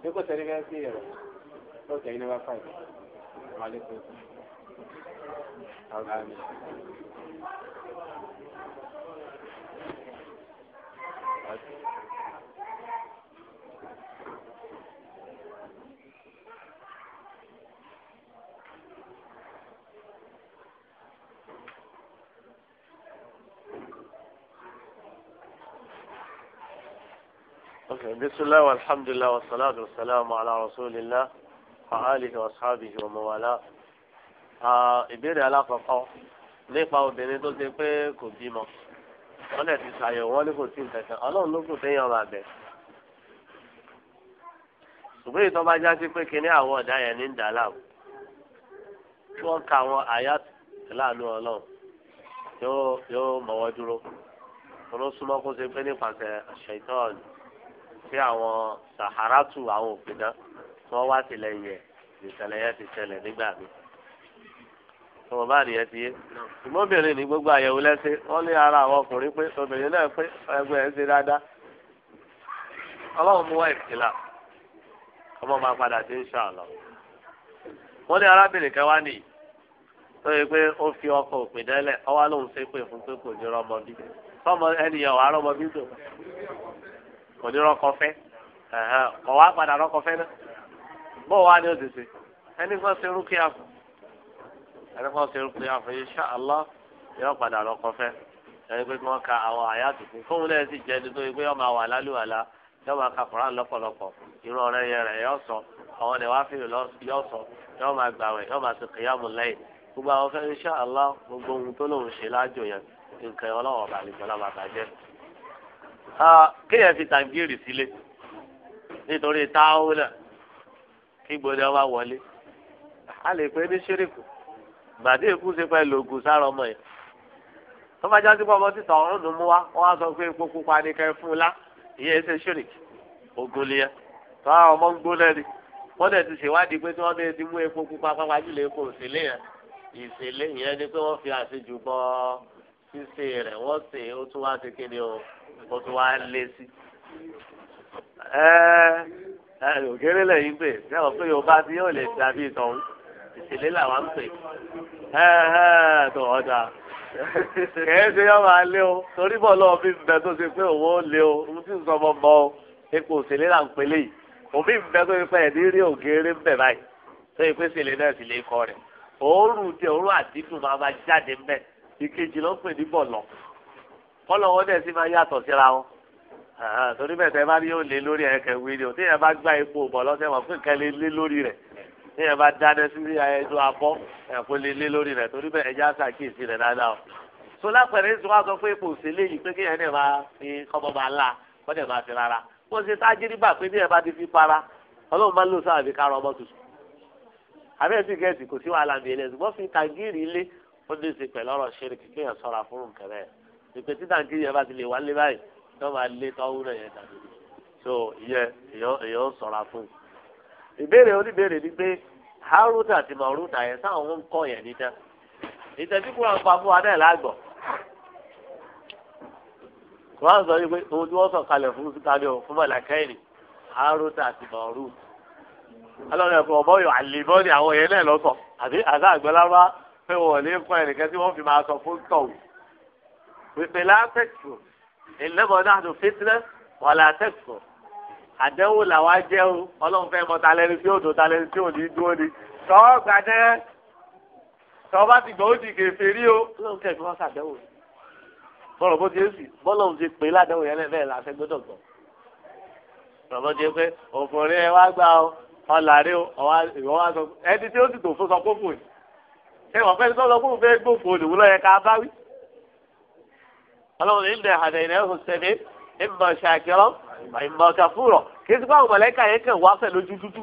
Yo contaría que así era. Ok, ahí no va a fallar. Vale, pues. بسم الله والحمد لله والصلاة والسلام على رسول الله وآله وأصحابه ومن والاه ìbéèrè alákọ̀ọ́kọ́ nípa obìnrin tó ṣe pé kò bímọ wọ́n lẹ̀ ti ṣàyẹ̀wò wọ́n ní kò sí nǹkan kan ọlọ́run ló kù téèyàn máa bẹ̀. ṣùgbọ́n ìtọ́ bá já sí pé kinní àwọn ọ̀dà yẹn ní ń dà láàmú kí wọ́n ka àwọn àyà láàánú ọlọ́run yóò yóò mọ̀wọ́ dúró wọn ló súnmọ́ kó ṣe pé nípasẹ̀ ṣètọ́ọ̀nù sí àwọn sàhárátù àwọn òpìdán tí wọ́n wá tìlẹ̀yìn ẹ̀ ìṣẹ̀lẹ̀ yẹn ti ṣẹlẹ̀ nígbà míì. tọmọ bá nìyẹn ti yé ṣùgbọ́n obìnrin ní gbogbo àyẹ̀wò lẹ́sẹ̀ wọ́n lé ara àwọn ọkùnrin pé obìnrin náà pé ẹgbẹ́ ẹ̀ ń ṣe dáadáa ọlọ́run mú wá ìfìlà ọmọ máa padà sí ìṣàlọ́ wọ́n ní ọkọ òpè dẹ́lẹ̀ ọwá lòun ṣe pé fún pé kò ní rọmọ bí tọmọ ẹnìyàn wà rọmọ bí tó kò ní rọkọ padà rọkọ náà ẹni kọ́ ṣe ń pè àfọ insha Allah yóò padà lọ kọfẹ́ ẹni pé kí wọ́n ka àwọn àyà tuntun fóun náà sì jẹ́ ẹni tó yẹ pé yọ máa wà lálùwàlà yọ máa ka Kùránì lọ́pọ̀lọpọ̀ irú ọ̀rẹ́ yẹn rẹ̀ yọ sọ àwọn ọ̀nà wá fìlì yọ sọ yọ máa gbàwẹ̀ yọ máa ṣe kìyàmù lẹ́yìn gbogbo àwọn fẹ́ insha Allah gbogbo ohun tó lòun ṣe láàjò yẹn nǹkan ọlọ́wọ́ bàlùjọ́ náà máa bàjẹ́ gbàdé èkú ṣe fẹ́ lògùn sára ọmọ yẹn tó bá jáde pọ̀ ọmọ títà ọ̀run ló mú wa wọ́n á sọ pé epo pupa ni kẹ́ fún un lá ìyẹn ṣe ṣírìkì ògùn lè yẹ tó àwọn ọmọ ń gbóná ni wọ́n dẹ̀ ti ṣèwádìí pé tí wọ́n bẹ́ẹ̀ ti mú epo pupa pápá jùlọ epo òṣèlè yẹn ìṣèlè yẹn ni pé wọ́n fi àṣejù bọ́ ṣíṣe rẹ̀ wọ́n ṣe ó tún wá ṣe kéde o ó tún wá lé sí. ẹ ẹ òkèrè lẹ́yìn pé ṣé ọ̀ Yorùbá ti yóò lè dàbí ìtọ̀hún ìṣẹ̀lẹ̀ làwọn ń pè tó ọjà kìí ṣe yọ máa lé o torí bọ̀ lọ́wọ́ bí bẹ tó ṣe pé òwò lé o mo ti ń sọ ọmọ mọ́ o epo òṣèlè là ń pè léyìí òmí bẹ tó ṣe pé ẹ̀ ní rí ògèrè ń bẹ̀ báyìí tó ṣe pé ṣèlè náà sì lè kọ rẹ̀ òórùn tí òórùn àdídùn máa máa jáde ń bẹ̀ ìkejì ló ń pè ní bọ̀lọ̀ kọ́lọ̀ wọn dẹ̀ sì máa yàtọ̀ síra wọn torí bẹ́ẹ̀ tẹ́ bá ní yóò lé lórí ẹ̀kẹ́ wí ní ẹ bá dáná sí ẹjọ́ abọ́ ẹ̀kọ́ lè lé lórí rẹ̀ torí bẹ́ẹ̀ ẹja ṣàkíyèsí rẹ̀ dáadáa o. so lápẹ̀rẹ̀ ń sọ wá sọ fún ipò òṣèlé yìí pé kéèyàn náà máa fi kọ́mọ máa la kọ́ dẹ̀ máa fi rárá bó ṣe tájírígbà pé bí ẹ bá ti fi para ọlọ́run máa ń lò sáà fi kára ọmọ tuntun. àbẹ́ẹ̀ sì gẹ̀ẹ́sì kò sí wàhálà mi ẹlẹ́sìn wọ́n fi tàgírì ilé ó ní ṣe pẹ̀lú ọ̀rọ̀ ṣẹ́ríkì kéèyàn sọ̀ra fún nǹkan rẹ̀ ìpè so ìyẹn èèyàn sọ̀ra fún ìbéèrè oníbéèrè ni pé haruta àti maruta yẹn sáwọn ń kọ yẹn níta ìtẹ̀sí kúrò ń pa fún wa náà lágbọ̀ wọ́n sọ wípé ohun tí wọ́n sọ kalẹ̀ fún sítádì ọ̀hún fún mọ̀lákẹ́yìn haruta àti maruta alọ́nà ẹ̀fọ́ ọ̀bọ yọ àlèbọ́ ni àwọn yẹn náà lọ́sọ̀ àbí àdá àgbẹ̀lára pé wọ́n lè kọ́ ẹnìkan tí wọ́n fi máa sọ fún tọ̀wù pípẹ́ látẹ̀kù ìlẹ́mọ̀ náà tó fitinẹ́ wọ́n àdánwò làwa jẹ́ o ọlọ́run fẹ́ mọ talẹ́ni tí ó dùn talẹ́ni tí ò ní dúró ni tọ́ gbadẹ́ tọ́ bá ti gbọ́ ó di kèfé rí o ọlọ́run kẹ́kẹ́ wá sàdánwò bọ́lọ̀ bó ti sì bọ́lọ̀ ń ti pè ládánwò yẹn lẹ́ẹ̀ la fẹ́ gbọ́dọ̀ gbọ́ bọ́lọ̀ bó ti pé òfin rí wá gbà o ọ̀là o ìwọ wá sọ ẹni tí ó sì tò sọ kófò yìí ṣé wọ́n fẹ́ àyìnbáka fúnrọ̀ kí n ti pa àwọn mọ̀lẹ́kà yẹn kàn wá fẹ̀ lójú dúdú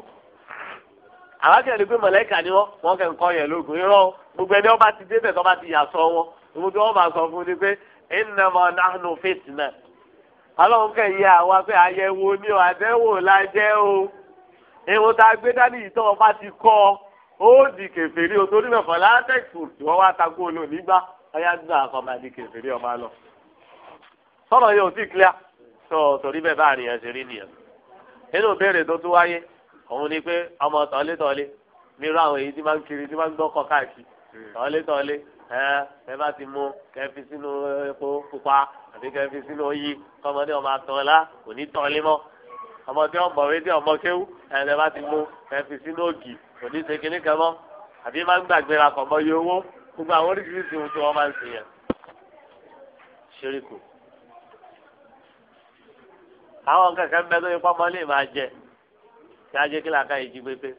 àwọn akẹ́kọ̀ọ́ ni pé mọ̀lẹ́kà ni wọ́n wọ́n kẹ́ ń kọ́ yẹn lóògùn irọ́ gbogbo ẹni wọ́n bá ti débẹ̀ tó bá ti yà sọ wọn gbogbo tí wọ́n bá sọ fún ni pé innama nahnu fitna ọlọ́run kẹ́ yẹ àwa pé àyẹ̀wò ni ọ̀ àdẹ́wò la jẹ́ o ìwọ̀n tá a gbé dání yìí tó wọn bá ti kọ́ ó di kèfèrí o torí mẹ́fà látẹ̀kù tí wọ́n wá takú olóòní gbá ọyá gbà kọ́ máa di kèfèrí ọba lọ sọ́nà yóò ti clear tó torí bẹ́ẹ̀ bá àníyàn ṣe rí nìyẹn nínú ìbéèrè tó tún wáyé òun ni pé ọmọ tọ́létọ́lé mi rú àwọn èyí tí máa ń kiri tí máa ń gbọ́kọ̀ káàkiri hmm. tọ́létọ́lé ẹ ẹ bá ti mú kẹfí sínú epo pupa àbí kẹfí sínú oyi kọ́mọdé ọmọ àtọ́lá kò ní tọ́lé mọ́ ọmọdé ọmọwé dé ọmọ kéwú ẹ ẹ bá ti mú kẹfí sínú ògì kò ní ṣe kíní kẹmọ́ àbí máa ń gbàgbéra kọ̀ mọ́ iye owó gbogbo àwọn oríṣiríṣi ohun tí wọ́n máa ń ṣe yẹn ṣeríkù àwọn kẹ̀kẹ́ ń bẹ tó yẹ pọ́nmọ́ lè máa jẹ kí ajé kí làákà yìí jí pépé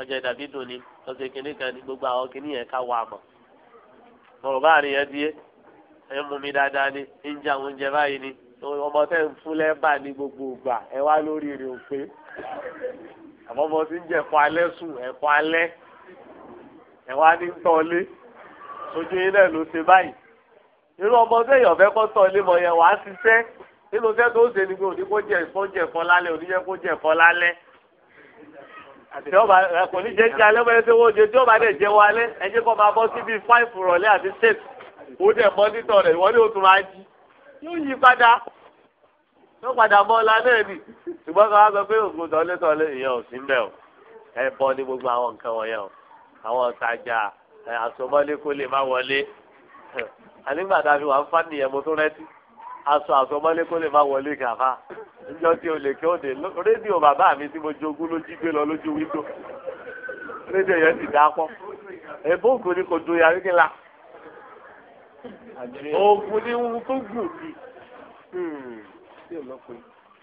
ọjà dàbí dùn ni ọ̀sẹ̀ kìnìún kan ní gbogbo àwọn kìnìún yẹn ká wà mọ̀ mọ̀rọ̀bá àríyàn díẹ̀ ẹ̀ mú mi dáadáa ni ń jẹ àwọn oúnjẹ báyìí ni ọmọ tẹ́ ń fún lẹ́bà ní gbogbo ìgbà ẹ wá lórí rẹ̀ ò pé tí ń jẹ ẹ̀kọ́ alẹ́ sùn ẹ̀kọ́ alẹ́ ẹ̀ wá ní tọ́lé sojú yín náà ló ṣe báyìí irú ọmọ tẹ́yọ̀ fẹ́ kọ́ tọ́lé mọ̀ yẹn wàá ṣiṣẹ́ nínú iṣẹ́ tó ṣe ni pé òní kó jẹ ẹ̀fọ́ jẹ ẹ̀fọ́ lálẹ́ òní jẹ́ kó jẹ ẹ̀fọ́ lálẹ́ tí ọba kò ní jẹ́ jẹ́ alẹ́ bẹ́ẹ̀ tí wọ́n jẹ tí ọba dẹ̀ jẹ́ wálẹ́ ẹ jẹ́ máa bọ́ síbi five rọ̀lẹ́ àti six ó dẹ̀ mọ́nítọ̀ rẹ̀ ìwọ́n ní òtún máa jí yóò yí padà yóò padà mọ́ ọ̀la náà nì ṣùgbọ́n ká wá sọ pé òkú tọ́lẹ́tọ́lẹ́ ìyẹn ò sí mbẹ́ o ẹ bọ́ ní gbogbo àwọn nǹkan wọ̀nyẹn o àwọn ọ̀tajà àsomọ́lé kó lè má wọlé ànígbà tá fi wà ń fánìyàn mo tó rẹ́tí aṣọ àṣọmọ́lé kó lè má wọlé kàfá níjọ́ tí o lè kí ó dé rédíò bàbá mi tí mo jogún ló jí gbé lọ lójú wíńdò rédíò yẹn ti dá pọ́ èbó ògùn ni kò do yàrá kí la ògùn ni wọ́n tó gùn kì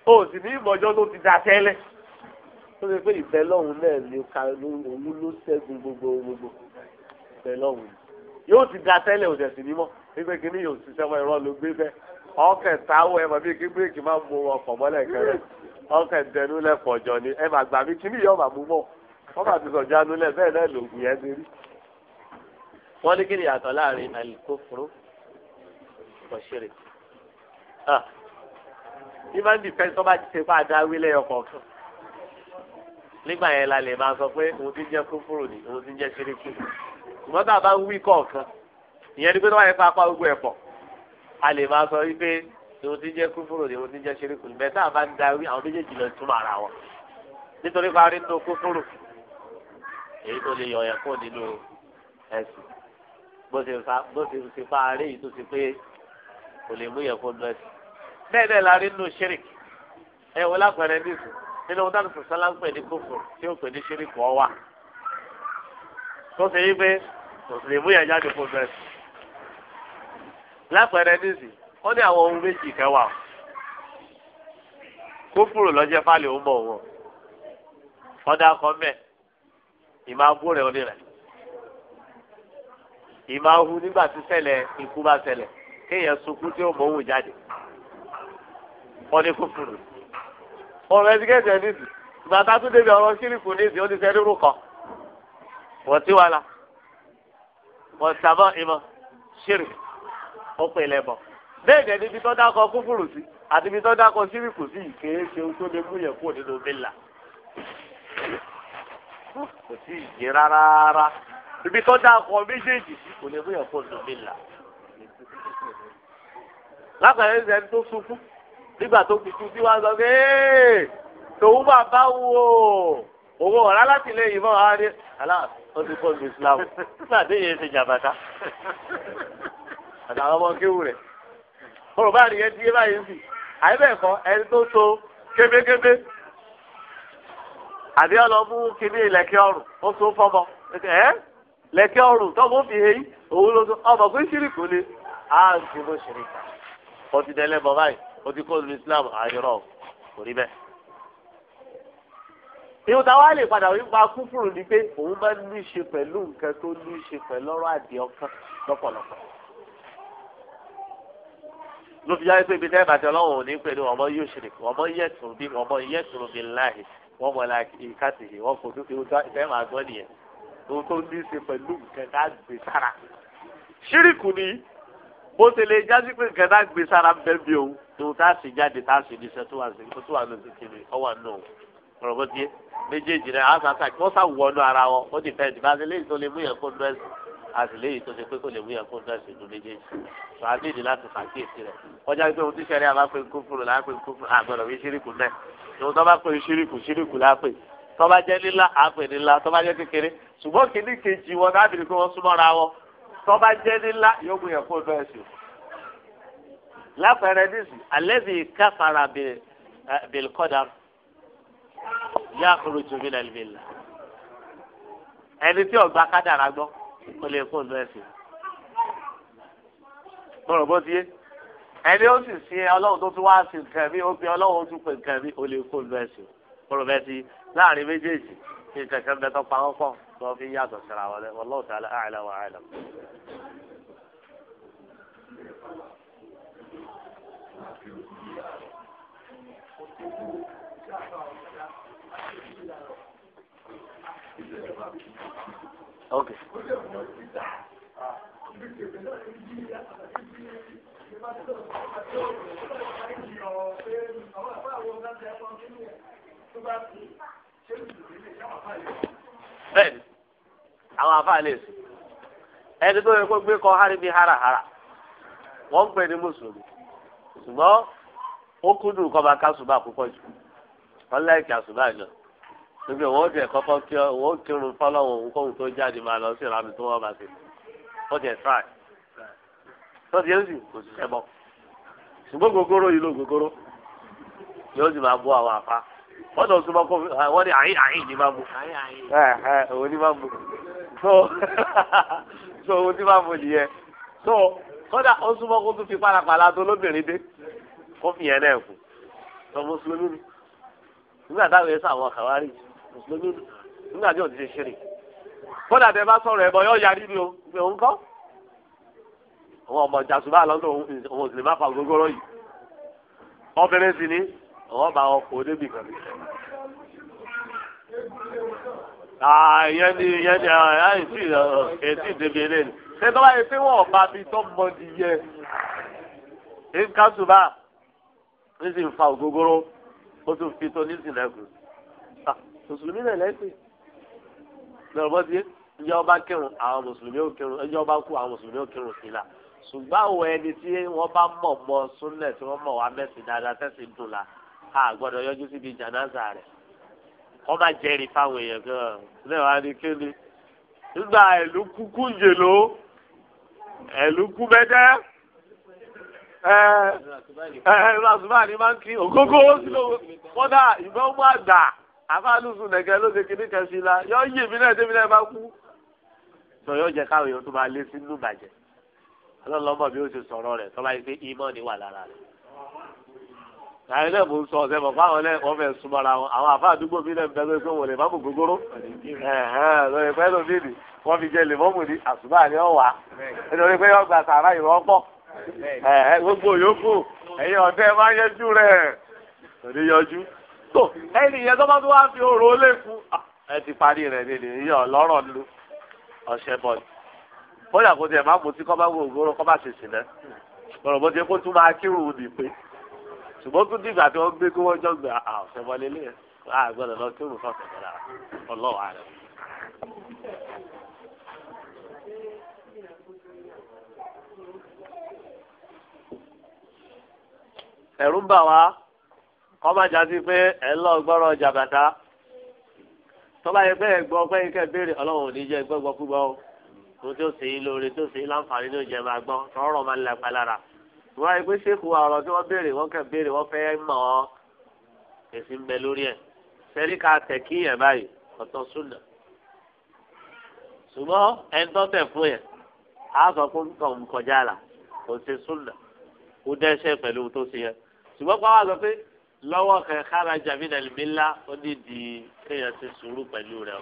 ó hmm. sì ní ìmọ̀jọ́ tó ti dá tẹ́lẹ̀ tó ṣe pé ìfẹ́ lọ́hùn náà ni òun ló ṣẹ́gun gbogbo gbogbo ìfẹ́ lọ́hùn yóò ti dá tẹ́lẹ̀ òjẹ̀sì mímọ́ wípé kí yóò ṣiṣẹ́ mọ́ ìrọ́ ló gbé bẹ́ẹ̀ ọkẹ táwọn ẹ mọ bí kí bírèkì máa mú ọkọ̀ mọ́lẹ̀ kẹrẹ ọkẹ dẹnu lẹpọ jọ ni ẹ máa gbà mí kí nìyọ máa mú mọ wọn bá ti sọjá nulẹ bẹ́ẹ̀ náà lòògùn yẹn ti wọn ní kí ni yàtọ̀ láàrin alikófóró kọsírè ní ah, máa ń di bá ti ṣe fún lẹ́yọ kọ̀ọ̀kan nígbà yẹn la lè máa sọ pé òun ti jẹ́ kófóró ni òun ti jẹ́ síríkì ìmọ̀tà bá ń wí kọ̀ọ̀kan ìyẹn ni pé tó yẹ a lè máa sọ wípé ìwọ ti jẹ́ kúfúrò ìwọ ti jẹ́ ṣerékù níbẹ̀ tá a bá ń darí àwọn méjèèjì lọ túmọ̀ ara wọn nítorí parí nínú kúfúrò èyí tó lè yọ̀yàn kó nínú ẹ̀sìn bó ṣe fi fa aré yìí tó ti pé kò lè mú yẹn kó nínú ẹ̀sìn bẹ́ẹ̀ bẹ́ẹ̀ la rí nínú ṣerékù ẹ wọ lápẹẹrẹ nísìn nínú ohun táwọn sọ̀sọ́ la ní kúfúrò tí ó pè ní ṣerékù ọ wà tó ṣe yí pé kò lè mú yẹn jáde kó nínú ẹ̀sìn lápẹẹrẹ nísì wọn ní àwọn ohun méjì kẹwàá kófúrò lọ́jẹ́ fálẹ̀ ó mọ̀ wọn ọ̀dà kan mẹ́ ìmọ̀ abú rẹ̀ onírẹ̀ ahu nígbà tí ṣẹlẹ̀ ikú bá ṣẹlẹ̀ kéèyàn sunkún tí ó mọ̀ òun jáde wọn ní kófúrò ọ̀rọ̀ ẹ̀dígẹ́sẹ̀ nísì ìgbà tá a tún débi ọ̀rọ̀ sílíkù nísì ó ti sẹ́ nírú kan wọ́n ti wà lá wọ́n sábà ìmọ̀ sílíkù ó pè lẹ́bọ̀ bẹ́ẹ̀ gẹ́gẹ́ ibi tó dákọ̀ kúfùrù sí àti ibi tó dákọ̀ síríkù sí ìkéé ṣe ohun tó lè mú yẹn kúrò nínú bílà kò sí ìjẹ rárá ibi tó dákọ̀ méjèèjì sí kò lè mú yẹn kúrò nínú bílà lápẹ̀rẹ̀ ẹ̀sẹ̀ tó sunkún nígbà tó fi tu sí wa sọ pé tòun bàbá wo owó ọ̀rá láti lè yìnbọn àárẹ̀ aláàfin ó ti kọ́ lu Islam nígbà tí èyí ṣe jàbàtà àtàwọn ọmọ kéwù rẹ̀ kóró bá nìyẹn ti yé báyìí sí àyẹ̀bẹ̀kọ ẹni tó so kébékébé àbí ọlọ́mú kínní lẹ́kẹ́ ọ̀rùn ó so fọmọ ẹ́ lẹ́kẹ́ ọ̀rùn tọ́mọ fi heyi òun ló so ọmọ pé ṣíríkù ni á ń fi bó ṣíríkà ó ti dẹ́lẹ́ bọ́ báyìí ó ti kó lu Islam àyọ̀rọ̀ kò rí bẹ́ẹ̀. ìhùn táwa lè padà wí pa kúfùrù ni pé òun máa ń ní í ṣe pẹ̀lú nǹkan tó ní í ṣe pẹ̀lú ọ̀rọ̀ àdìọ́kán lọ́pọ̀lọpọ̀ ló fi jáde pé ibi tẹ́lẹ̀ bàtẹ́ ọlọ́run ò ní pẹ̀lú ọmọ yóò ṣe nìkan ọmọ yẹ tùrù bí ọmọ yẹ tùrù bí láì wọ́n mọ̀ la ìka sì yìí wọ́n kò tó fi fẹ́ máa gbọ́ nìyẹn tó tó ní í ṣe pẹ̀lú nǹkan ká gbé sára. ṣíríkù ni bó ṣe lè jáde pé nǹkan ká gbé sára ń bẹ́ bí òun tó tá a sì jáde tá a sì ní iṣẹ́ tó wà lóṣù tó wà lóṣù kiri ọwọ́ nù ọ̀rọ̀ bó ti méjèèjì rẹ̀ àtìlẹ́yìn tó ṣe pé kò lè wúyà kó dẹ̀sí ìlú méjèèjì tó a nídìí láti fàkíyèsí rẹ̀ kọjá pé ohun tí sẹ́rí àbá pé kúfùrù là á pè kúfùrù àgbọ̀dọ̀ wí síríkù náà ìwọ̀n tó bá pè síríkù síríkù là á pè tó bá jẹ́ nílá à á pè nílá tó bá jẹ́ kékeré ṣùgbọ́n kìíní kejì wọn dábìrì pé wọ́n súnmọ́ra wọn tó bá jẹ́ nílá yóò wúyà kó dẹ̀sí. lápẹẹrẹ eh, ẹni tí ọgbà kádàrà gbọ́ kó lè kó lọ ẹsẹ̀ mo rò bó ti yé ẹni ó sì ṣe ọlọ́run tó tún wá sí nǹkan mi ó pe ọlọ́run ó tún pe nǹkan mi ó lè kó lọ ẹsẹ̀ mo rò ti láàrin méjèèjì kí n kẹ̀kẹ́ bẹ́ẹ̀ tó pa wọ́n pọ̀ tó fi yàtọ̀ síra wọlé wallahu ta'ala a'la wa a'lam. Okay. bẹ́ẹ̀ni àwọn afa lè sùn ẹni tó yẹ kó gbé kọ haribi harahara wọ́n ń pè mùsùlùmí ṣùgbọ́n ó kúndùn kọ́ máa ká ṣùgbọ́n àkókò jù wọ́n láìkí àṣùgbọ́n àjọ níbi wọ́n tiẹ̀ kọ́kọ́ kí wọ́n kírun fọlọ́wọ́n tó jáde máa lọ sí ìlànà tó bá wọ́n lọ súnmọ́ kó wọ́n ní àyín àyín ní máa mú òun ní máa mú so so òun ní máa mú nìyẹn so kódà ó súnmọ́ kó tún fi pàlàpàlà tó lóbìnrin dé kó fi yẹn náà kù sọ mùsùlùmí ni nígbà táwọn yẹn sàwọn àkàwárí mùsùlùmí ni nígbà tí òun ti ṣe ṣe rè kódà tẹ bá sọ̀rọ̀ ẹ̀bọ yóò yarí ni o pé òun kọ́ àwọn ọmọ ìjà ṣùgbọ́n àlọ́ òun ò sì wọ́n bá wọn kó débi kan. Ah, ìyẹn ni ìyẹn ni àìsí èsì ìdèbí eléyìí ṣé tó bá yẹ pé wọ́n bá mi tó mọ di yẹ nǹkan ṣùgbọ́n ní sì ń fa ògógóró ó tún fi tó ní ìsìnlẹ̀kùn ah, mùsùlùmí náà lẹ́sìn lọ́rọ̀ bọ́ sí ẹjọ́ bá kírun àwọn mùsùlùmí ò kírun ẹjọ́ bá kú àwọn mùsùlùmí ò kírun sí la ṣùgbọ́n àwọn ẹni tí wọ́n bá mọ̀ mọ́ súnlẹ̀ tí wọ́n mọ̀ wá mẹ́sìn dáadáa tẹ́sí dùn la a gbọ́dọ̀ yọjú síbi jànáza rẹ̀ wọ́n bá jẹ́rìí fáwọn èèyàn gan-an lẹ́wọ̀n kéde nígbà ìlú kúkú jèló ìlú kú bẹ́tẹ́ ẹ ẹ lásùbà ni máa ń kí ògógó wọ́n ìbọn mú àgbà àfáàlùsùn nẹ̀gẹ́ ló ṣe kan sí la yọ yé mi náà débi náà bá kú sọ jẹ káwọn èèyàn tó máa lé sínú ṣe yìí pé ni wà àwọn ilé ìbò ń sọ ọ̀sẹ̀ bọ̀ fáwọn ilé wọn fẹ́ wọn àwọn àfa àdúgbò mi lẹ́nu bẹ́ẹ̀ pé wọ́n lè má bò lórí pẹ́ lómi nì wọ́n fi jẹ lèmọ́mù ní àsùbá ni ọ̀wà nítorí pé ọgbà sàrà ìwọ́ pọ̀ gbogbo yòókù ẹ̀yin ọ̀tẹ́ máa yẹjú rẹ̀ òní yọjú tó ẹni ìyẹn tó bá tó wá fi òrò lẹ́kùn ah, ẹ ti parí rẹ̀ nílé ìyẹn ọlọ́rọ̀ lu ọ̀sẹ̀ bọ̀ bóyá kò tiẹ̀ má mutí kọ́ bá ṣùgbọ́n tún dìgbà tí wọ́n gbé kí wọ́n jọ̀gbẹ́ ah, ah, àṣẹ wọlé lé àgbẹ̀rẹ̀ ah, lọ kí òun fọ̀sẹ̀ bẹ̀rẹ̀ ọlọ́wà rẹ̀. ẹ̀rù ń bà wá kọ́ má já sí pé ẹ̀ ń lọ gbọ́rọ̀ jàbàtà tó bá yẹ pé ẹ̀gbọ́n pé kẹ́ ẹ béèrè ọlọ́run ò ní jẹ́ ẹgbẹ́ gbọ́ tó ṣe é lóore tó ṣe é láǹfààní ló jẹ́ máa gbọ́ tọ́rọ̀ máa ń lapa lára wọ́n á yẹ pé ṣéèkù ọ̀rọ̀ tí wọ́n béèrè wọ́n kàn béèrè wọ́n fẹ́ mọ̀ ọ́ èsì ń bẹ lórí ẹ̀ sẹ́rí ká tẹ̀ kí yẹn báyìí ọ̀tọ̀ súnà ṣùgbọ́n ẹni tó tẹ̀ fún yẹn á sọ fún kàn kọjá là kò ṣe súnà kó dẹ́ṣẹ̀ pẹ̀lú tó ṣe yẹn ṣùgbọ́n pàwọn àgbà pé lọ́wọ́ kan kára jàmí nàlí mi ńlá ó ní di kéèyàn ṣe sùúrù pẹ̀lú rẹ̀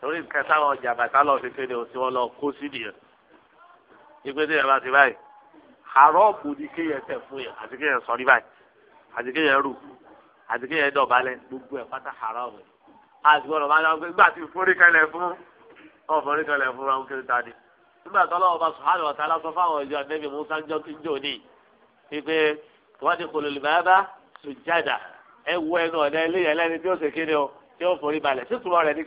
torí nǹkan táwọn jàmbá tá lọ́ọ́ fi kéde òsì wọn lọ kó sí nìyẹn ìgbésẹ̀ yẹn ti báyìí haramu ni kéèyàn tẹ̀ fún yẹn àti kéèyàn sọ rí báyìí àti kéèyàn rù àti kéèyàn dọ̀bálẹ̀ gbogbo ẹ̀ pátá haramu àti gbọ́dọ̀ máa ń lọ pé gbà tí forí kalẹ̀ fún ọ̀ forí kalẹ̀ fún ráhùn kiri tani nígbà tó lọ́wọ́ bá sùhánù ọ̀tá lásán fáwọn ìjọ nẹ́bí musa jọ́ kí n jò ní pípé wọ́n ti kòlò lè bá sùjádà ẹ wọ ẹnu ọ̀dẹ ilé yẹn lẹ́ni tí ó ṣe kéde o tí ó forí balẹ̀ sítumọ̀ rẹ̀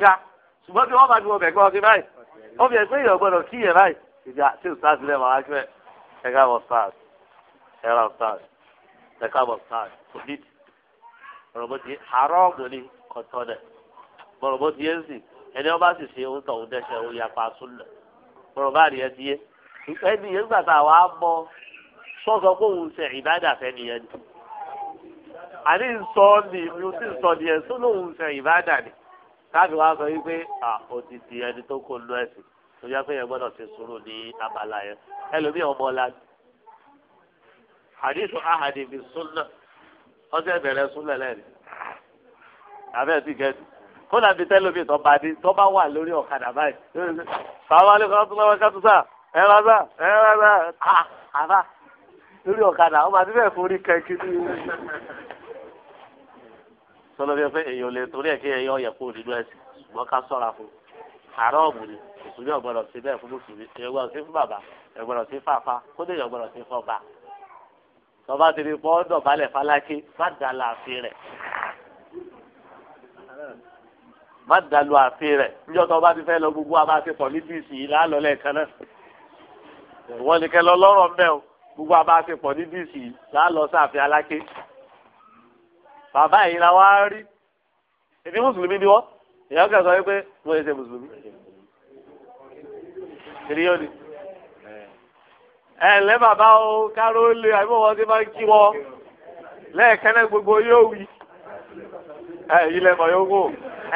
ga ṣùgbọ́n tí wọ́n bá ti wọ bẹ̀gbọ́n ọkẹ báyìí wọ́n fi ẹgbẹ́ ìyọ̀ gbọ́dọ̀ kí yẹn báyìí ìjà tí ò sáà sílẹ̀ màá ṣẹ́ ẹ káàbọ̀ sáà ẹ ra sáà ẹ káàbọ̀ sáà òbí bọ̀rọ̀bọ̀ ti ni kọ̀tọ́ dẹ̀ bọ̀rọ̀bọ̀ ti yẹn sì ẹni ọba sì ṣe ń tọ̀hún dẹ́sẹ̀ ó yapa súnlẹ̀ bọ̀rọ̀bọ̀ àríyẹ ti yé ẹni yẹn gbà tá a wàá mọ sọ́sọ kó òun ṣe ìbádà fẹ́ni yẹn ni àní ń sọ ni mi ò sì ń sọ ni ẹ̀ káàbì wa sọ wípé à òtítì ẹni tó kó lu ẹ̀sìn tó yẹ pé yẹn gbọ́dọ̀ ti sùúrù ní abala yẹn ẹlòmíì ọmọ la hadithu ahadi bi sunna ọsẹ bẹ̀rẹ̀ sunna lẹni abẹ ti kẹsì kódà bíi tẹlifí tó bá dé tó bá wà lórí ọ̀kadà báyìí sàmàlẹ́ kan tó lọ́wọ́ kátó sá ẹ bá sá ẹ bá sá ah, àbá lórí ọ̀kadà ọmọ àti bẹ́ẹ̀ forí kẹ́kí ní sọlọ bíi pé èèyàn lè torí ẹ̀ kí èèyàn yẹ kó nínú ẹ̀sìn ṣùgbọ́n ká sọ̀ra fún àrọ́ọ̀mù ni mùsùlùmí ọ̀gbọ́dọ̀ sí bẹ́ẹ̀ fún mùsùlùmí èèyàn gbọ́dọ̀ sí fún bàbá èèyàn gbọ́dọ̀ sí fàfà kódé èèyàn gbọ́dọ̀ sí fọba tọba ti di pọ́ dọ̀bálẹ̀ falákí má dalu àfin rẹ̀ má dalu àfin rẹ̀ níjọ́ tọba ti fẹ́ lọ gbogbo àbá ti pọ̀ níbíìsì yìí lálọ́ lẹ́ẹ̀kan náà wọ́n ní kẹ́ lọ lọ́rọ̀ mẹ́ o gbogbo àbá ti pọ̀ níbíìsì yìí lálọ́ sáàfin alákí bàbá yìí la wá rí èmi mùsùlùmí ni wọ́n ìyá ọ̀gá sọ wípé mo lè ṣe mùsùlùmí kìnìyàn ni ẹ ǹlẹ́ bàbá o káró lè àbí wọn ti máa ń kí wọn gbogbo yóò wí ẹ yóò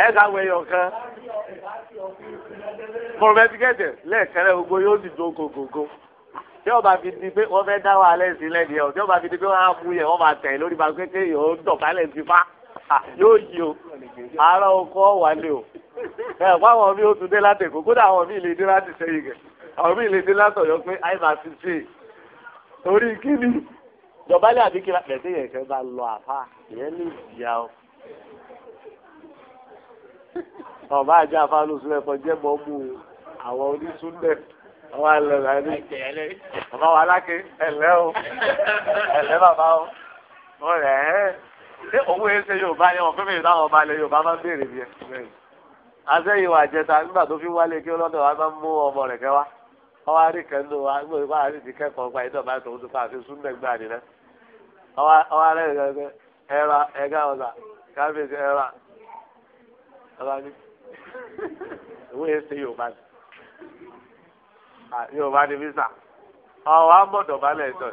ẹ kan gbogbo yóò tí ọba fi di pé wọ́n fẹ́ dá wa lẹ́sìn lẹ́ni ẹ̀ tí ọba fi di pé wọ́n á mú yẹ wọ́n máa tẹ̀ lórí ba kékeré yìí ó ń dọ̀bálẹ̀ sí fa yóò yí o ara oko wálé o ẹ fáwọn mi ó tún dé láti èkó kódà àwọn mi lè dé láti sẹ́yìn rẹ̀ àwọn mi lè dé láti ọ̀yọ́ pé àìmà ti ṣe torí kíni dọ̀bálẹ̀ àbí kíra pẹ̀sẹ̀ yẹn kẹ́ bá lọ àfa ìyẹn lè jìyà o ọba àjẹ àfa lóṣù lẹ́kọ̀ọ́ jẹ́ mọ́ mú àwọn oníṣúndẹ̀. àwọn àlọ́ làní bàbá wa aláké ẹ̀lẹ́ o ẹ̀lẹ́ bàbá o mo rẹ̀ ẹ́ ṣé òun èé ṣe yorùbá yẹn wọn fẹ́mi ìdáhùn ọba ilẹ̀ yorùbá máa ń béèrè bí ẹ. azẹ́yìn wà jẹta nígbà tó fi wálé kí ọlọ́dọ̀ wa máa ń mú ọmọ rẹ̀ wa gbọ́dọ̀ ti kẹ́kọ̀ọ́ gba ìdọ̀ tòun tó fà fi Ah, yóò bá ní visa ọwọ́ àgbọ̀dọ̀ balẹ̀ sọ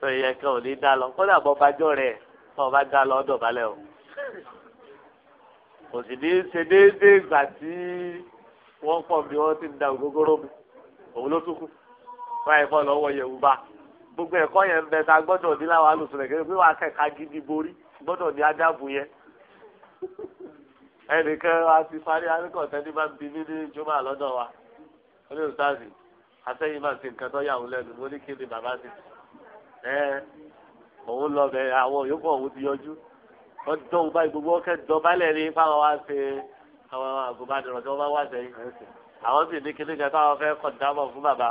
sọ yẹ kí ò ní dá lọ kódà bọ́ bájọ́ rẹ̀ tó bá dá lọ ọ̀dọ̀ balẹ̀ o kò sì ní ṣe déédéé ìgbà tí wọ́n pọ̀ bí wọ́n ti ń da ògógóró mi òun ló tún kù báyìí fọ́ lọ́wọ́ yẹ̀wù bá gbogbo ẹ̀kọ́ yẹn ń bẹ ta gbọ́dọ̀ ní láwọn alùsùn rẹ̀ kí wọ́n á kẹ̀ka borí gbọ́dọ̀ ní adáàbò yẹn ẹnìkan àti parí arékọ̀tẹ́ ní bá ń bi mí ní jùmọ̀ lọ́dọ̀ wa ó ní òṣàzì àtẹ́yìn máa ṣe nǹkan tó yàwó lẹ́nu mo ní kí ni bàbá ti ẹ òun lọ bẹ àwọn yòókù òun ti yọjú wọ́n dọ̀wọ́ báyìí gbogbo ọkẹ́ dọ̀bálẹ̀ ní fáwọn wá ṣe àwọn àgùnbánirọ̀ tí wọ́n bá wà sẹ́yìn àwọn sì ní kíní kan táwọn fẹ́ kọ̀ dámọ̀ fún bàbá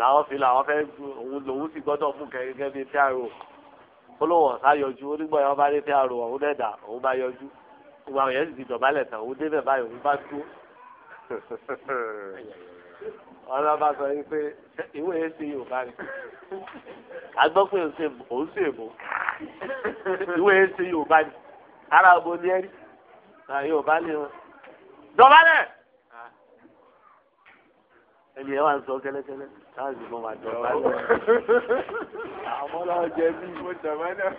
làwọn fi làwọn fẹ́ òun lòun sì gbọ́dọ̀ fún kẹ́kẹ́ bíi pr olówó ọ̀sá yọjú onígbọ̀yàn bá rí pr òun dẹ̀ òun bá yọjú gbogbo àwọn yẹn ti dọ̀bálẹ̀ tán òun débẹ̀ báyìí òun bá tó ọlọ́ bá sọ yìí pé ìwé yẹn ti yorùbá ni agbọ́ pé òun sì èbò ìwé yẹn ti yorùbá ni ara òbò ni ẹ rí yorùbá ni wọn dọ̀bálẹ̀ ẹni ẹ wà ń sọ kẹ́lẹ́kẹ́lẹ́ káàsì mo máa jọba náà àmọ́ náà jẹ bí mo jọba náà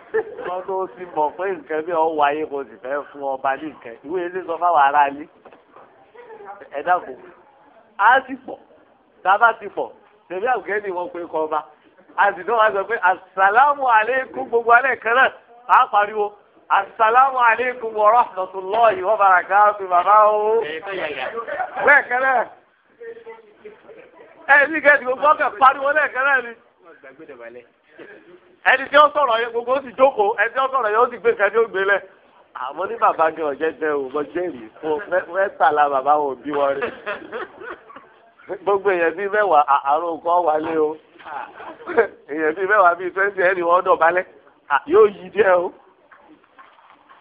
wọ́n tó ti mọ̀ pé nǹkan bí ọ wáyé kò sì fẹ́ fún ọba ní nǹkan ìwé ilé sọ fáwọn aráalé ẹ dàgbò á sì pọ̀ tá ti pọ̀ tẹ̀lé àgbẹ̀ ni wọ́n pe kọ́ a sì náà wá sọ pé asàlámù àlékún gbogbo alẹ́ kan náà á pariwo asalaamu aleykum wa rahmatulahi wa barakatu baba o. bẹ́ẹ̀ kẹ́lẹ́ ẹ ní gbogbo ọkẹ́ pariwo lẹ́ẹ̀kẹ́ náà ni. ẹni tí ó sọ̀rọ̀ yẹn gbogbo ó sì jókòó ẹni tí ó sọ̀rọ̀ yẹn ó sì gbé nǹkan tí ó gbé àmọ́ ní bàbá gẹ̀ ọ̀jẹ́ jẹ́ o mo fún mẹ́tàlá bàbá wọn bí wọn rí. gbogbo èèyàn bíi mẹ́wàá àárọ̀ kọ́ wálé o èèyàn bíi mẹ́wàá bíi twenty ẹni wọn dọ̀ balẹ̀ yóò yí díẹ̀ o.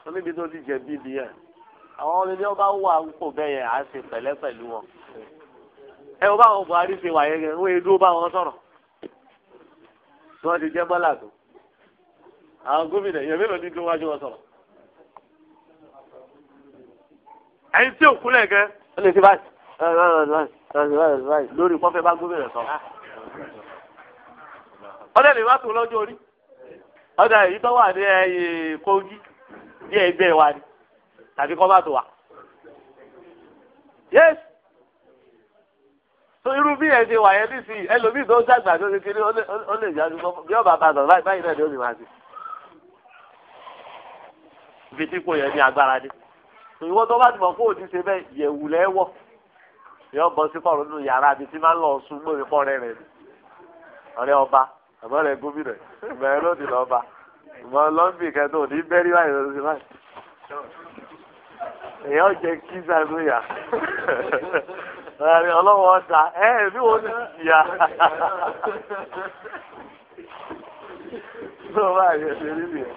ó tó ti jẹ bíbí yẹn àwọn ọmọ ẹ wọ́n báwọn Buhari ṣe wà yẹn gẹ́gẹ́ wọ́n èdúró báwọn sọ̀rọ̀ tí wọ́n ti jẹ́ bọ́lá tó àwọn gómìnà èèyàn mélòó ní dúró wájú wọn sọ̀rọ̀ ẹ̀yin tí òkú lẹ̀ gẹ́ ó lè ti báyìí lórí kọ́fẹ́ bá gómìnà sọ̀rọ̀ ọ̀dẹ̀ lè wá tó lọ́jọ́ orí ọ̀dà èyí tó wà ní ẹ̀yìn Kogi bí ẹgbẹ́ wa ni tàbí kọ́ bá tó wà. yéèsì tó irú bí ẹ ṣe wà yẹn nísìnyí ẹlòmíì tó dàgbà tó ṣe kiri ó lè yájú bí ọba bá báyìí náà ni ó lè máa ṣe. ibi tí kò yẹ ní agbára ni ìwọ tó bá ti mọ̀ fóònù ti ṣe bẹ́ẹ̀ yẹ̀wù lẹ́wọ̀ yọ bọ́ sí kọ̀ọ̀rọ̀ nínú yàrá àbí tí máa ń lọ sùn lórí kọ́rẹ́ rẹ̀ ni ọ̀rẹ́ ọba àbọ̀ rẹ̀ gómìnà ìbẹ̀rẹ̀ ló ti lọ́ba ìmọ̀ lọ́ńbì kẹtọ́ òní bẹ́rí báyìí lọ́sí báyìí èèyàn jẹ kí sàánú yà Ẹ̀rẹ̀ ọlọ́wọ́ ọ̀sà ẹ̀ ẹ̀mí wo ni ìyá. Ló bá yẹ ṣe rí nìyẹn.